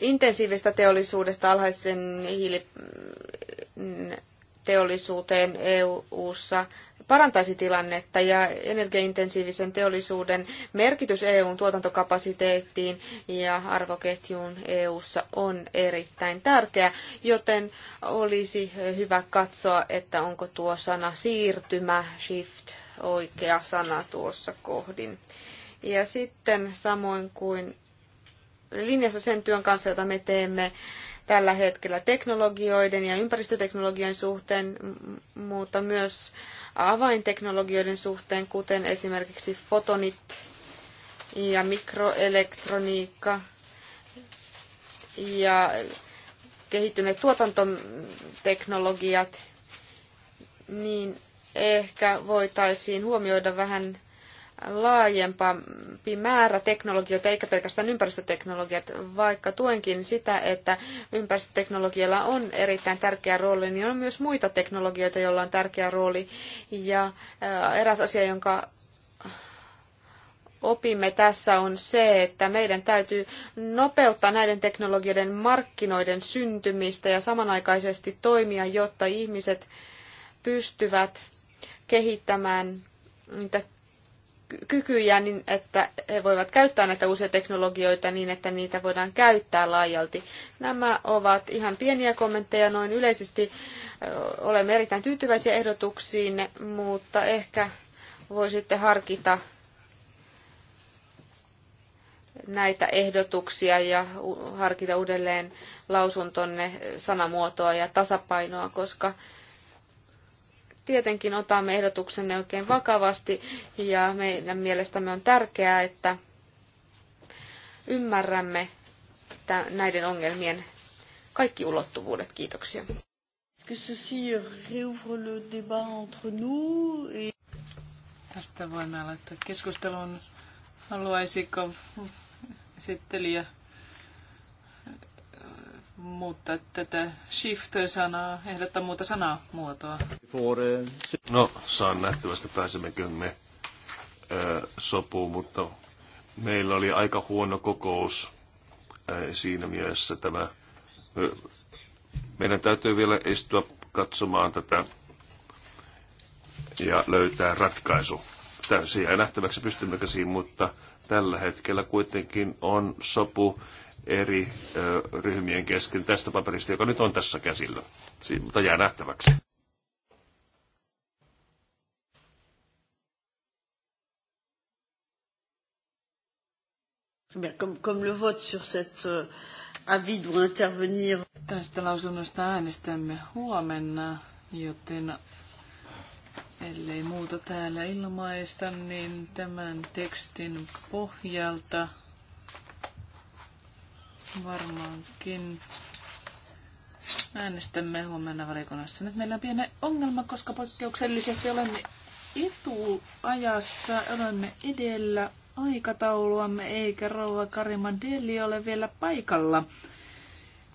intensiivistä teollisuudesta alhaisen hiiliteollisuuteen teollisuuteen EU-ssa parantaisi tilannetta ja energiaintensiivisen teollisuuden merkitys EUn tuotantokapasiteettiin ja arvoketjuun EUssa on erittäin tärkeä, joten olisi hyvä katsoa, että onko tuo sana siirtymä, shift, oikea sana tuossa kohdin. Ja sitten samoin kuin linjassa sen työn kanssa, jota me teemme tällä hetkellä teknologioiden ja ympäristöteknologian suhteen, mutta myös avainteknologioiden suhteen, kuten esimerkiksi fotonit ja mikroelektroniikka ja kehittyneet tuotantoteknologiat, niin ehkä voitaisiin huomioida vähän laajempi määrä teknologioita, eikä pelkästään ympäristöteknologiat. Vaikka tuenkin sitä, että ympäristöteknologialla on erittäin tärkeä rooli, niin on myös muita teknologioita, joilla on tärkeä rooli. Ja äh, eräs asia, jonka opimme tässä on se, että meidän täytyy nopeuttaa näiden teknologioiden markkinoiden syntymistä ja samanaikaisesti toimia, jotta ihmiset pystyvät kehittämään niitä kykyjä, niin että he voivat käyttää näitä uusia teknologioita niin, että niitä voidaan käyttää laajalti. Nämä ovat ihan pieniä kommentteja noin yleisesti. Olemme erittäin tyytyväisiä ehdotuksiin, mutta ehkä voisitte harkita näitä ehdotuksia ja harkita uudelleen lausuntonne sanamuotoa ja tasapainoa, koska tietenkin otamme ehdotuksenne oikein vakavasti ja meidän mielestämme on tärkeää, että ymmärrämme näiden ongelmien kaikki ulottuvuudet. Kiitoksia. Tästä voimme aloittaa keskustelun. Haluaisiko esittelijä mutta tätä shift-sanaa, ehdottaa muuta muotoa. Eh, no, saan nähtävästi pääsemmekö me ö, eh, sopuun, mutta meillä oli aika huono kokous ö, eh, siinä mielessä tämä. Ö, meidän täytyy vielä istua katsomaan tätä ja löytää ratkaisu. Täysin ja nähtäväksi pystymmekö siihen, mutta tällä hetkellä kuitenkin on sopu eri ryhmien kesken tästä paperista, joka nyt on tässä käsillä, Siin, mutta jää nähtäväksi. Comme, comme le vote sur cet euh, avis doit intervenir. Tästä lausunnosta äänestämme huomenna, joten ellei muuta täällä ilmaista, niin tämän tekstin pohjalta Varmaankin. Äänestämme huomenna valiokunnassa. Nyt meillä on pieni ongelma, koska poikkeuksellisesti olemme etuajassa, olemme edellä aikatauluamme, eikä rouva Kariman Deli ole vielä paikalla,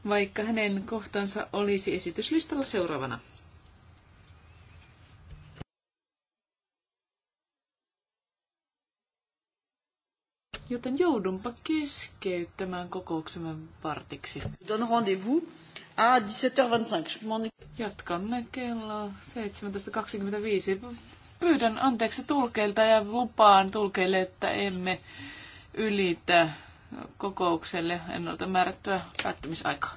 vaikka hänen kohtansa olisi esityslistalla seuraavana. joten joudunpa keskeyttämään kokouksemme vartiksi. Donne rendezvous à 17 Jatkamme kello 17.25. Pyydän anteeksi tulkeilta ja lupaan tulkeille, että emme ylitä kokoukselle ennalta määrättyä päättymisaikaa.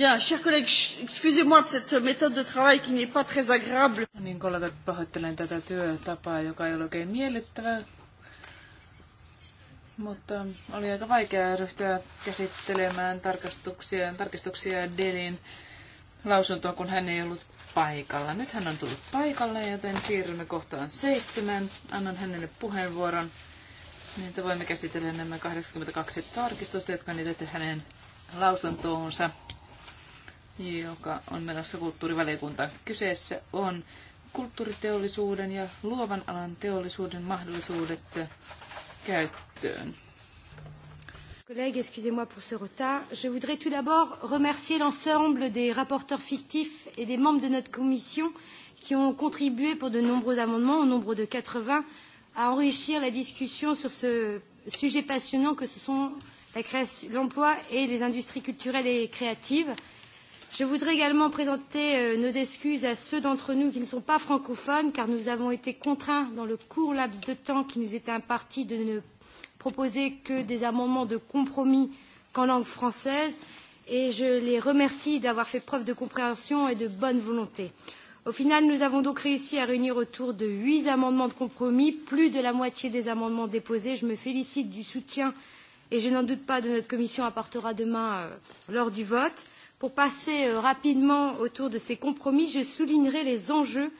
Bien, chers collègues, excusez-moi de cette méthode de travail qui n'est pas très agréable. No niin kollegat, pahoittelen tätä työtapaa, joka ei ole oikein miellyttävää. Mutta oli aika vaikea ryhtyä käsittelemään tarkastuksia, tarkistuksia Delin lausuntoon, kun hän ei ollut paikalla. Nyt hän on tullut paikalle, joten siirrymme kohtaan seitsemän. Annan hänelle puheenvuoron, niin että voimme käsitellä nämä 82 tarkistusta, jotka on hänen lausuntoonsa joka on menossa kulttuurivaliokuntaan. Kyseessä on kulttuuriteollisuuden ja luovan alan teollisuuden mahdollisuudet käyttöön. Collègues, excusez-moi pour ce retard. Je voudrais tout d'abord remercier l'ensemble des rapporteurs fictifs et des membres de notre commission qui ont contribué pour de nombreux amendements, au nombre de 80, à enrichir la discussion sur ce sujet passionnant que ce sont l'emploi et les industries culturelles et créatives. Je voudrais également présenter euh, nos excuses à ceux d'entre nous qui ne sont pas francophones, car nous avons été contraints, dans le court laps de temps qui nous était imparti, de ne proposer que des amendements de compromis qu'en langue française, et je les remercie d'avoir fait preuve de compréhension et de bonne volonté. Au final, nous avons donc réussi à réunir autour de huit amendements de compromis, plus de la moitié des amendements déposés. Je me félicite du soutien et je n'en doute pas de notre commission apportera demain euh, lors du vote. Pour passer euh, rapidement autour de ces compromis, je soulignerai les enjeux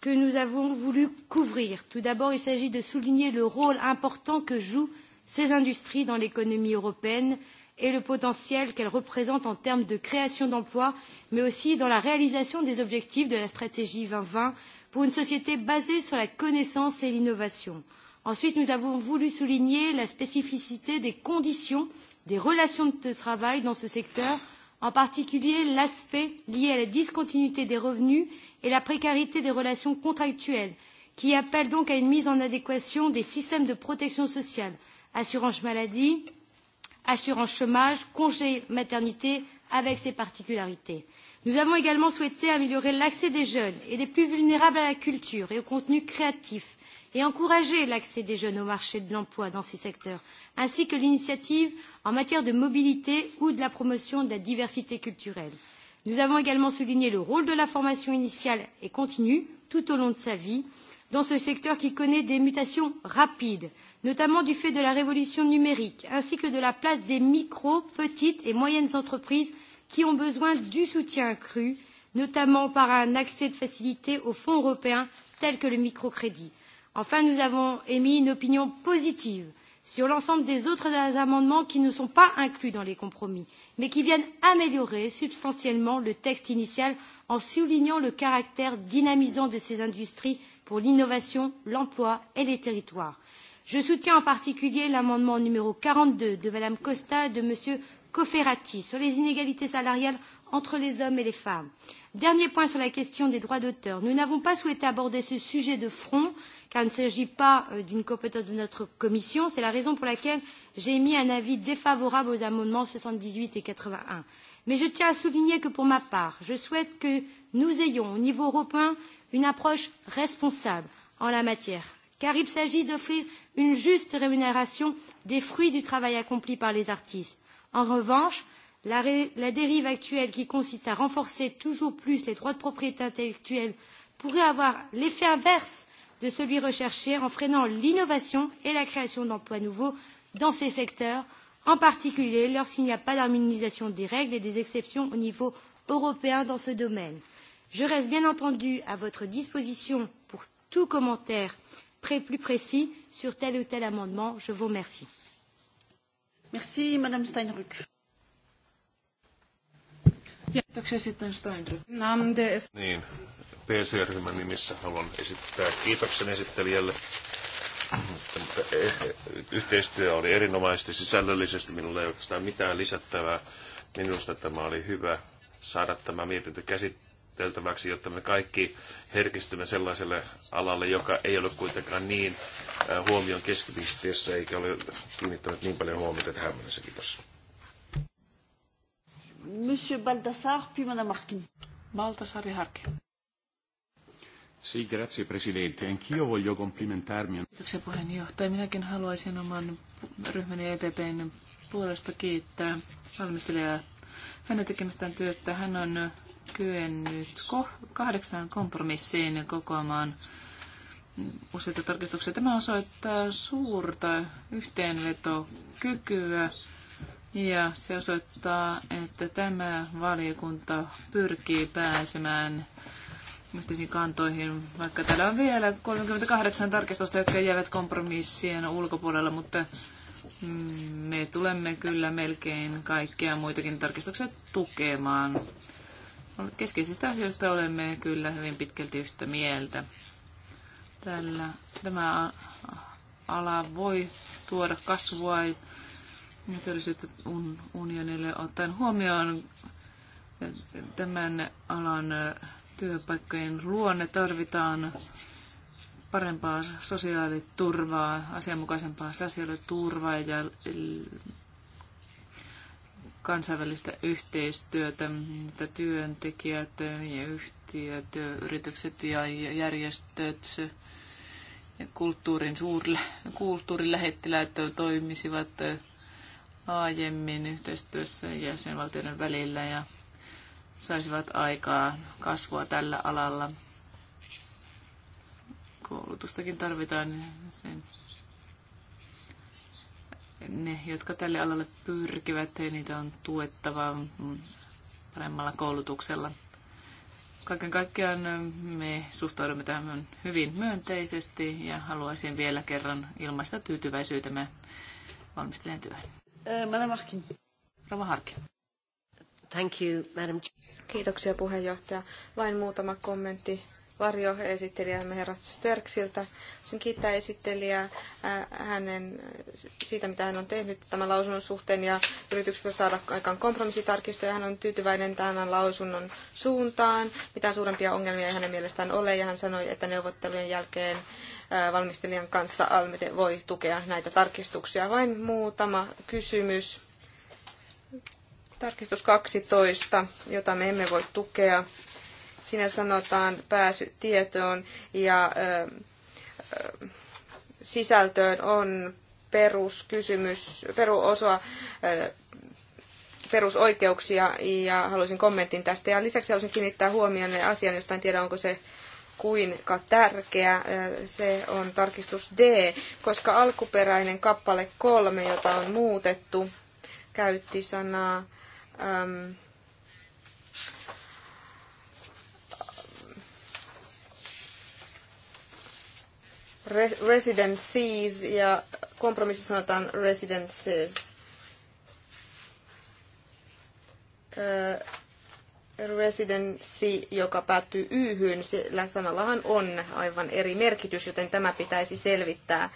que nous avons voulu couvrir. Tout d'abord, il s'agit de souligner le rôle important que jouent ces industries dans l'économie européenne et le potentiel qu'elles représentent en termes de création d'emplois, mais aussi dans la réalisation des objectifs de la stratégie 2020 pour une société basée sur la connaissance et l'innovation. Ensuite, nous avons voulu souligner la spécificité des conditions des relations de travail dans ce secteur en particulier l'aspect lié à la discontinuité des revenus et la précarité des relations contractuelles, qui appelle donc à une mise en adéquation des systèmes de protection sociale assurance maladie, assurance chômage, congé maternité avec ses particularités. Nous avons également souhaité améliorer l'accès des jeunes et des plus vulnérables à la culture et au contenu créatif et encourager l'accès des jeunes au marché de l'emploi dans ces secteurs, ainsi que l'initiative en matière de mobilité ou de la promotion de la diversité culturelle. Nous avons également souligné le rôle de la formation initiale et continue tout au long de sa vie dans ce secteur qui connaît des mutations rapides, notamment du fait de la révolution numérique, ainsi que de la place des micro, petites et moyennes entreprises qui ont besoin du soutien accru, notamment par un accès de facilité aux fonds européens tels que le microcrédit. Enfin, nous avons émis une opinion positive sur l'ensemble des autres amendements qui ne sont pas inclus dans les compromis, mais qui viennent améliorer substantiellement le texte initial en soulignant le caractère dynamisant de ces industries pour l'innovation, l'emploi et les territoires. Je soutiens en particulier l'amendement numéro 42 de Madame Costa et de Monsieur Cofferati sur les inégalités salariales entre les hommes et les femmes. Dernier point sur la question des droits d'auteur. Nous n'avons pas souhaité aborder ce sujet de front, car il ne s'agit pas euh, d'une compétence de notre commission. C'est la raison pour laquelle j'ai émis un avis défavorable aux amendements 78 et 81. Mais je tiens à souligner que pour ma part, je souhaite que nous ayons au niveau européen une approche responsable en la matière, car il s'agit d'offrir une juste rémunération des fruits du travail accompli par les artistes. En revanche, la, ré, la dérive actuelle qui consiste à renforcer toujours plus les droits de propriété intellectuelle pourrait avoir l'effet inverse de celui recherché en freinant l'innovation et la création d'emplois nouveaux dans ces secteurs, en particulier lorsqu'il n'y a pas d'harmonisation des règles et des exceptions au niveau européen dans ce domaine. Je reste bien entendu à votre disposition pour tout commentaire pré plus précis sur tel ou tel amendement. Je vous remercie. Merci, Madame Steinruck. Kiitoksia sitten Steinry. Namdes. Niin, PC-ryhmän nimissä haluan esittää kiitoksen esittelijälle. Eh, eh, yhteistyö oli erinomaisesti sisällöllisesti, minulla ei oikeastaan mitään lisättävää. Minusta tämä oli hyvä saada tämä mietintö käsiteltäväksi, jotta me kaikki herkistymme sellaiselle alalle, joka ei ole kuitenkaan niin eh, huomion keskipisteessä, eikä ole kiinnittänyt niin paljon huomiota tähän mennessä. Kiitos. Monsieur Baldassar, puis Madame Harkin. Baldassar ja Harkin. Sì, grazie Presidente. Anch'io voglio complimentarmi. Kiitoksia puheenjohtaja. Minäkin haluaisin oman ryhmäni EPPn puolesta kiittää valmistelijaa hänen tekemästään työstä. Hän on kyennyt kahdeksan kompromissiin kokoamaan useita tarkistuksia. Tämä osoittaa suurta yhteenvetokykyä ja se osoittaa, että tämä valiokunta pyrkii pääsemään yhteisiin kantoihin, vaikka täällä on vielä 38 tarkistusta, jotka jäävät kompromissien ulkopuolella, mutta me tulemme kyllä melkein kaikkia muitakin tarkistuksia tukemaan. Keskeisistä asioista olemme kyllä hyvin pitkälti yhtä mieltä. Tällä, tämä ala voi tuoda kasvua ja työllisyyttä unionille ottaen huomioon tämän alan työpaikkojen luonne tarvitaan parempaa sosiaaliturvaa, asianmukaisempaa sosiaaliturvaa ja kansainvälistä yhteistyötä, mitä työntekijät ja yhtiöt, yritykset ja järjestöt ja kulttuurin suurle, kulttuurilähettiläät toimisivat laajemmin yhteistyössä jäsenvaltioiden välillä ja saisivat aikaa kasvua tällä alalla. Koulutustakin tarvitaan sen ne, jotka tälle alalle pyrkivät, niin niitä on tuettava paremmalla koulutuksella. Kaiken kaikkiaan me suhtaudumme tähän hyvin myönteisesti ja haluaisin vielä kerran ilmaista tyytyväisyytemme valmistelijan työhön. Äh, Madam Harkin. Harkin. Thank you, Madam Kiitoksia puheenjohtaja. Vain muutama kommentti varjoesittelijämme herra Sterksiltä. Sen kiittää esittelijää äh, hänen, siitä, mitä hän on tehnyt tämän lausunnon suhteen ja yrityksestä saada aikaan kompromissitarkistoja. Hän on tyytyväinen tämän lausunnon suuntaan. Mitään suurempia ongelmia ei hänen mielestään ole ja hän sanoi, että neuvottelujen jälkeen valmistelijan kanssa Almede voi tukea näitä tarkistuksia. Vain muutama kysymys. Tarkistus 12, jota me emme voi tukea. Siinä sanotaan pääsy tietoon ja sisältöön on peruskysymys, perusosa perusoikeuksia ja haluaisin kommentin tästä. Ja lisäksi haluaisin kiinnittää huomioon asian, josta en tiedä onko se kuinka tärkeä se on tarkistus D, koska alkuperäinen kappale kolme, jota on muutettu, käytti sanaa äm, residencies ja kompromissi sanotaan residences residency, joka päättyy yhyn, sillä sanallahan on aivan eri merkitys, joten tämä pitäisi selvittää.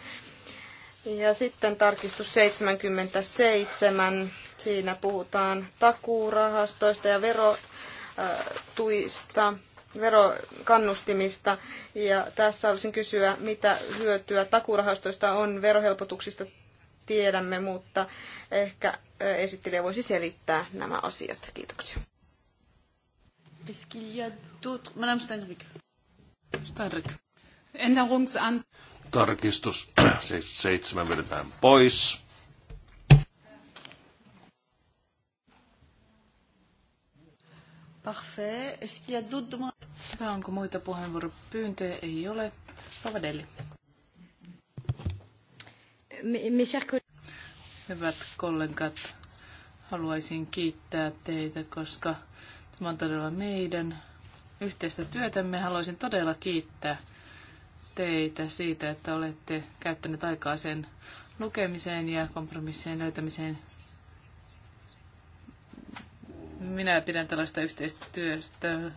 Ja sitten tarkistus 77. Siinä puhutaan takuurahastoista ja verotuista, verokannustimista. Ja tässä haluaisin kysyä, mitä hyötyä takuurahastoista on verohelpotuksista tiedämme, mutta ehkä esittelijä voisi selittää nämä asiat. Kiitoksia. Est-ce qu'il y a d'autres? Madame Steinrück. Steinrück. Änderungsan. Tarkistus. Seitsemän vedetään pois. Parfait. Est-ce qu'il y a d'autres Hyvä, onko muita puheenvuoropyyntöjä? Ei ole. Pavadelli. Mes chers collègues. Hyvät kollegat, haluaisin kiittää teitä, koska Tämä on todella meidän yhteistä työtämme. Haluaisin todella kiittää teitä siitä, että olette käyttäneet aikaa sen lukemiseen ja kompromissien löytämiseen. Minä pidän tällaista yhteistyöstä.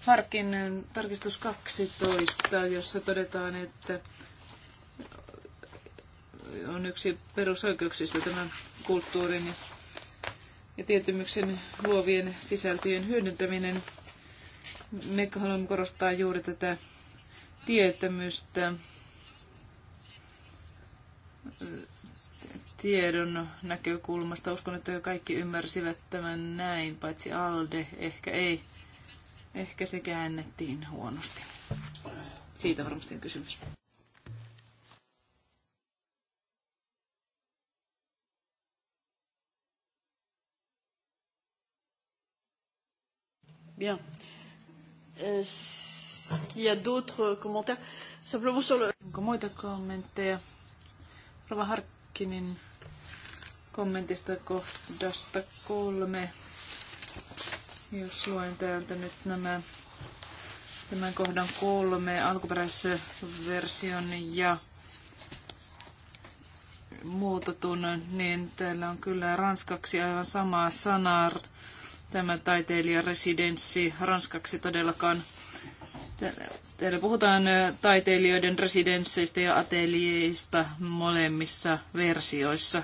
Harkinnon tarkistus 12, jossa todetaan, että on yksi perusoikeuksista tämä kulttuurin ja ja tietymyksen luovien sisältöjen hyödyntäminen. Me haluamme korostaa juuri tätä tietämystä, tiedon näkökulmasta. Uskon, että kaikki ymmärsivät tämän näin, paitsi Alde. Ehkä ei. Ehkä se käännettiin huonosti. Siitä varmasti on kysymys. Bien. Onko muita kommentteja? Rova Harkkinin kommentista kohdasta kolme. Jos luen täältä nyt nämä tämän kohdan kolme version ja muutetun, niin täällä on kyllä ranskaksi aivan samaa sanaa tämä taiteilijaresidenssi ranskaksi todellakaan. Täällä puhutaan taiteilijoiden residensseistä ja ateljeista molemmissa versioissa.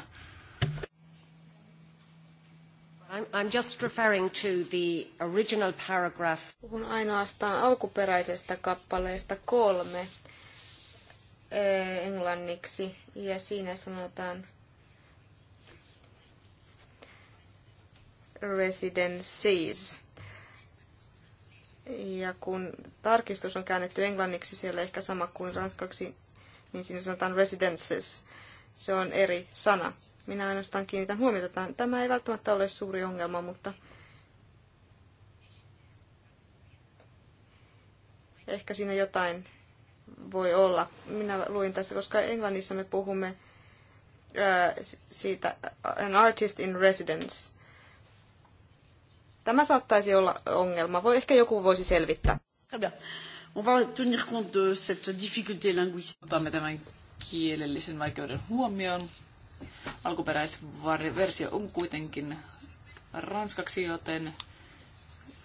I'm just referring to the original paragraph. Puhun ainoastaan alkuperäisestä kappaleesta kolme englanniksi ja siinä sanotaan residencies. Ja kun tarkistus on käännetty englanniksi, siellä ehkä sama kuin ranskaksi, niin siinä sanotaan residences. Se on eri sana. Minä ainoastaan kiinnitän huomiota tähän. Tämä ei välttämättä ole suuri ongelma, mutta ehkä siinä jotain voi olla. Minä luin tässä, koska Englannissa me puhumme siitä an artist in residence. Tämä saattaisi olla ongelma. Voi, ehkä joku voisi selvittää. On va tenir compte de cette difficulté linguistique. Otamme tämän kielellisen vaikeuden huomioon. Alkuperäisversio on kuitenkin ranskaksi, joten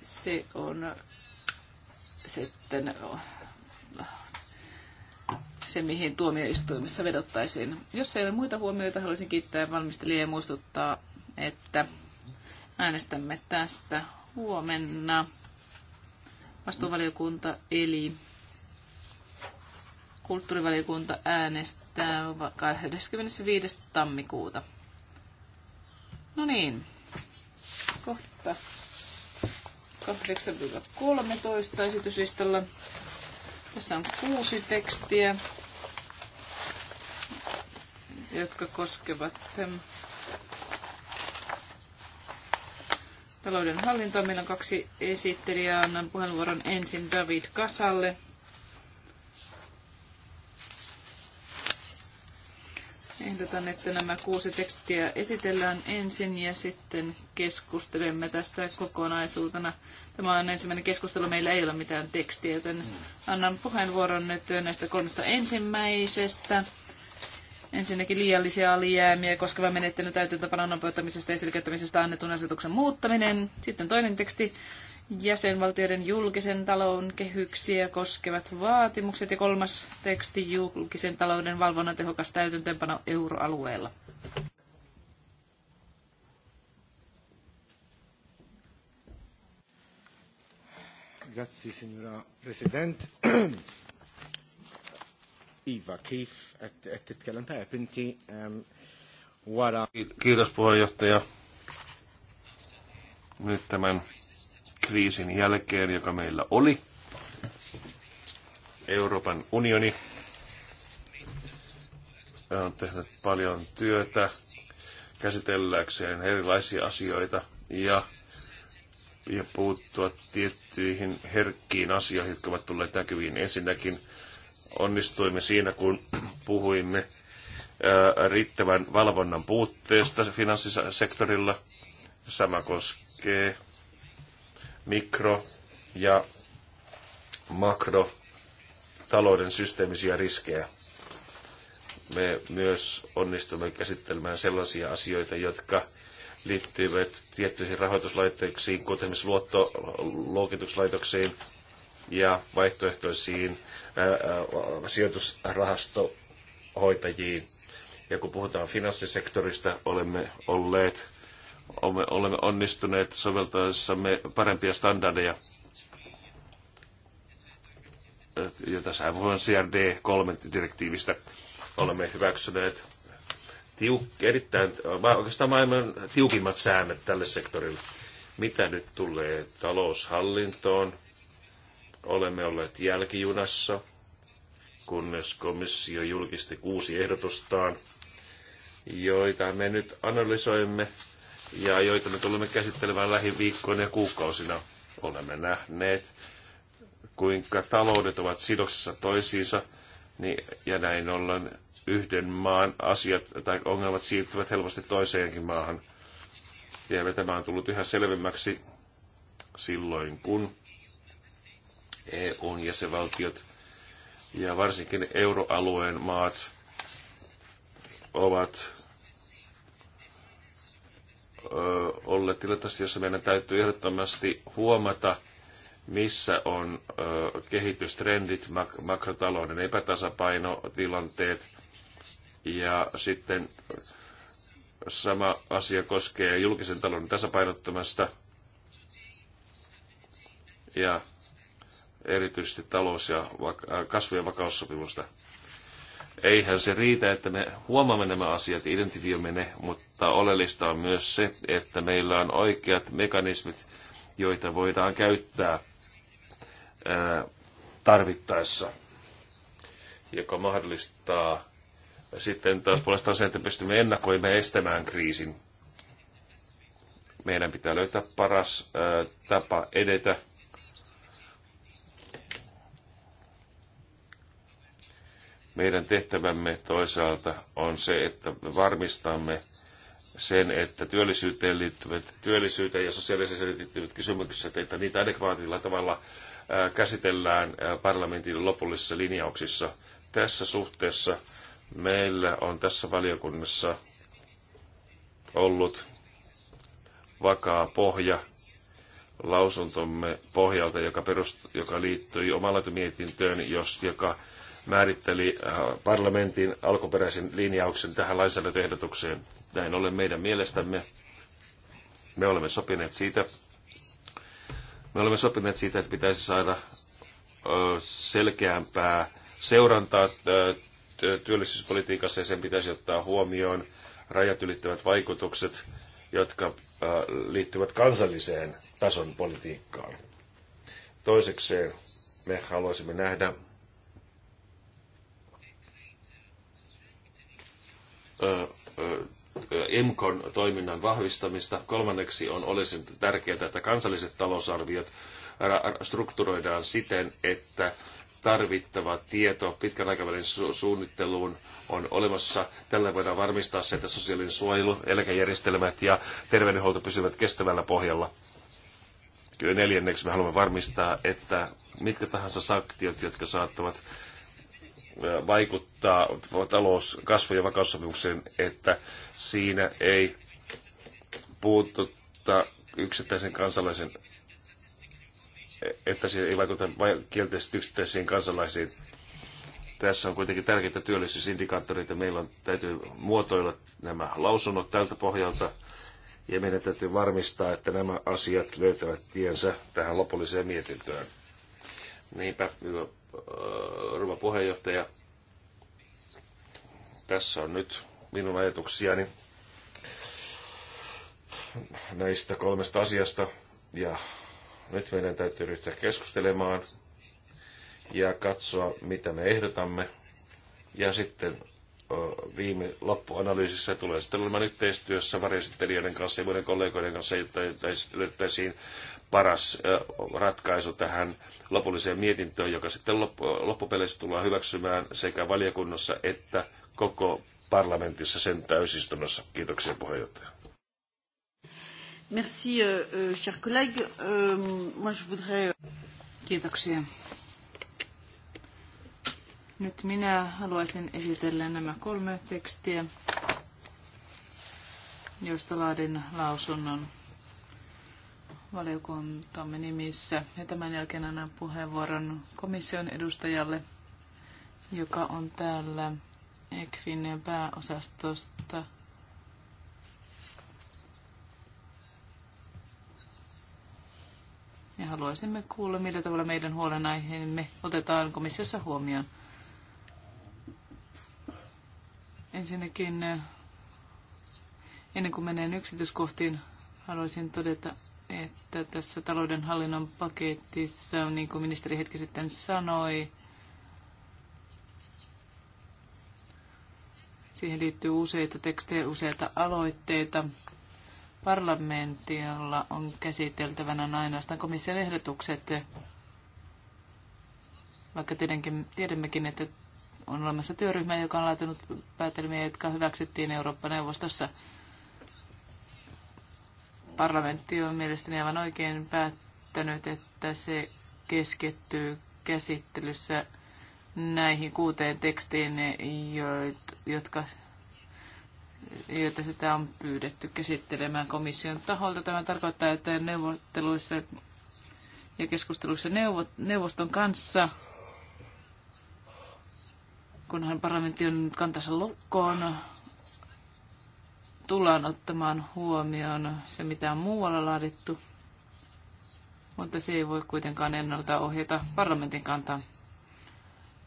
se on sitten se, mihin tuomioistuimessa vedottaisiin. Jos ei ole muita huomioita, haluaisin kiittää valmistelijaa ja muistuttaa, että Äänestämme tästä huomenna. Vastuuvaliokunta eli kulttuurivaliokunta äänestää 25. tammikuuta. No niin, kohta 8-13 esityslistalla. Tässä on kuusi tekstiä, jotka koskevat talouden hallinta. Meillä on kaksi esittelijää. Annan puheenvuoron ensin David Kasalle. Ehdotan, että nämä kuusi tekstiä esitellään ensin ja sitten keskustelemme tästä kokonaisuutena. Tämä on ensimmäinen keskustelu, meillä ei ole mitään tekstiä, joten annan puheenvuoron nyt näistä kolmesta ensimmäisestä. Ensinnäkin liiallisia alijäämiä koskeva menettely täytäntöpanon nopeuttamisesta ja selkeyttämisestä annetun asetuksen muuttaminen. Sitten toinen teksti, jäsenvaltioiden julkisen talouden kehyksiä koskevat vaatimukset ja kolmas teksti, julkisen talouden valvonnan tehokas täytäntöönpano euroalueella. Grazie signora Presidente. Iva, kif, että et titkellem perpinti ähm, wara. Kiitos puheenjohtaja. Nyt tämän kriisin jälkeen, joka meillä oli, Euroopan unioni äh, on tehnyt paljon työtä käsitelläkseen erilaisia asioita ja, ja puuttua tiettyihin herkkiin asioihin, jotka ovat tulleet näkyviin. Ensinnäkin onnistuimme siinä, kun puhuimme äh, riittävän valvonnan puutteesta finanssisektorilla. Sama koskee mikro- ja makrotalouden systeemisiä riskejä. Me myös onnistumme käsittelemään sellaisia asioita, jotka liittyvät tiettyihin rahoituslaitteisiin, kuten esimerkiksi luottoluokituslaitoksiin, ja vaihtoehtoisiin sijoitusrahastohoitajiin. Ja kun puhutaan finanssisektorista, olemme olleet olemme onnistuneet soveltaessamme parempia standardeja. Ja tässä on CRD3-direktiivistä olemme hyväksyneet tiuk- erittäin, oikeastaan maailman tiukimmat säännöt tälle sektorille. Mitä nyt tulee taloushallintoon, olemme olleet jälkijunassa, kunnes komissio julkisti kuusi ehdotustaan, joita me nyt analysoimme ja joita me tulemme käsittelemään lähiviikkoina ja kuukausina. Olemme nähneet, kuinka taloudet ovat sidoksissa toisiinsa, niin, ja näin ollen yhden maan asiat tai ongelmat siirtyvät helposti toiseenkin maahan. Ja tämä on tullut yhä selvemmäksi silloin, kun EUn jäsenvaltiot ja varsinkin euroalueen maat ovat olleet tilanteessa, jossa meidän täytyy ehdottomasti huomata, missä on kehitystrendit, makrotalouden epätasapainotilanteet ja sitten sama asia koskee julkisen talouden tasapainottamasta. ja erityisesti talous- ja äh, kasvien vakaussopimusta. Eihän se riitä, että me huomaamme nämä asiat, identifioimme ne, mutta oleellista on myös se, että meillä on oikeat mekanismit, joita voidaan käyttää äh, tarvittaessa, joka mahdollistaa sitten taas puolestaan sen, että pystymme ennakoimaan ja estämään kriisin. Meidän pitää löytää paras äh, tapa edetä Meidän tehtävämme toisaalta on se, että me varmistamme sen, että työllisyyteen liittyvät, työllisyyteen ja sosiaalisesti liittyvät kysymykset, että niitä adekvaatilla tavalla käsitellään parlamentin lopullisissa linjauksissa. Tässä suhteessa meillä on tässä valiokunnassa ollut vakaa pohja lausuntomme pohjalta, joka, perust, joka liittyi omalaitomietintöön, jos, joka määritteli äh, parlamentin alkuperäisen linjauksen tähän lainsäädäntöehdotukseen. Näin ollen meidän mielestämme me olemme sopineet siitä, me olemme sopineet siitä, että pitäisi saada selkeämpää seurantaa työllisyyspolitiikassa ja sen pitäisi ottaa huomioon rajat ylittävät vaikutukset, jotka liittyvät kansalliseen tason politiikkaan. Toisekseen me haluaisimme nähdä IMKON toiminnan vahvistamista. Kolmanneksi on olisi tärkeää, että kansalliset talousarviot strukturoidaan siten, että tarvittava tieto pitkän aikavälin su- suunnitteluun on olemassa. Tällä voidaan varmistaa se, että sosiaalinen suojelu, eläkejärjestelmät ja terveydenhuolto pysyvät kestävällä pohjalla. Kyllä neljänneksi me haluamme varmistaa, että mitkä tahansa sanktiot, jotka saattavat vaikuttaa talous, kasvu- ja vakaussopimukseen, että siinä ei puututa yksittäisen kansalaisen, että se ei vaikuta kielteisesti yksittäisiin kansalaisiin. Tässä on kuitenkin tärkeitä työllisyysindikaattoreita. Meillä on, täytyy muotoilla nämä lausunnot tältä pohjalta ja meidän täytyy varmistaa, että nämä asiat löytävät tiensä tähän lopulliseen mietintöön. Niinpä, rouva puheenjohtaja. Tässä on nyt minun ajatuksiani näistä kolmesta asiasta. Ja nyt meidän täytyy ryhtyä keskustelemaan ja katsoa, mitä me ehdotamme. Ja sitten viime loppuanalyysissä tulee sitten olemaan yhteistyössä varjostelijoiden kanssa ja muiden kollegoiden kanssa, jotta löydettäisiin paras ratkaisu tähän lopulliseen mietintöön, joka sitten loppupeleissä tullaan hyväksymään sekä valiokunnassa että koko parlamentissa sen täysistunnossa. Kiitoksia puheenjohtaja. Merci, euh, cher collègue. Euh, moi, je voudrais... Kiitoksia, nyt minä haluaisin esitellä nämä kolme tekstiä, joista laadin lausunnon valiokuntamme nimissä. Ja tämän jälkeen annan puheenvuoron komission edustajalle, joka on täällä ECFIN pääosastosta. Ja haluaisimme kuulla, millä tavalla meidän huolenaiheemme otetaan komissiossa huomioon. Ensinnäkin eh, ennen kuin menen yksityiskohtiin, haluaisin todeta, että tässä taloudenhallinnon paketissa, niin kuin ministeri hetki sitten sanoi, siihen liittyy useita tekstejä, useita aloitteita. Parlamentilla on käsiteltävänä ainoastaan komission ehdotukset, vaikka tietenkin tiedämmekin, että on olemassa työryhmä, joka on laatinut päätelmiä, jotka hyväksyttiin Eurooppa-neuvostossa. Parlamentti on mielestäni aivan oikein päättänyt, että se keskittyy käsittelyssä näihin kuuteen tekstiin, jotka, joita sitä on pyydetty käsittelemään komission taholta. Tämä tarkoittaa, että neuvotteluissa ja keskusteluissa neuvoston kanssa kunhan parlamentti on kantansa lukkoon, tullaan ottamaan huomioon se, mitä on muualla laadittu, mutta se ei voi kuitenkaan ennalta ohjata parlamentin kantaa.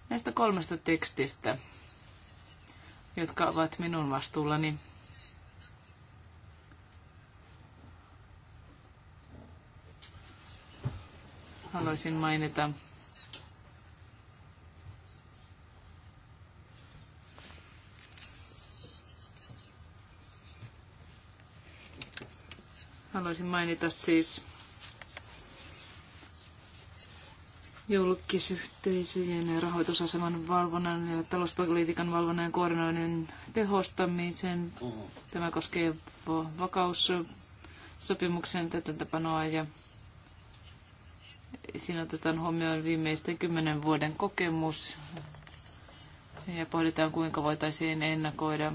Näistä kolmesta tekstistä, jotka ovat minun vastuullani, haluaisin mainita Haluaisin mainita siis julkisyhteisöjen rahoitusaseman valvonnan ja talouspolitiikan valvonnan ja koordinoinnin tehostamisen. Tämä koskee vakaussopimuksen täytäntöpanoa ja siinä otetaan huomioon viimeisten kymmenen vuoden kokemus ja pohditaan, kuinka voitaisiin ennakoida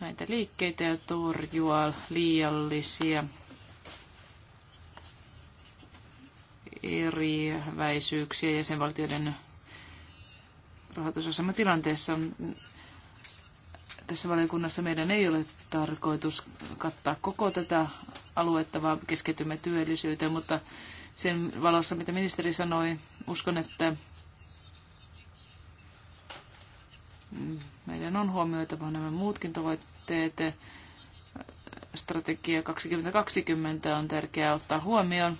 näitä liikkeitä ja torjua liiallisia väisyyksiä jäsenvaltioiden tilanteessa Tässä valiokunnassa meidän ei ole tarkoitus kattaa koko tätä aluetta, vaan keskitymme työllisyyteen, mutta sen valossa, mitä ministeri sanoi, uskon, että meidän on huomioitava nämä muutkin tavoitteet. Strategia 2020 on tärkeää ottaa huomioon.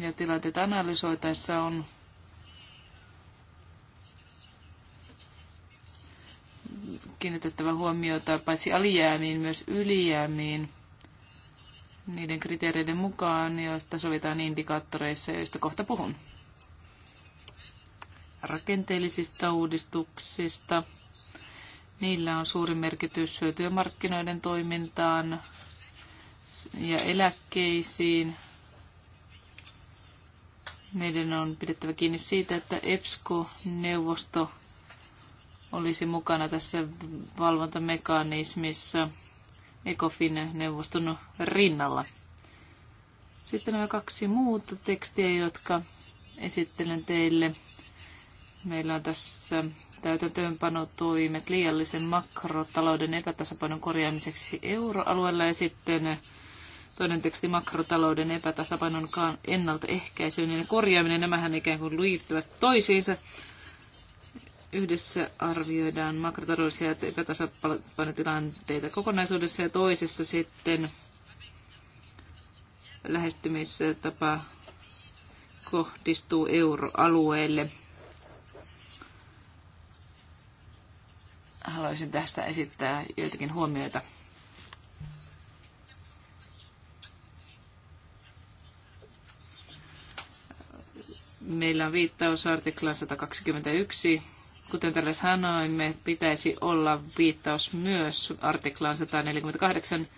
Ja tilanteet analysoitaessa on kiinnitettävä huomiota paitsi alijäämiin, myös ylijäämiin niiden kriteereiden mukaan, joista sovitaan indikaattoreissa, joista kohta puhun rakenteellisista uudistuksista. Niillä on suuri merkitys työmarkkinoiden toimintaan ja eläkkeisiin. Meidän on pidettävä kiinni siitä, että EPSCO-neuvosto olisi mukana tässä valvontamekanismissa ECOFIN-neuvoston rinnalla. Sitten on kaksi muuta tekstiä, jotka esittelen teille Meillä on tässä täytäntöönpanotoimet liiallisen makrotalouden epätasapainon korjaamiseksi euroalueella ja sitten toinen teksti makrotalouden epätasapainon ennaltaehkäisyyn ja korjaaminen. Nämähän ikään kuin liittyvät toisiinsa. Yhdessä arvioidaan makrotaloudellisia epätasapainotilanteita kokonaisuudessa ja toisessa sitten lähestymistapa kohdistuu euroalueelle – haluaisin tästä esittää joitakin huomioita. Meillä on viittaus artiklaan 121. Kuten tällä sanoimme, pitäisi olla viittaus myös artiklaan 148,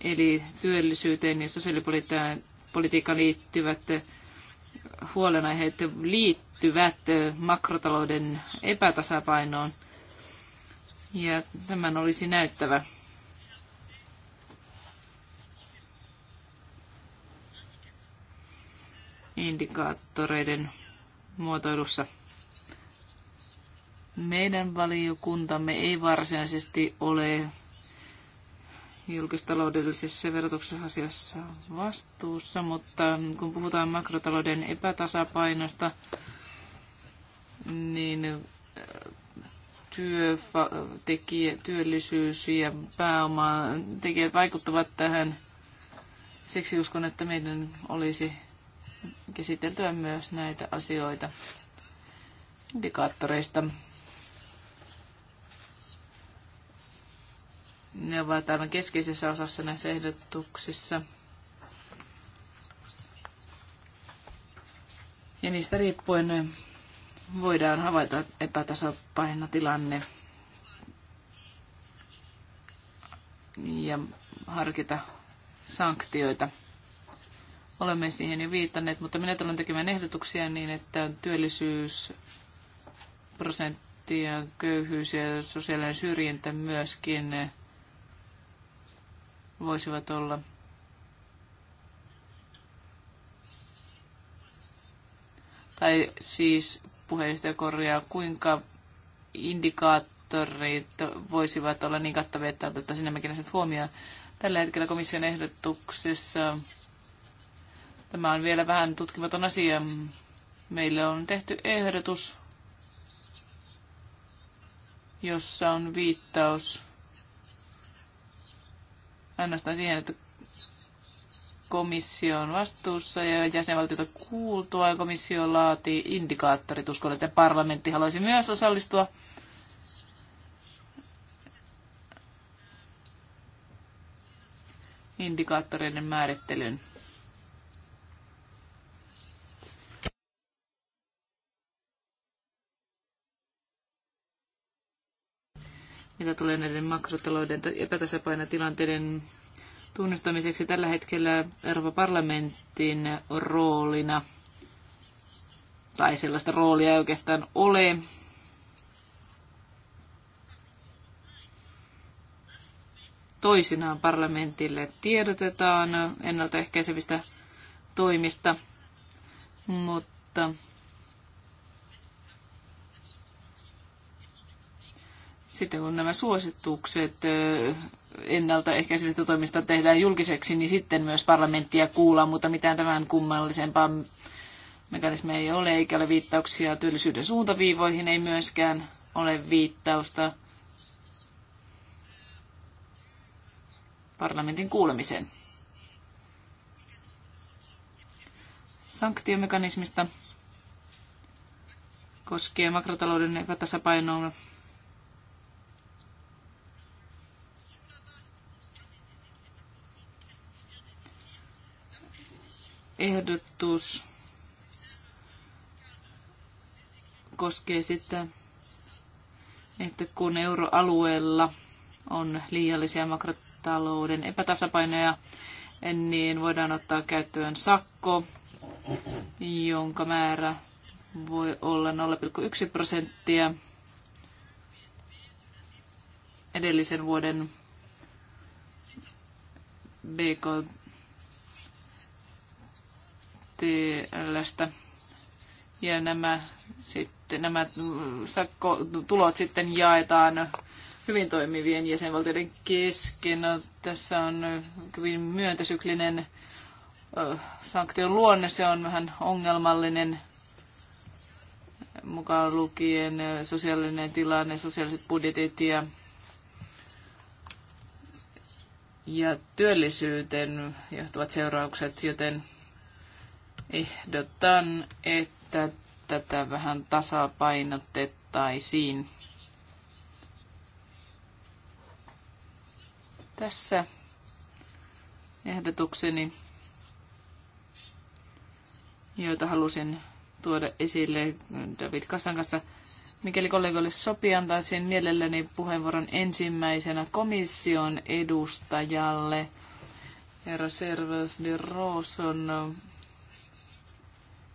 eli työllisyyteen ja sosiaalipolitiikkaan liittyvät huolenaiheet liittyvät makrotalouden epätasapainoon – ja tämän olisi näyttävä. indikaattoreiden muotoilussa. Meidän valiokuntamme ei varsinaisesti ole julkistaloudellisessa verotuksessa asiassa vastuussa, mutta kun puhutaan makrotalouden epätasapainosta, niin työtekijä, työllisyys ja pääoma tekijät vaikuttavat tähän. Siksi uskon, että meidän olisi käsiteltyä myös näitä asioita indikaattoreista. Ne ovat aivan keskeisessä osassa näissä ehdotuksissa. Ja niistä riippuen voidaan havaita epätasapainotilanne ja harkita sanktioita. Olemme siihen jo viitanneet, mutta minä tulen tekemään ehdotuksia niin, että työllisyysprosentti ja köyhyys ja sosiaalinen syrjintä myöskin voisivat olla tai siis puheenjohtaja korjaa, kuinka indikaattorit voisivat olla niin kattavia, että otettaisiin nämäkin asiat huomioon. Tällä hetkellä komission ehdotuksessa tämä on vielä vähän tutkimaton asia. Meille on tehty ehdotus, jossa on viittaus ainoastaan siihen, että komissio on vastuussa ja jäsenvaltiota kuultua ja komissio laati indikaattorit. Uskon, että parlamentti haluaisi myös osallistua. indikaattoreiden määrittelyyn. Mitä tulee näiden makrotalouden epätasapainotilanteiden tunnustamiseksi tällä hetkellä Euroopan parlamentin roolina, tai sellaista roolia ei oikeastaan ole. Toisinaan parlamentille tiedotetaan ennaltaehkäisevistä toimista, mutta sitten kun nämä suositukset ennaltaehkäisevistä toimista tehdään julkiseksi, niin sitten myös parlamenttia kuullaan, mutta mitään tämän kummallisempaa mekanismia ei ole, eikä ole viittauksia työllisyyden suuntaviivoihin, ei myöskään ole viittausta parlamentin kuulemiseen. Sanktiomekanismista koskee makrotalouden epätasapainoa ehdotus koskee sitä, että kun euroalueella on liiallisia makrotalouden epätasapainoja, niin voidaan ottaa käyttöön sakko, jonka määrä voi olla 0,1 prosenttia edellisen vuoden BKT tällaista. Ja nämä, sitten, nämä tulot sitten jaetaan hyvin toimivien jäsenvaltioiden kesken. No, tässä on hyvin myöntäsyklinen sanktion luonne, se on vähän ongelmallinen mukaan lukien sosiaalinen tilanne, sosiaaliset budjetit ja, ja työllisyyteen johtuvat seuraukset, joten Ehdotan, että tätä vähän tasapainotettaisiin. Tässä ehdotukseni, joita halusin tuoda esille David Kassan kanssa. Mikäli kollegoille sopii, antaisin mielelläni puheenvuoron ensimmäisenä komission edustajalle. Herra Servas de Roson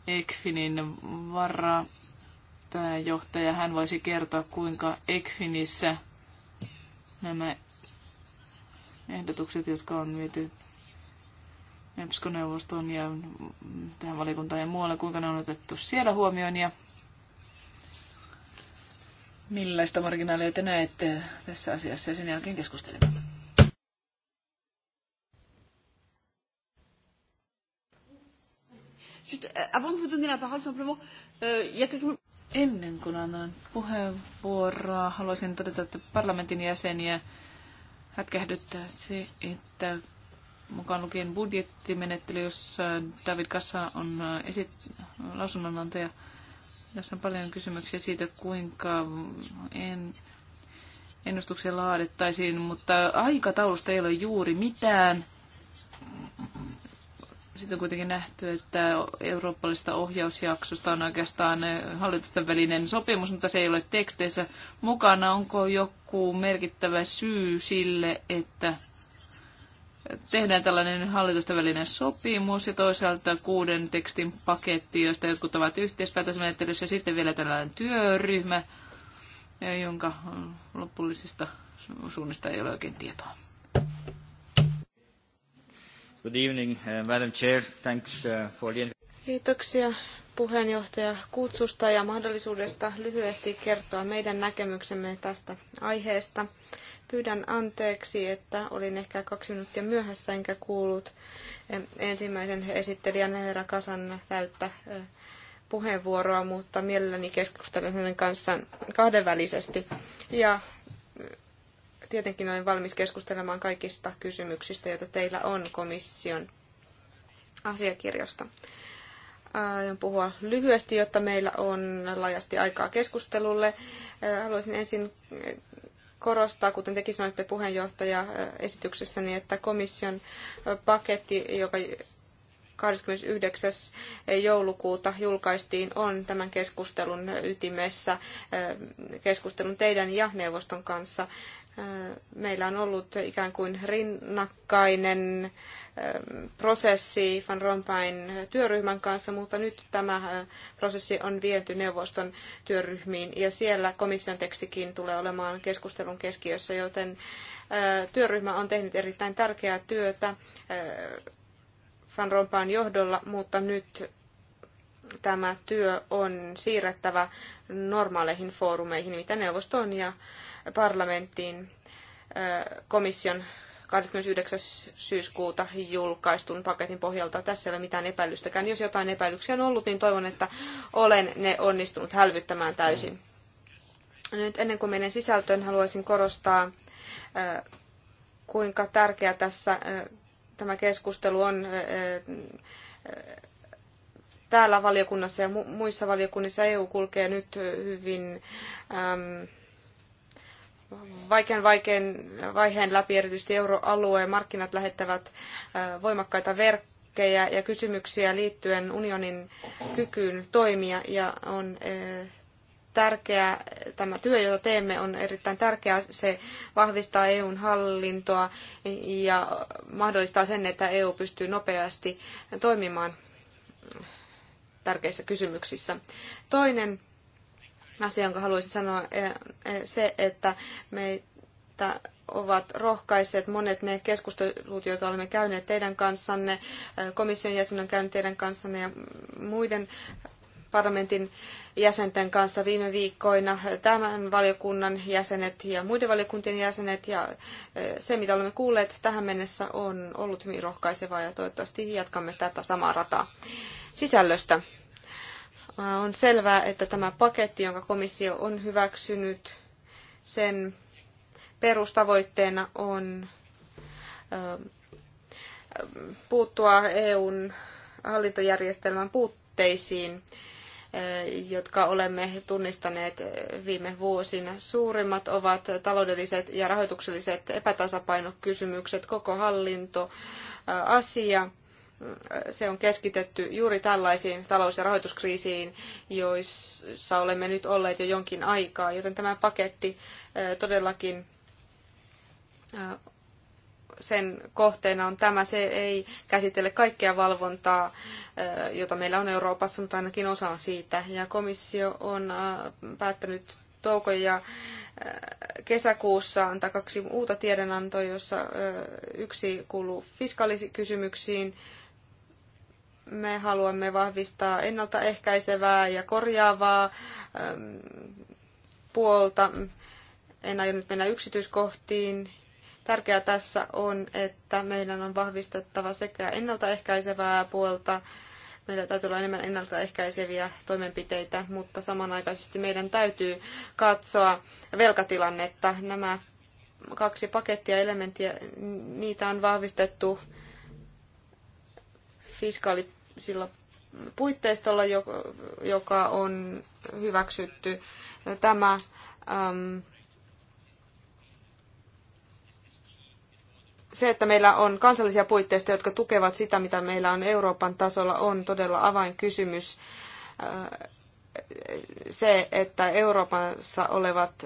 ECFINin varapääjohtaja. Hän voisi kertoa, kuinka ECFINissä nämä ehdotukset, jotka on viety EPSCO-neuvostoon ja tähän valikuntaan ja muualle, kuinka ne on otettu siellä huomioon ja millaista marginaalia te näette tässä asiassa ja sen jälkeen keskustelemme. Euh, avant de vous donner la parole, simplement, euh, il y a Ennen kuin annan puheenvuoroa, haluaisin todeta, että parlamentin jäseniä hätkähdyttää se, että mukaan lukien budjettimenettely, jossa David Kassa on äh, esit- lausunnonantaja. Tässä on paljon kysymyksiä siitä, kuinka en, ennustuksia laadettaisiin, mutta aikataulusta ei ole juuri mitään. Sitten on kuitenkin nähty, että eurooppalista ohjausjaksosta on oikeastaan eh, hallitusten välinen sopimus, mutta se ei ole teksteissä mukana. Onko joku merkittävä syy sille, että tehdään tällainen hallitusten välinen sopimus ja toisaalta kuuden tekstin paketti, josta jotkut ovat yhteispäätösmenettelyssä ja sitten vielä tällainen työryhmä, eh, jonka lopullisista suunnista ei ole oikein tietoa. Good evening, uh, Madam Chair. Thanks uh, for the... Kiitoksia puheenjohtaja kutsusta ja mahdollisuudesta lyhyesti kertoa meidän näkemyksemme tästä aiheesta. Pyydän anteeksi, että olin ehkä kaksi minuuttia myöhässä enkä kuullut eh, ensimmäisen esittelijän herra Kasan täyttä eh, puheenvuoroa, mutta mielelläni keskustelen hänen kanssaan kahdenvälisesti. Ja tietenkin olen valmis keskustelemaan kaikista kysymyksistä, joita teillä on komission asiakirjosta. Aion puhua lyhyesti, jotta meillä on laajasti aikaa keskustelulle. Haluaisin ensin korostaa, kuten tekin sanoitte puheenjohtaja esityksessäni, että komission paketti, joka 29. joulukuuta julkaistiin, on tämän keskustelun ytimessä, keskustelun teidän ja neuvoston kanssa. Meillä on ollut ikään kuin rinnakkainen ähm, prosessi Van Rompuyn työryhmän kanssa, mutta nyt tämä äh, prosessi on viety neuvoston työryhmiin ja siellä komission tekstikin tulee olemaan keskustelun keskiössä, joten äh, työryhmä on tehnyt erittäin tärkeää työtä äh, Van Rompuyn johdolla, mutta nyt tämä työ on siirrettävä normaaleihin foorumeihin, mitä neuvoston ja parlamenttiin komission 29. syyskuuta julkaistun paketin pohjalta. Tässä ei ole mitään epäilystäkään. Jos jotain epäilyksiä on ollut, niin toivon, että olen ne onnistunut hälvyttämään täysin. Nyt ennen kuin menen sisältöön, haluaisin korostaa, kuinka tärkeä tässä tämä keskustelu on täällä valiokunnassa ja muissa valiokunnissa EU kulkee nyt hyvin vaikean, vaikean vaiheen läpi, erityisesti euroalueen markkinat lähettävät voimakkaita verkkejä ja kysymyksiä liittyen unionin kykyyn toimia ja on tärkeää, tämä työ, jota teemme, on erittäin tärkeää. Se vahvistaa EUn hallintoa ja mahdollistaa sen, että EU pystyy nopeasti toimimaan tärkeissä kysymyksissä. Toinen asia, jonka haluaisin sanoa, e, e, se, että meitä ovat rohkaiset monet ne keskustelut, joita olemme käyneet teidän kanssanne, e, komission jäsen on käynyt teidän kanssanne ja muiden parlamentin jäsenten kanssa viime viikkoina, tämän valiokunnan jäsenet ja muiden valiokuntien jäsenet. Ja se, mitä olemme kuulleet tähän mennessä, on ollut hyvin rohkaisevaa ja toivottavasti jatkamme tätä samaa rataa. Sisällöstä. Äh, on selvää, että tämä paketti, jonka komissio on hyväksynyt, sen perustavoitteena on ähm, äh, puuttua EUn hallintojärjestelmän puutteisiin, äh, jotka olemme tunnistaneet viime vuosina. Suurimmat ovat taloudelliset ja rahoitukselliset epätasapainokysymykset, koko hallinto, asia – se on keskitetty juuri tällaisiin talous- ja rahoituskriisiin, joissa olemme nyt olleet jo jonkin aikaa, joten tämä paketti todellakin sen kohteena on tämä. Se ei käsittele kaikkea valvontaa, jota meillä on Euroopassa, mutta ainakin osa siitä. Ja komissio on päättänyt touko- ja kesäkuussa antaa kaksi uutta tiedonantoa, jossa yksi kuuluu fiskaalisikysymyksiin, kysymyksiin me haluamme vahvistaa ennaltaehkäisevää ja korjaavaa ähm, puolta. En aio nyt mennä yksityiskohtiin. Tärkeää tässä on, että meidän on vahvistettava sekä ennaltaehkäisevää puolta, meillä täytyy olla enemmän ennaltaehkäiseviä toimenpiteitä, mutta samanaikaisesti meidän täytyy katsoa velkatilannetta. Nämä kaksi pakettia elementtiä, niitä on vahvistettu fiskaali sillä puitteistolla, joka on hyväksytty. Tämä äm, se, että meillä on kansallisia puitteista, jotka tukevat sitä, mitä meillä on Euroopan tasolla, on todella avainkysymys. Äh, se, että Euroopassa olevat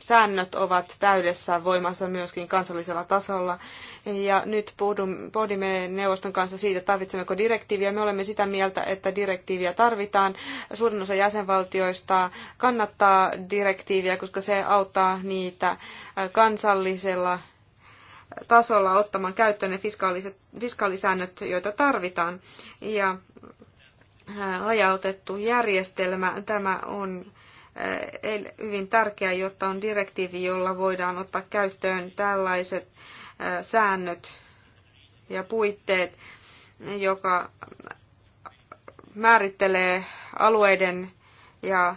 säännöt ovat täydessä voimassa myöskin kansallisella tasolla. Ja nyt pohdimme neuvoston kanssa siitä, tarvitsemmeko direktiiviä. Me olemme sitä mieltä, että direktiiviä tarvitaan. Suurin osa jäsenvaltioista kannattaa direktiiviä, koska se auttaa niitä äh, kansallisella tasolla ottamaan käyttöön ne fiskaaliset, fiskaalisäännöt, joita tarvitaan. Ja äh, hajautettu järjestelmä, tämä on äh, hyvin tärkeä, jotta on direktiivi, jolla voidaan ottaa käyttöön tällaiset säännöt ja puitteet, joka määrittelee alueiden ja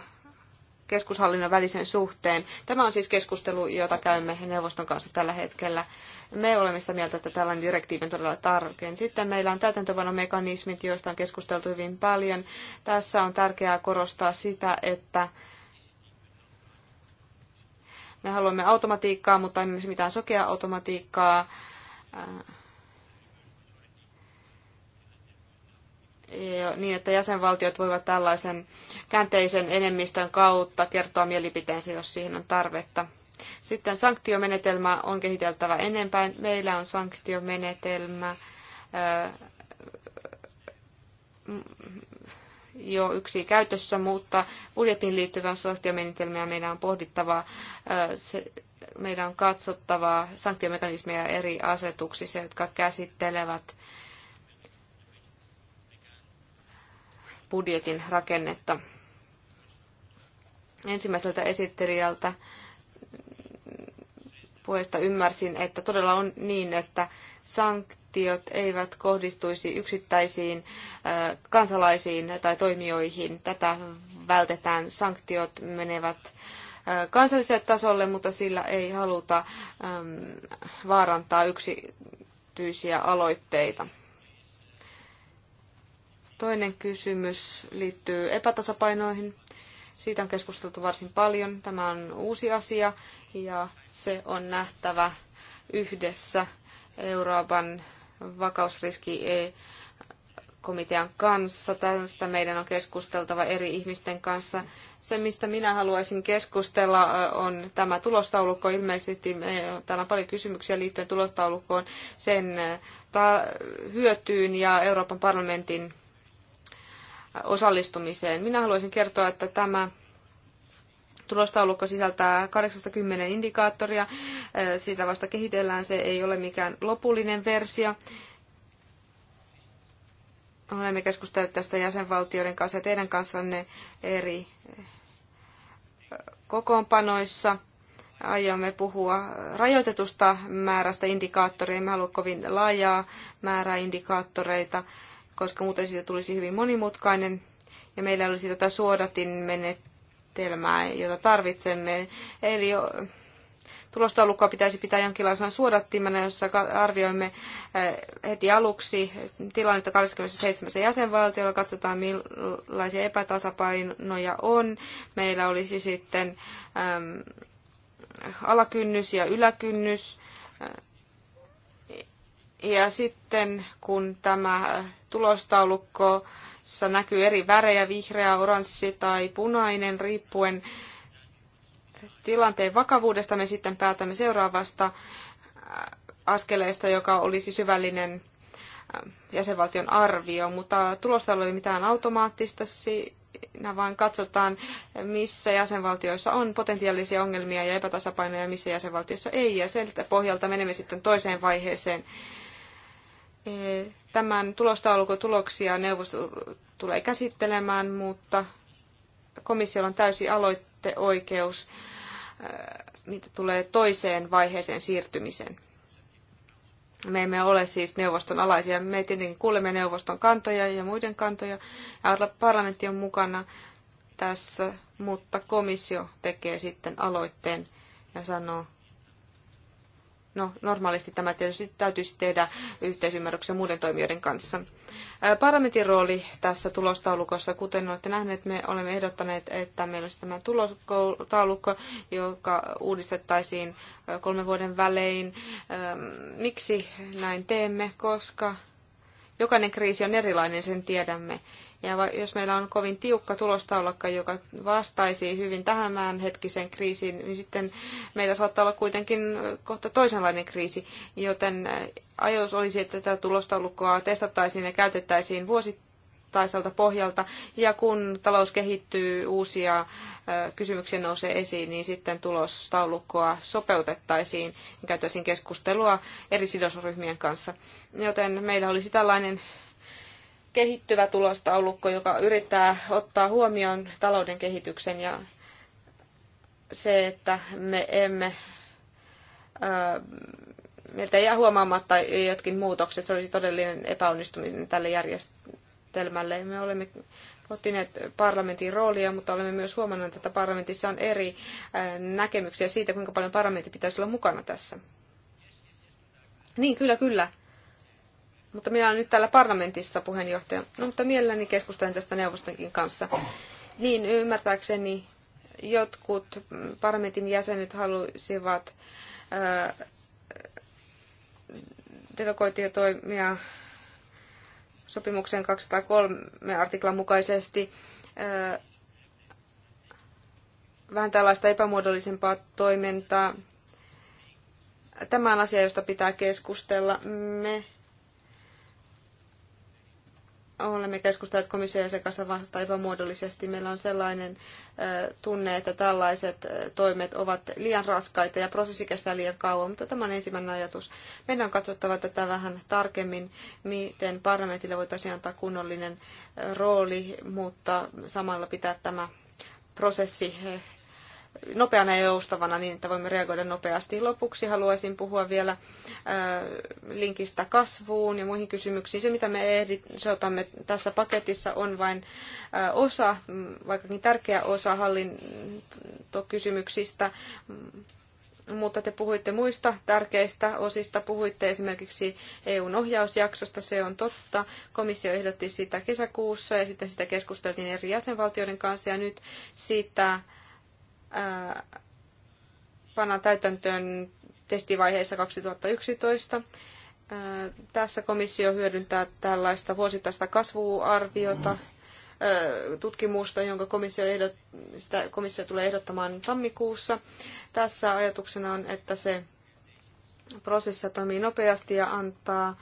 keskushallinnon välisen suhteen. Tämä on siis keskustelu, jota käymme neuvoston kanssa tällä hetkellä. Me olemme sitä mieltä, että tällainen direktiivi on todella tarkeen. Sitten meillä on täytäntöpanomekanismit, joista on keskusteltu hyvin paljon. Tässä on tärkeää korostaa sitä, että me haluamme automatiikkaa, mutta emme mitään sokea automatiikkaa. niin, että jäsenvaltiot voivat tällaisen käänteisen enemmistön kautta kertoa mielipiteensä, jos siihen on tarvetta. Sitten sanktiomenetelmä on kehiteltävä enempää. Meillä on sanktiomenetelmä jo yksi käytössä, mutta budjettiin liittyvän sanktiomenetelmiä meidän on pohdittava, se, meidän on katsottava sanktiomekanismeja eri asetuksissa, jotka käsittelevät budjetin rakennetta. Ensimmäiseltä esittelijältä puheesta ymmärsin, että todella on niin, että sanktiot eivät kohdistuisi yksittäisiin kansalaisiin tai toimijoihin. Tätä vältetään. Sanktiot menevät kansalliselle tasolle, mutta sillä ei haluta vaarantaa yksityisiä aloitteita. Toinen kysymys liittyy epätasapainoihin. Siitä on keskusteltu varsin paljon. Tämä on uusi asia ja se on nähtävä yhdessä Euroopan vakausriski e komitean kanssa. Tästä meidän on keskusteltava eri ihmisten kanssa. Se, mistä minä haluaisin keskustella, on tämä tulostaulukko. Ilmeisesti täällä on paljon kysymyksiä liittyen tulostaulukkoon, sen hyötyyn ja Euroopan parlamentin osallistumiseen. Minä haluaisin kertoa, että tämä Tulostaulukko sisältää 80 indikaattoria. Äh, siitä vasta kehitellään. Se ei ole mikään lopullinen versio. Olemme keskustelleet tästä jäsenvaltioiden kanssa ja teidän kanssanne eri äh, kokoonpanoissa aiomme puhua rajoitetusta määrästä indikaattoreita. Emme halua kovin laajaa määrää indikaattoreita, koska muuten siitä tulisi hyvin monimutkainen. Ja meillä olisi tätä suodatin menet järjestelmää, jota tarvitsemme. Eli tulostaulukkoa pitäisi pitää jonkinlaisena suodattimena, jossa arvioimme eh, heti aluksi tilannetta 27 jäsenvaltiolla, katsotaan millaisia epätasapainoja on. Meillä olisi sitten äm, ehm, alakynnys ja yläkynnys. Ja sitten kun tämä tulostaulukko jossa näkyy eri värejä, vihreä, oranssi tai punainen, riippuen tilanteen vakavuudesta. Me sitten päätämme seuraavasta äh, askeleesta, joka olisi syvällinen äh, jäsenvaltion arvio, mutta tulosta ei ole mitään automaattista, siinä vaan katsotaan, missä jäsenvaltioissa on potentiaalisia ongelmia ja epätasapainoja, missä jäsenvaltioissa ei, ja sieltä pohjalta menemme sitten toiseen vaiheeseen, Tämän tuloksia neuvosto tulee käsittelemään, mutta komissiolla on täysi aloitteoikeus, äh, mitä tulee toiseen vaiheeseen siirtymiseen. Me emme ole siis neuvoston alaisia. Me tietenkin kuulemme neuvoston kantoja ja muiden kantoja. Ja parlamentti on mukana tässä, mutta komissio tekee sitten aloitteen ja sanoo, No, normaalisti tämä tietysti täytyisi tehdä yhteisymmärryksen muiden toimijoiden kanssa. Parlamentin rooli tässä tulostaulukossa, kuten olette nähneet, me olemme ehdottaneet, että meillä olisi tämä tulostaulukko, joka uudistettaisiin kolmen vuoden välein. Miksi näin teemme? Koska jokainen kriisi on erilainen, sen tiedämme. Ja jos meillä on kovin tiukka tulostaulakka, joka vastaisi hyvin tähän hetkisen kriisiin, niin sitten meillä saattaa olla kuitenkin kohta toisenlainen kriisi. Joten ajatus olisi, että tätä tulostaulukkoa testattaisiin ja käytettäisiin vuosittaiselta pohjalta. Ja kun talous kehittyy, uusia kysymyksiä nousee esiin, niin sitten tulostaulukkoa sopeutettaisiin ja käytäisiin keskustelua eri sidosryhmien kanssa. Joten meillä olisi tällainen kehittyvä tulostaulukko, joka yrittää ottaa huomioon talouden kehityksen ja se, että me emme, meiltä jää huomaamatta jotkin muutokset. Se olisi todellinen epäonnistuminen tälle järjestelmälle. Me olemme pohtineet parlamentin roolia, mutta olemme myös huomanneet, että parlamentissa on eri näkemyksiä siitä, kuinka paljon parlamentti pitäisi olla mukana tässä. Niin, kyllä, kyllä. Mutta minä olen nyt täällä parlamentissa puheenjohtaja. No, mutta mielelläni keskustelen tästä neuvostonkin kanssa. Niin, ymmärtääkseni jotkut parlamentin jäsenet halusivat ää, toimia sopimuksen 203 artiklan mukaisesti ää, äh, vähän tällaista epämuodollisempaa toimintaa. Tämä on asia, josta pitää keskustella. Me olemme keskustelleet komission sen kanssa vasta epämuodollisesti. Meillä on sellainen tunne, että tällaiset toimet ovat liian raskaita ja prosessi kestää liian kauan, mutta tämä on ensimmäinen ajatus. Meidän on katsottava tätä vähän tarkemmin, miten parlamentille voitaisiin antaa kunnollinen rooli, mutta samalla pitää tämä prosessi nopeana ja joustavana niin, että voimme reagoida nopeasti. Lopuksi haluaisin puhua vielä äh, linkistä kasvuun ja muihin kysymyksiin. Se, mitä me ehdotamme tässä paketissa, on vain äh, osa, vaikkakin tärkeä osa hallintokysymyksistä, mutta te puhuitte muista tärkeistä osista. Puhuitte esimerkiksi EUn ohjausjaksosta, se on totta. Komissio ehdotti sitä kesäkuussa ja sitten sitä keskusteltiin eri jäsenvaltioiden kanssa ja nyt siitä pannaan täytäntöön testivaiheessa 2011. Tässä komissio hyödyntää tällaista vuosittaista kasvuarviota, tutkimusta, jonka komissio, ehdot, sitä komissio tulee ehdottamaan tammikuussa. Tässä ajatuksena on, että se prosessi toimii nopeasti ja antaa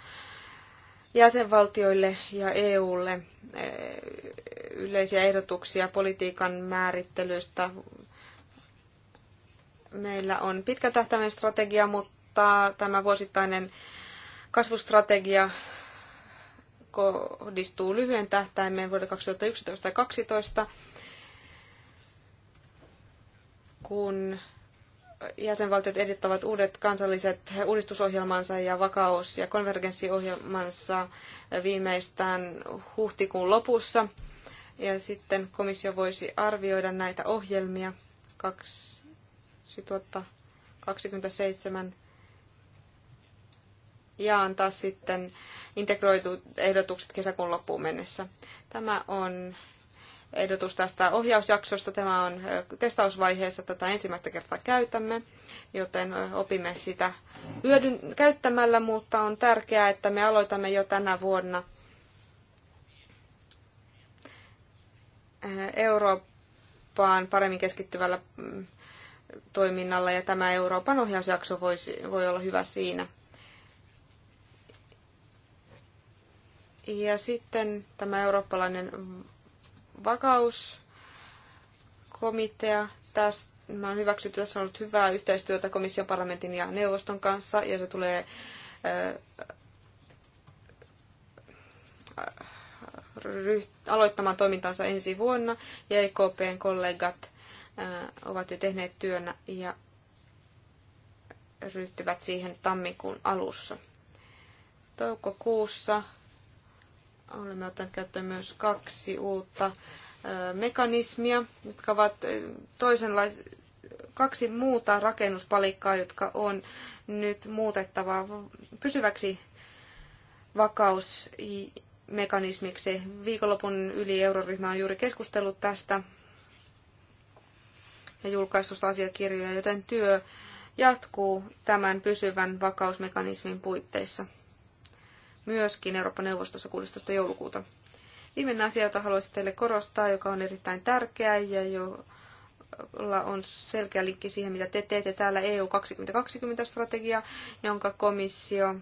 jäsenvaltioille ja EUlle yleisiä ehdotuksia politiikan määrittelystä Meillä on pitkä tähtäimen strategia, mutta tämä vuosittainen kasvustrategia kohdistuu lyhyen tähtäimeen vuoden 2011 ja 2012, kun jäsenvaltiot edittävät uudet kansalliset uudistusohjelmansa ja vakaus- ja konvergenssiohjelmansa viimeistään huhtikuun lopussa. Ja sitten komissio voisi arvioida näitä ohjelmia kaksi 2027 ja antaa sitten integroitut ehdotukset kesäkuun loppuun mennessä. Tämä on ehdotus tästä ohjausjaksosta. Tämä on testausvaiheessa tätä ensimmäistä kertaa käytämme, joten opimme sitä hyödyn käyttämällä, mutta on tärkeää, että me aloitamme jo tänä vuonna Euroopan paremmin keskittyvällä mm, toiminnalla ja tämä Euroopan ohjausjakso voisi, voi olla hyvä siinä. Ja sitten tämä eurooppalainen vakauskomitea. Tämä on hyväksytty, tässä on ollut hyvää yhteistyötä komission, parlamentin ja neuvoston kanssa ja se tulee aloittamaan toimintansa ensi vuonna ja EKPn kollegat ovat jo tehneet työnä ja ryhtyvät siihen tammikuun alussa. Toukokuussa olemme ottaneet käyttöön myös kaksi uutta mekanismia, jotka ovat toisenlaisia, kaksi muuta rakennuspalikkaa, jotka on nyt muutettava pysyväksi vakausmekanismiksi. Viikonlopun yli euroryhmä on juuri keskustellut tästä ja julkaistusta asiakirjoja, joten työ jatkuu tämän pysyvän vakausmekanismin puitteissa. Myöskin Euroopan neuvostossa 16. joulukuuta. Viimeinen asia, jota haluaisin teille korostaa, joka on erittäin tärkeä ja jolla on selkeä linkki siihen, mitä te teette täällä EU 2020-strategia, jonka komissio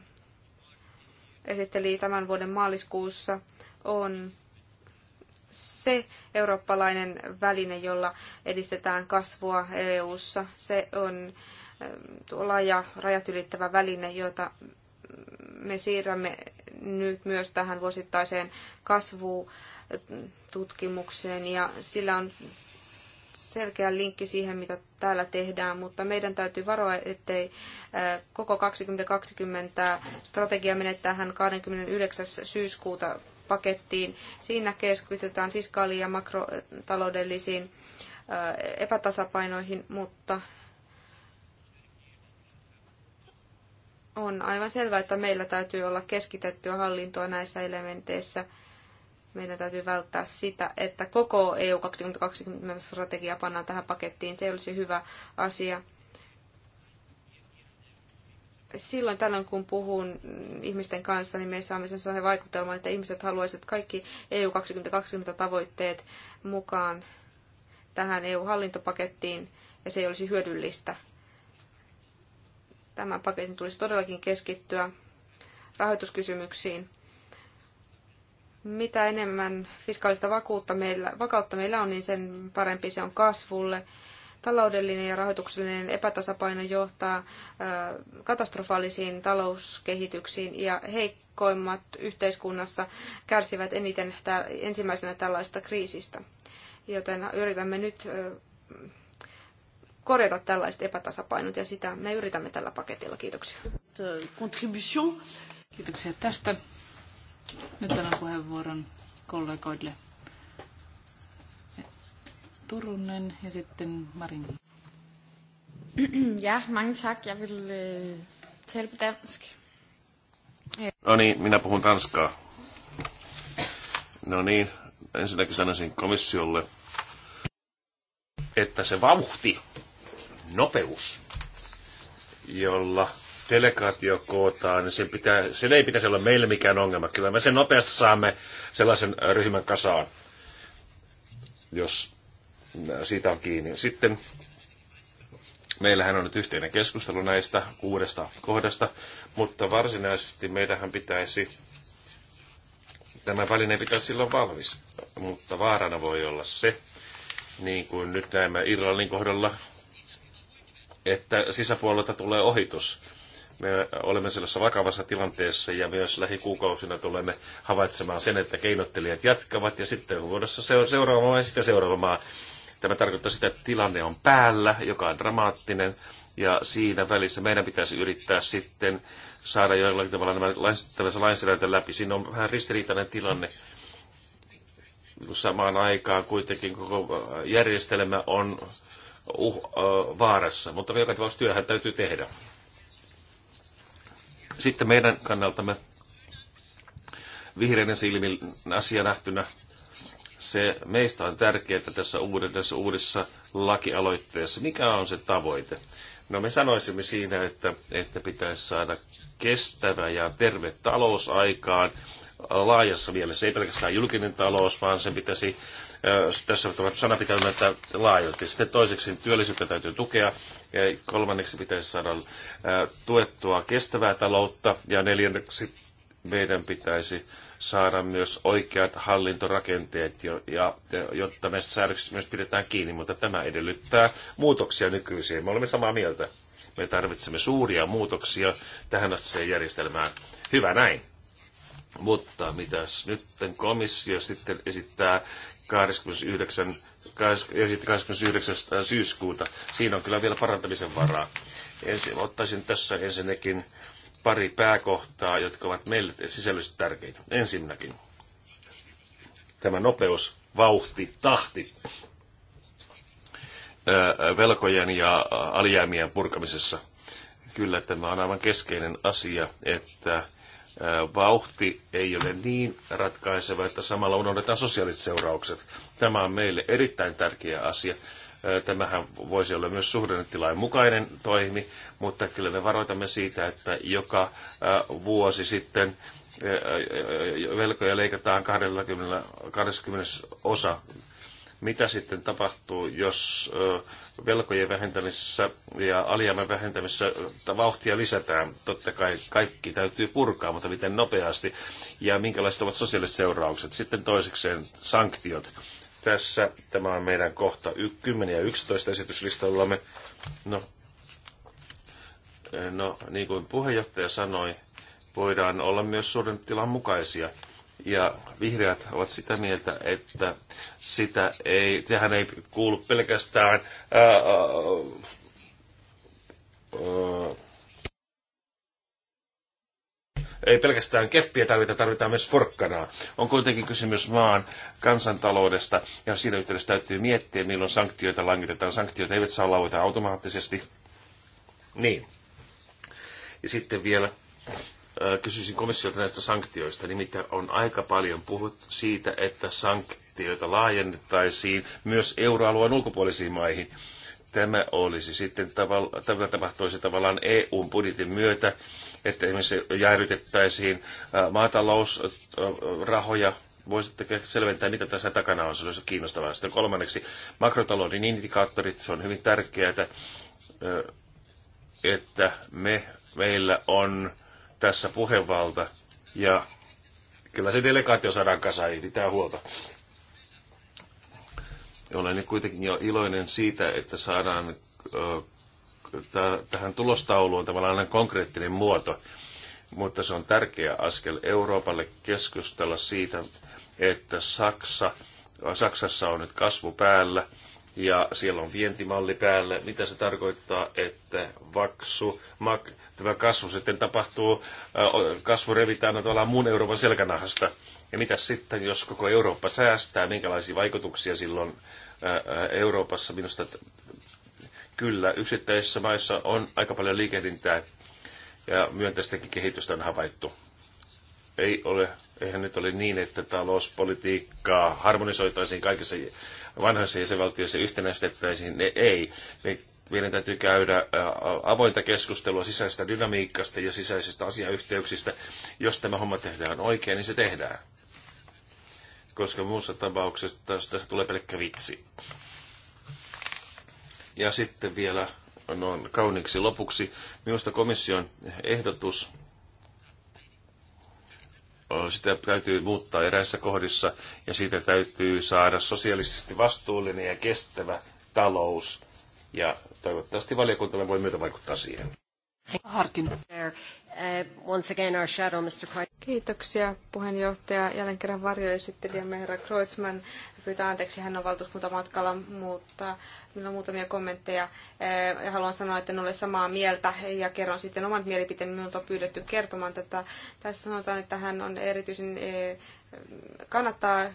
esitteli tämän vuoden maaliskuussa, on se eurooppalainen väline, jolla edistetään kasvua EU:ssa. Se on ähm, tuo laaja rajat ylittävä väline, jota me siirrämme nyt myös tähän vuosittaiseen kasvututkimukseen ja sillä on selkeä linkki siihen, mitä täällä tehdään, mutta meidän täytyy varoa, ettei äh, koko 2020 strategia menettää tähän 29. syyskuuta pakettiin. Siinä keskitytään fiskaali- ja makrotaloudellisiin äh, epätasapainoihin, mutta on aivan selvää, että meillä täytyy olla keskitettyä hallintoa näissä elementeissä. Meidän täytyy välttää sitä, että koko EU 2020 strategia pannaan tähän pakettiin. Se olisi hyvä asia silloin tällöin, kun puhun ihmisten kanssa, niin me saamme sen sellainen vaikutelman, että ihmiset haluaisivat kaikki EU 2020 tavoitteet mukaan tähän EU-hallintopakettiin, ja se ei olisi hyödyllistä. Tämän paketin tulisi todellakin keskittyä rahoituskysymyksiin. Mitä enemmän fiskaalista vakuutta meillä, vakautta meillä on, niin sen parempi se on kasvulle Taloudellinen ja rahoituksellinen epätasapaino johtaa katastrofaalisiin talouskehityksiin ja heikkoimmat yhteiskunnassa kärsivät eniten ensimmäisenä tällaista kriisistä. Joten yritämme nyt korjata tällaiset epätasapainot ja sitä me yritämme tällä paketilla. Kiitoksia. Kiitoksia tästä. Nyt annan puheenvuoron kollegoille. Turunen ja sitten Marin. Ja, mange tak. Jeg vil øh, tale på dansk. No niin, minä puhun tanskaa. No niin, ensinnäkin sanoisin komissiolle, että se vauhti, nopeus, jolla delegaatio kootaan, niin sen, pitää, sen ei pitäisi olla meille mikään ongelma. Kyllä me sen nopeasti saamme sellaisen ryhmän kasaan, jos siitä on kiinni. Sitten meillähän on nyt yhteinen keskustelu näistä kuudesta kohdasta, mutta varsinaisesti meidän pitäisi, tämä väline pitäisi silloin valmis, mutta vaarana voi olla se, niin kuin nyt näemme Irlannin kohdalla, että sisäpuolelta tulee ohitus. Me olemme sellaisessa vakavassa tilanteessa ja myös lähikuukausina tulemme havaitsemaan sen, että keinottelijat jatkavat ja sitten vuodessa seuraava maa ja sitten seuraava maa. Tämä tarkoittaa sitä, että tilanne on päällä, joka on dramaattinen, ja siinä välissä meidän pitäisi yrittää sitten saada jollakin tavalla nämä lainsäädäntö läpi. Siinä on vähän ristiriitainen tilanne, samaan aikaan kuitenkin koko järjestelmä on uh, uh, vaarassa, mutta joka tapauksessa työhän täytyy tehdä. Sitten meidän kannaltamme vihreiden silmin asia nähtynä se meistä on tärkeää tässä uudessa, uudessa lakialoitteessa. Mikä on se tavoite? No me sanoisimme siinä, että, että pitäisi saada kestävä ja terve talous aikaan laajassa mielessä, ei pelkästään julkinen talous, vaan sen pitäisi, tässä sana pitää ymmärtää laajalti. Sitten toiseksi työllisyyttä täytyy tukea, ja kolmanneksi pitäisi saada tuettua kestävää taloutta, ja neljänneksi meidän pitäisi saada myös oikeat hallintorakenteet, jo, ja, jotta näistä säädöksissä myös pidetään kiinni, mutta tämä edellyttää muutoksia nykyisiin. Me olemme samaa mieltä. Me tarvitsemme suuria muutoksia tähän asti astiseen järjestelmään. Hyvä näin. Mutta mitäs nyt komissio sitten esittää 29, 29. syyskuuta. Siinä on kyllä vielä parantamisen varaa. Ensin, ottaisin tässä ensinnäkin pari pääkohtaa, jotka ovat meille sisällöllisesti tärkeitä. Ensinnäkin tämä nopeus, vauhti, tahti velkojen ja alijäämien purkamisessa. Kyllä tämä on aivan keskeinen asia, että vauhti ei ole niin ratkaiseva, että samalla unohdetaan sosiaaliset seuraukset. Tämä on meille erittäin tärkeä asia. Tämähän voisi olla myös suhdannetilain mukainen toimi, mutta kyllä me varoitamme siitä, että joka vuosi sitten velkoja leikataan 20, 20 osa. Mitä sitten tapahtuu, jos velkojen vähentämisessä ja alijäämän vähentämisessä vauhtia lisätään? Totta kai kaikki täytyy purkaa, mutta miten nopeasti ja minkälaiset ovat sosiaaliset seuraukset? Sitten toisekseen sanktiot tässä. Tämä on meidän kohta 10 ja 11 esityslistallamme. No, eh, no, niin kuin puheenjohtaja sanoi, voidaan olla myös tilan mukaisia. Ja vihreät ovat sitä mieltä, että sitä ei, sehän ei kuulu pelkästään ää, ää, ää, ei pelkästään keppiä tarvita, tarvitaan myös forkkanaa. On kuitenkin kysymys maan kansantaloudesta ja siinä yhteydessä täytyy miettiä, milloin sanktioita langitetaan. Sanktioita eivät saa laueta automaattisesti. Niin. Ja sitten vielä äh, kysyisin komissiolta näistä sanktioista. Nimittäin on aika paljon puhut siitä, että sanktioita laajennettaisiin myös euroalueen ulkopuolisiin maihin. Tämä olisi sitten tavalla, tämä tapahtuisi tavallaan EUn budjetin myötä että esimerkiksi jäädytettäisiin maatalousrahoja. Voisitteko selventää, mitä tässä takana on, se olisi kiinnostavaa. Sitten kolmanneksi makrotalouden indikaattorit, se on hyvin tärkeää, että, että me, meillä on tässä puhevalta ja kyllä se delegaatio saadaan kasaan, ei mitään huolta. Olen nyt kuitenkin jo iloinen siitä, että saadaan tähän tulostauluun tavallaan konkreettinen muoto, mutta se on tärkeä askel Euroopalle keskustella siitä, että Saksa, Saksassa on nyt kasvu päällä ja siellä on vientimalli päällä. Mitä se tarkoittaa, että vaksu, mak, tämä kasvu sitten tapahtuu, kasvu revitään no tavallaan muun Euroopan selkänahasta. Ja mitä sitten, jos koko Eurooppa säästää, minkälaisia vaikutuksia silloin Euroopassa minusta kyllä, yksittäisissä maissa on aika paljon liikehdintää ja myönteistäkin kehitystä on havaittu. Ei ole, eihän nyt ole niin, että talouspolitiikkaa harmonisoitaisiin kaikissa vanhoissa jäsenvaltioissa yhtenäistettäisiin. Ne ei. Me meidän täytyy käydä avointa keskustelua sisäisestä dynamiikasta ja sisäisistä asiayhteyksistä. Jos tämä homma tehdään oikein, niin se tehdään. Koska muussa tapauksessa tästä tulee pelkkä vitsi. Ja sitten vielä noin kauniiksi lopuksi. Minusta komission ehdotus, sitä täytyy muuttaa eräissä kohdissa ja siitä täytyy saada sosiaalisesti vastuullinen ja kestävä talous. Ja toivottavasti valiokuntamme voi myötä vaikuttaa siihen. Harkin. Uh, Kiitoksia puheenjohtaja. Jälleen kerran varjoesittelijämme herra Kreutzmann pyytää anteeksi, hän on valtuuskuntamatkalla, mutta Minulla on muutamia kommentteja. Eh, haluan sanoa, että en ole samaa mieltä ja kerron sitten omat mielipiteeni. Minulta on pyydetty kertomaan tätä. Tässä sanotaan, että hän on erityisen eh, kannattaa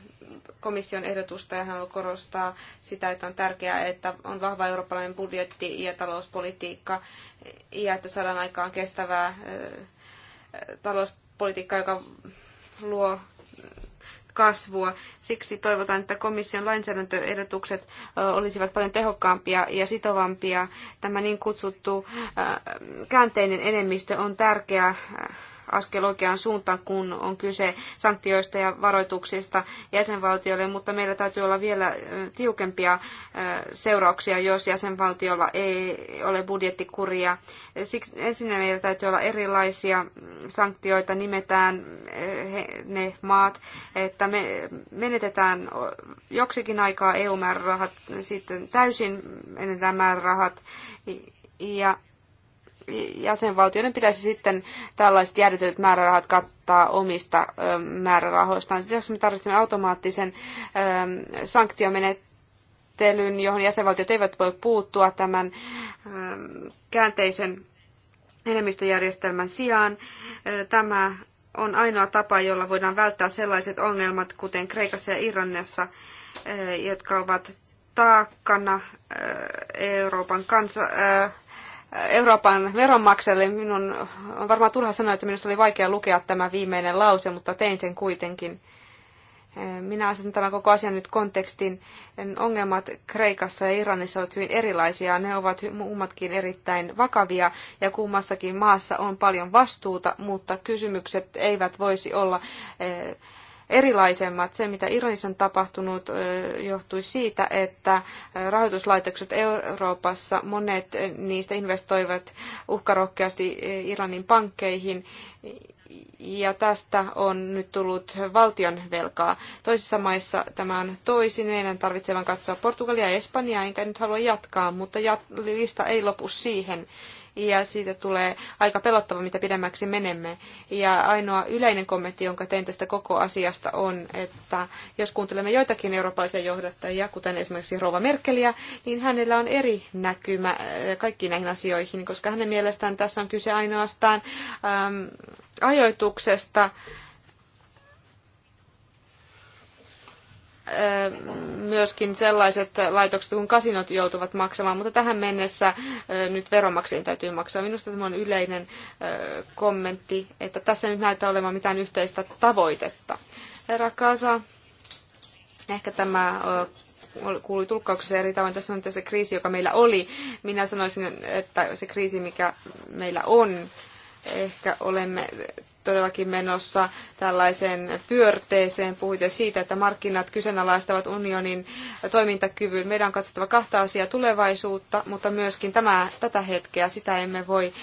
komission ehdotusta ja hän haluaa korostaa sitä, että on tärkeää, että on vahva eurooppalainen budjetti ja talouspolitiikka ja että saadaan aikaan kestävää eh, talouspolitiikkaa, joka luo kasvua. Siksi toivotaan, että komission lainsäädäntöehdotukset olisivat paljon tehokkaampia ja sitovampia. Tämä niin kutsuttu käänteinen enemmistö on tärkeä askel oikeaan suuntaan, kun on kyse sanktioista ja varoituksista jäsenvaltioille, mutta meillä täytyy olla vielä tiukempia seurauksia, jos jäsenvaltiolla ei ole budjettikuria. Siksi ensin meillä täytyy olla erilaisia sanktioita, nimetään ne maat, että me menetetään joksikin aikaa EU-määrärahat, sitten täysin menetetään määrärahat ja jäsenvaltioiden pitäisi sitten tällaiset jäädytetyt määrärahat kattaa omista ö, määrärahoistaan. Lisäksi me tarvitsemme automaattisen ö, sanktiomenettelyn, johon jäsenvaltiot eivät voi puuttua tämän ö, käänteisen enemmistöjärjestelmän sijaan. Tämä on ainoa tapa, jolla voidaan välttää sellaiset ongelmat, kuten Kreikassa ja Irlannissa, jotka ovat taakkana Euroopan kansa, Euroopan veronmaksajille. Minun on varmaan turha sanoa, että minusta oli vaikea lukea tämä viimeinen lause, mutta tein sen kuitenkin. Eh, minä asetan tämän koko asian nyt kontekstin. Ongelmat Kreikassa ja Iranissa ovat hyvin erilaisia. Ne ovat kummatkin erittäin vakavia ja kummassakin maassa on paljon vastuuta, mutta kysymykset eivät voisi olla eh, erilaisemmat. Se, mitä Irlannissa on tapahtunut, johtui siitä, että rahoituslaitokset Euroopassa, monet niistä investoivat uhkarohkeasti Irlannin pankkeihin, ja tästä on nyt tullut valtion velkaa. Toisissa maissa tämä on toisin. Meidän tarvitsee vain katsoa Portugalia ja Espanjaa, enkä nyt halua jatkaa, mutta jat- lista ei lopu siihen ja siitä tulee aika pelottava, mitä pidemmäksi menemme. Ja ainoa yleinen kommentti, jonka tein tästä koko asiasta on, että jos kuuntelemme joitakin eurooppalaisia johdattajia, kuten esimerkiksi Rova Merkeliä, niin hänellä on eri näkymä äh, kaikkiin näihin asioihin, koska hänen mielestään tässä on kyse ainoastaan äm, ajoituksesta, myöskin sellaiset laitokset kuin kasinot joutuvat maksamaan, mutta tähän mennessä nyt veronmaksajien täytyy maksaa. Minusta tämä on yleinen kommentti, että tässä nyt näyttää olevan mitään yhteistä tavoitetta. Herra Kasa, ehkä tämä kuului tulkkauksessa eri tavoin. Tässä on se kriisi, joka meillä oli. Minä sanoisin, että se kriisi, mikä meillä on, ehkä olemme todellakin menossa tällaiseen pyörteeseen. Puhuitte siitä, että markkinat kyseenalaistavat unionin toimintakyvyn. Meidän on katsottava kahta asiaa tulevaisuutta, mutta myöskin tämä, tätä hetkeä. Sitä emme voi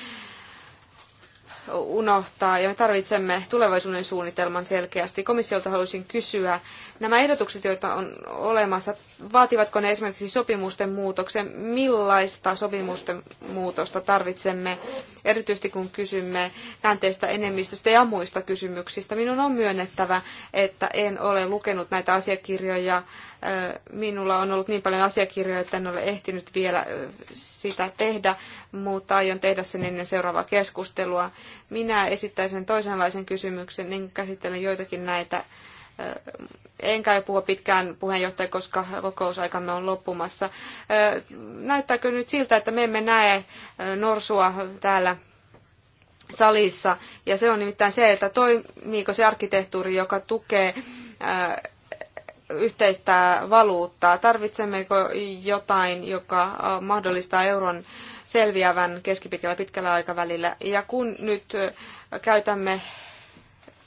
unohtaa ja me tarvitsemme tulevaisuuden suunnitelman selkeästi. Komissiolta haluaisin kysyä, nämä ehdotukset, joita on olemassa, vaativatko ne esimerkiksi sopimusten muutoksen? Millaista sopimusten muutosta tarvitsemme, erityisesti kun kysymme käänteistä enemmistöstä ja muista kysymyksistä? Minun on myönnettävä, että en ole lukenut näitä asiakirjoja. Minulla on ollut niin paljon asiakirjoja, että en ole ehtinyt vielä sitä tehdä, mutta aion tehdä sen ennen seuraavaa keskustelua minä esittäisin toisenlaisen kysymyksen, niin käsittelen joitakin näitä. En käy puhua pitkään puheenjohtaja, koska kokousaikamme on loppumassa. Näyttääkö nyt siltä, että me emme näe norsua täällä salissa? Ja se on nimittäin se, että toimiiko se arkkitehtuuri, joka tukee yhteistä valuuttaa? Tarvitsemmeko jotain, joka mahdollistaa euron selviävän keskipitkällä pitkällä aikavälillä. Ja kun nyt käytämme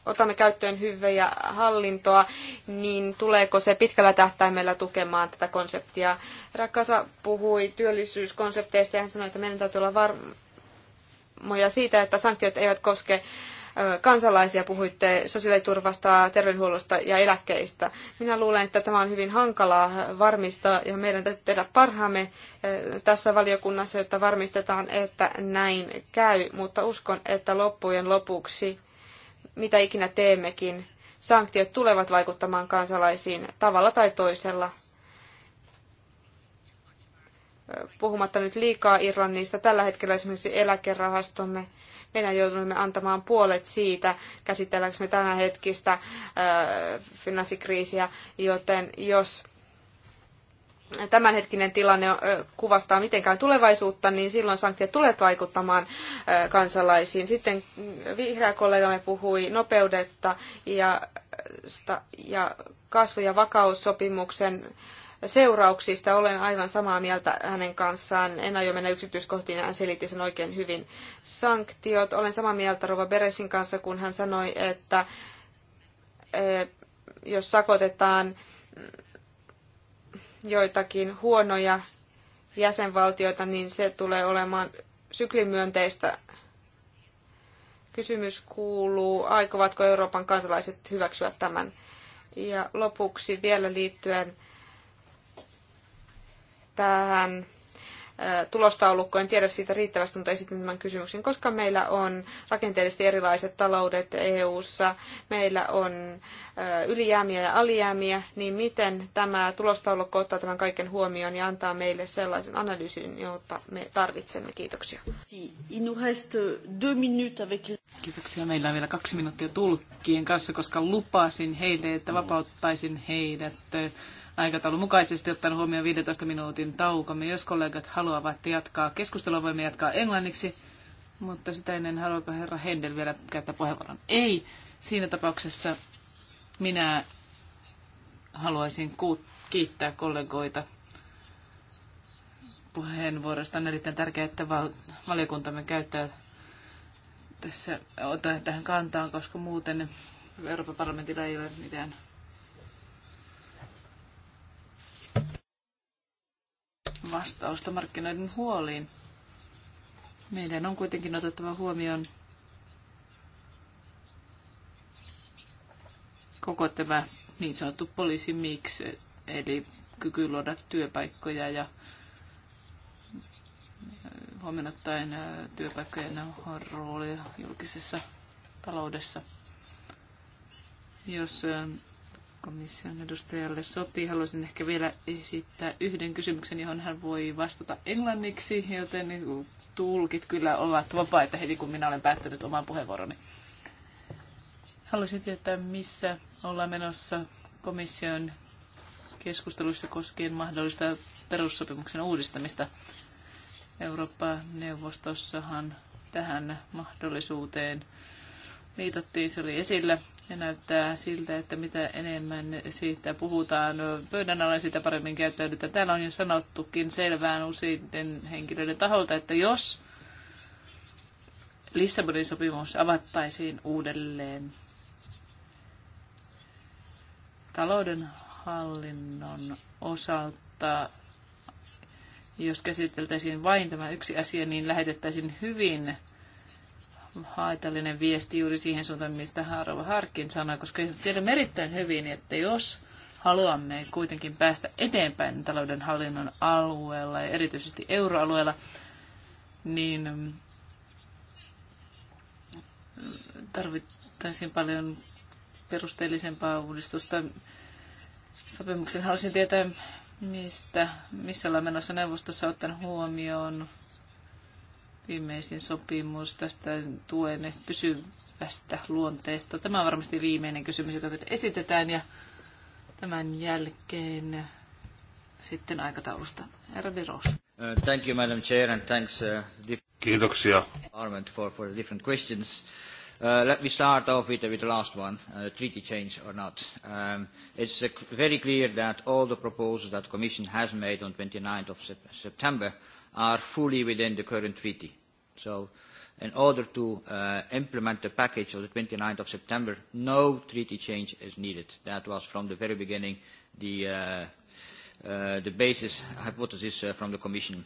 otamme käyttöön hyvää hallintoa, niin tuleeko se pitkällä tähtäimellä tukemaan tätä konseptia? Rakasa puhui työllisyyskonsepteista ja hän sanoi, että meidän täytyy olla varmoja siitä, että sanktiot eivät koske kansalaisia, puhuitte sosiaaliturvasta, terveydenhuollosta ja eläkkeistä. Minä luulen, että tämä on hyvin hankalaa varmistaa ja meidän täytyy tehdä parhaamme eh, tässä valiokunnassa, jotta varmistetaan, että näin käy, mutta uskon, että loppujen lopuksi, mitä ikinä teemmekin, sanktiot tulevat vaikuttamaan kansalaisiin tavalla tai toisella – puhumatta nyt liikaa Irlannista, tällä hetkellä esimerkiksi eläkerahastomme, meidän joudumme antamaan puolet siitä käsitelläksemme tämän hetkistä finanssikriisiä, joten jos tämänhetkinen tilanne kuvastaa mitenkään tulevaisuutta, niin silloin sanktiot tulevat vaikuttamaan kansalaisiin. Sitten vihreä kollegamme puhui nopeudetta ja, ja kasvu- ja vakaussopimuksen seurauksista. Olen aivan samaa mieltä hänen kanssaan. En aio mennä yksityiskohtiin, hän selitti sen oikein hyvin. Sanktiot. Olen samaa mieltä Rova Beresin kanssa, kun hän sanoi, että e, jos sakotetaan joitakin huonoja jäsenvaltioita, niin se tulee olemaan syklimyönteistä. Kysymys kuuluu, aikovatko Euroopan kansalaiset hyväksyä tämän? Ja lopuksi vielä liittyen tähän tulostaulukko, en tiedä siitä riittävästi, mutta esitin tämän kysymyksen, koska meillä on rakenteellisesti erilaiset taloudet EU-ssa, meillä on ylijäämiä ja alijäämiä, niin miten tämä tulostaulukko ottaa tämän kaiken huomioon ja antaa meille sellaisen analyysin, jota me tarvitsemme. Kiitoksia. Kiitoksia. Meillä on vielä kaksi minuuttia tulkkien kanssa, koska lupasin heille, että vapauttaisin heidät aikataulun mukaisesti ottaen huomioon 15 minuutin taukomme. Jos kollegat haluavat jatkaa keskustelua, voimme jatkaa englanniksi, mutta sitä ennen haluaako herra Hendel vielä käyttää puheenvuoron? Ei. Siinä tapauksessa minä haluaisin kiittää kollegoita puheenvuorosta. On erittäin tärkeää, että val- valiokuntamme käyttää tässä, otan tähän kantaan, koska muuten Euroopan parlamentilla ei ole mitään vastausta markkinoiden huoliin. Meidän on kuitenkin otettava huomioon koko tämä niin sanottu poliisimix, eli kyky luoda työpaikkoja ja huomioon työpaikkojen rooli julkisessa taloudessa. Jos komission edustajalle sopii, haluaisin ehkä vielä esittää yhden kysymyksen, johon hän voi vastata englanniksi, joten tulkit kyllä ovat vapaita heti, kun minä olen päättänyt oman puheenvuoroni. Haluaisin tietää, missä ollaan menossa komission keskusteluissa koskien mahdollista perussopimuksen uudistamista. Eurooppa-neuvostossahan tähän mahdollisuuteen viitattiin, se oli esillä. Ja näyttää siltä, että mitä enemmän siitä puhutaan pöydän alla, sitä paremmin käyttäydytään. Täällä on jo sanottukin selvään useiden henkilöiden taholta, että jos Lissabonin sopimus avattaisiin uudelleen talouden hallinnon osalta, jos käsiteltäisiin vain tämä yksi asia, niin lähetettäisiin hyvin haitallinen viesti juuri siihen suuntaan, mistä Harova Harkin sanoi, koska tiedämme erittäin hyvin, että jos haluamme kuitenkin päästä eteenpäin talouden hallinnon alueella ja erityisesti euroalueella, niin tarvittaisiin paljon perusteellisempaa uudistusta. Sopimuksen haluaisin tietää, mistä, missä ollaan menossa neuvostossa ottanut huomioon viimeisin sopimus tästä tuen pysyvästä luonteesta. Tämä on varmasti viimeinen kysymys, jota esitetään ja tämän jälkeen sitten aikataulusta. Herra Ros. Uh, thank you, Madam Chair, and thanks, uh, Kiitoksia. For, for the different questions. Uh, let me start off with, with the last one, uh, treaty change or not. Um, it's uh, very clear that all the proposals that Commission has made on 29th of sep September are fully within the current treaty. So in order to uh, implement the package of the 29th of September, no treaty change is needed. That was from the very beginning the, uh, uh, the basis hypothesis uh, from the Commission.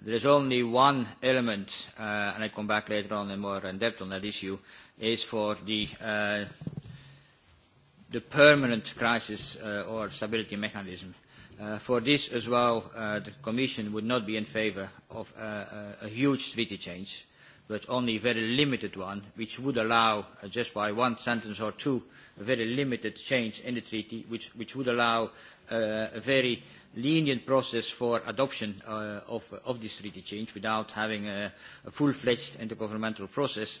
There is only one element, uh, and I come back later on in more in depth on that issue, is for the, uh, the permanent crisis uh, or stability mechanism. Uh, for this as well, uh, the Commission would not be in favour of uh, uh, a huge treaty change, but only a very limited one, which would allow, uh, just by one sentence or two, a very limited change in the treaty, which, which would allow uh, a very lenient process for adoption uh, of, of this treaty change without having a, a full-fledged intergovernmental process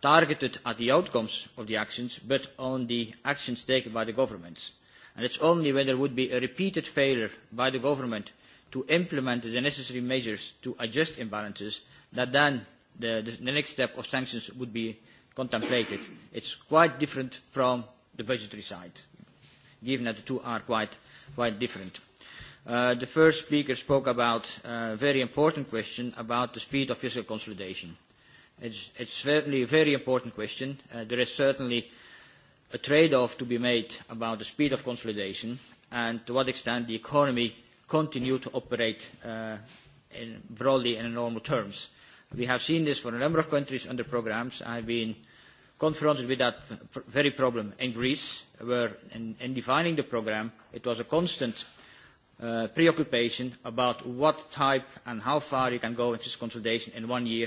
targeted at the outcomes of the actions, but on the actions taken by the governments. And it's only when there would be a repeated failure by the government to implement the necessary measures to adjust imbalances that then the, next step of sanctions would be contemplated. It's quite different from the budgetary side, given that the two are quite, quite different. Uh, the first speaker spoke about a very important question about the speed of fiscal consolidation. It's, it's certainly a very important question. Uh, there is certainly a trade-off to be made about the speed of consolidation and to what extent the economy continue to operate uh, in broadly in normal terms. We have seen this for a number of countries under programs. I've been confronted with that very problem in Greece, where in, in defining the program, it was a constant uh, preoccupation about what type and how far you can go this consolidation in one year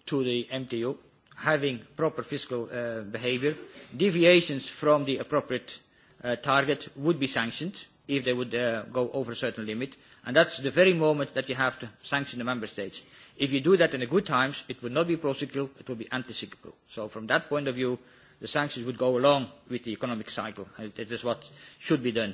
to the MTO, having proper fiscal behaviour, uh, behavior. Deviations from the appropriate uh, target would be sanctioned if they would uh, go over a certain limit. And that's the very moment that you have to sanction the member states. If you do that in the good times, it would not be procyclical, it would be anti-cyclical. So from that point of view, the sanctions would go along with the economic cycle. And that is what should be done.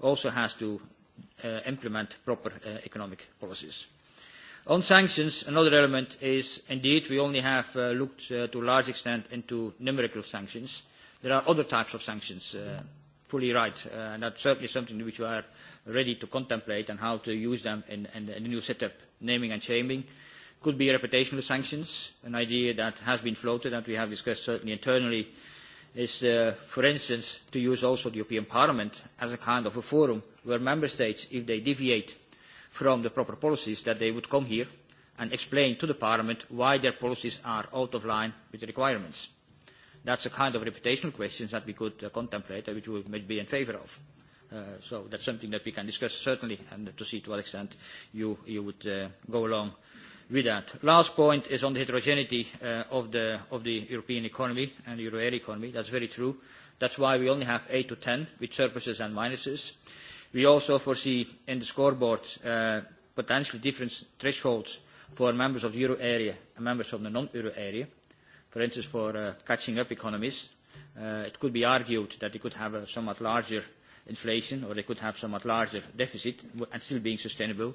also has to uh, implement proper uh, economic policies. On sanctions, another element is indeed we only have uh, looked uh, to a large extent into numerical sanctions. There are other types of sanctions, uh, fully right, uh, and that's certainly something which we are ready to contemplate and how to use them in, in, in the new setup, naming and shaming. Could be reputational sanctions, an idea that has been floated and we have discussed certainly internally is, uh, for instance, to use also the European Parliament as a kind of a forum where member states, if they deviate from the proper policies, that they would come here and explain to the Parliament why their policies are out of line with the requirements. That's a kind of reputational question that we could uh, contemplate and uh, which we might be in favour of. Uh, so that's something that we can discuss certainly and to see to what extent you, you would uh, go along with that. Last point is on the heterogeneity uh, of, the, of the European economy and the euro area economy. That's very true. That's why we only have 8 to 10 with surpluses and minuses. We also foresee in the scoreboard uh, potentially different thresholds for members of the euro area and members of the non-euro area. For instance, for uh, catching up economies, uh, it could be argued that they could have a somewhat larger inflation or they could have somewhat larger deficit and still being sustainable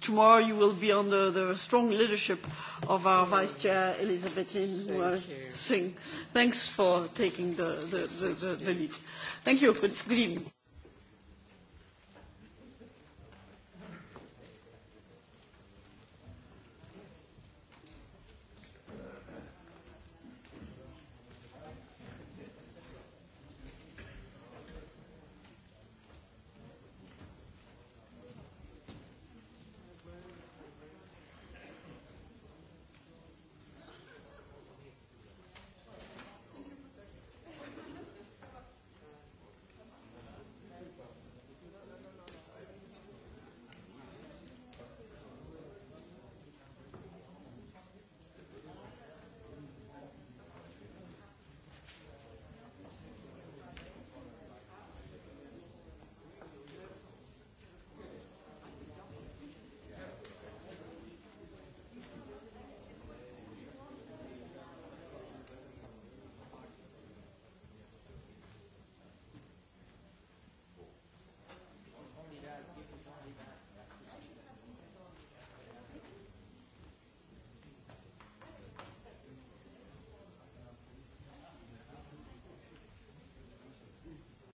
tomorrow you will be under the strong leadership of our Vice Chair, Elizabeth Singh. Thanks for taking the, the, the, the, the lead. Thank you. Good evening.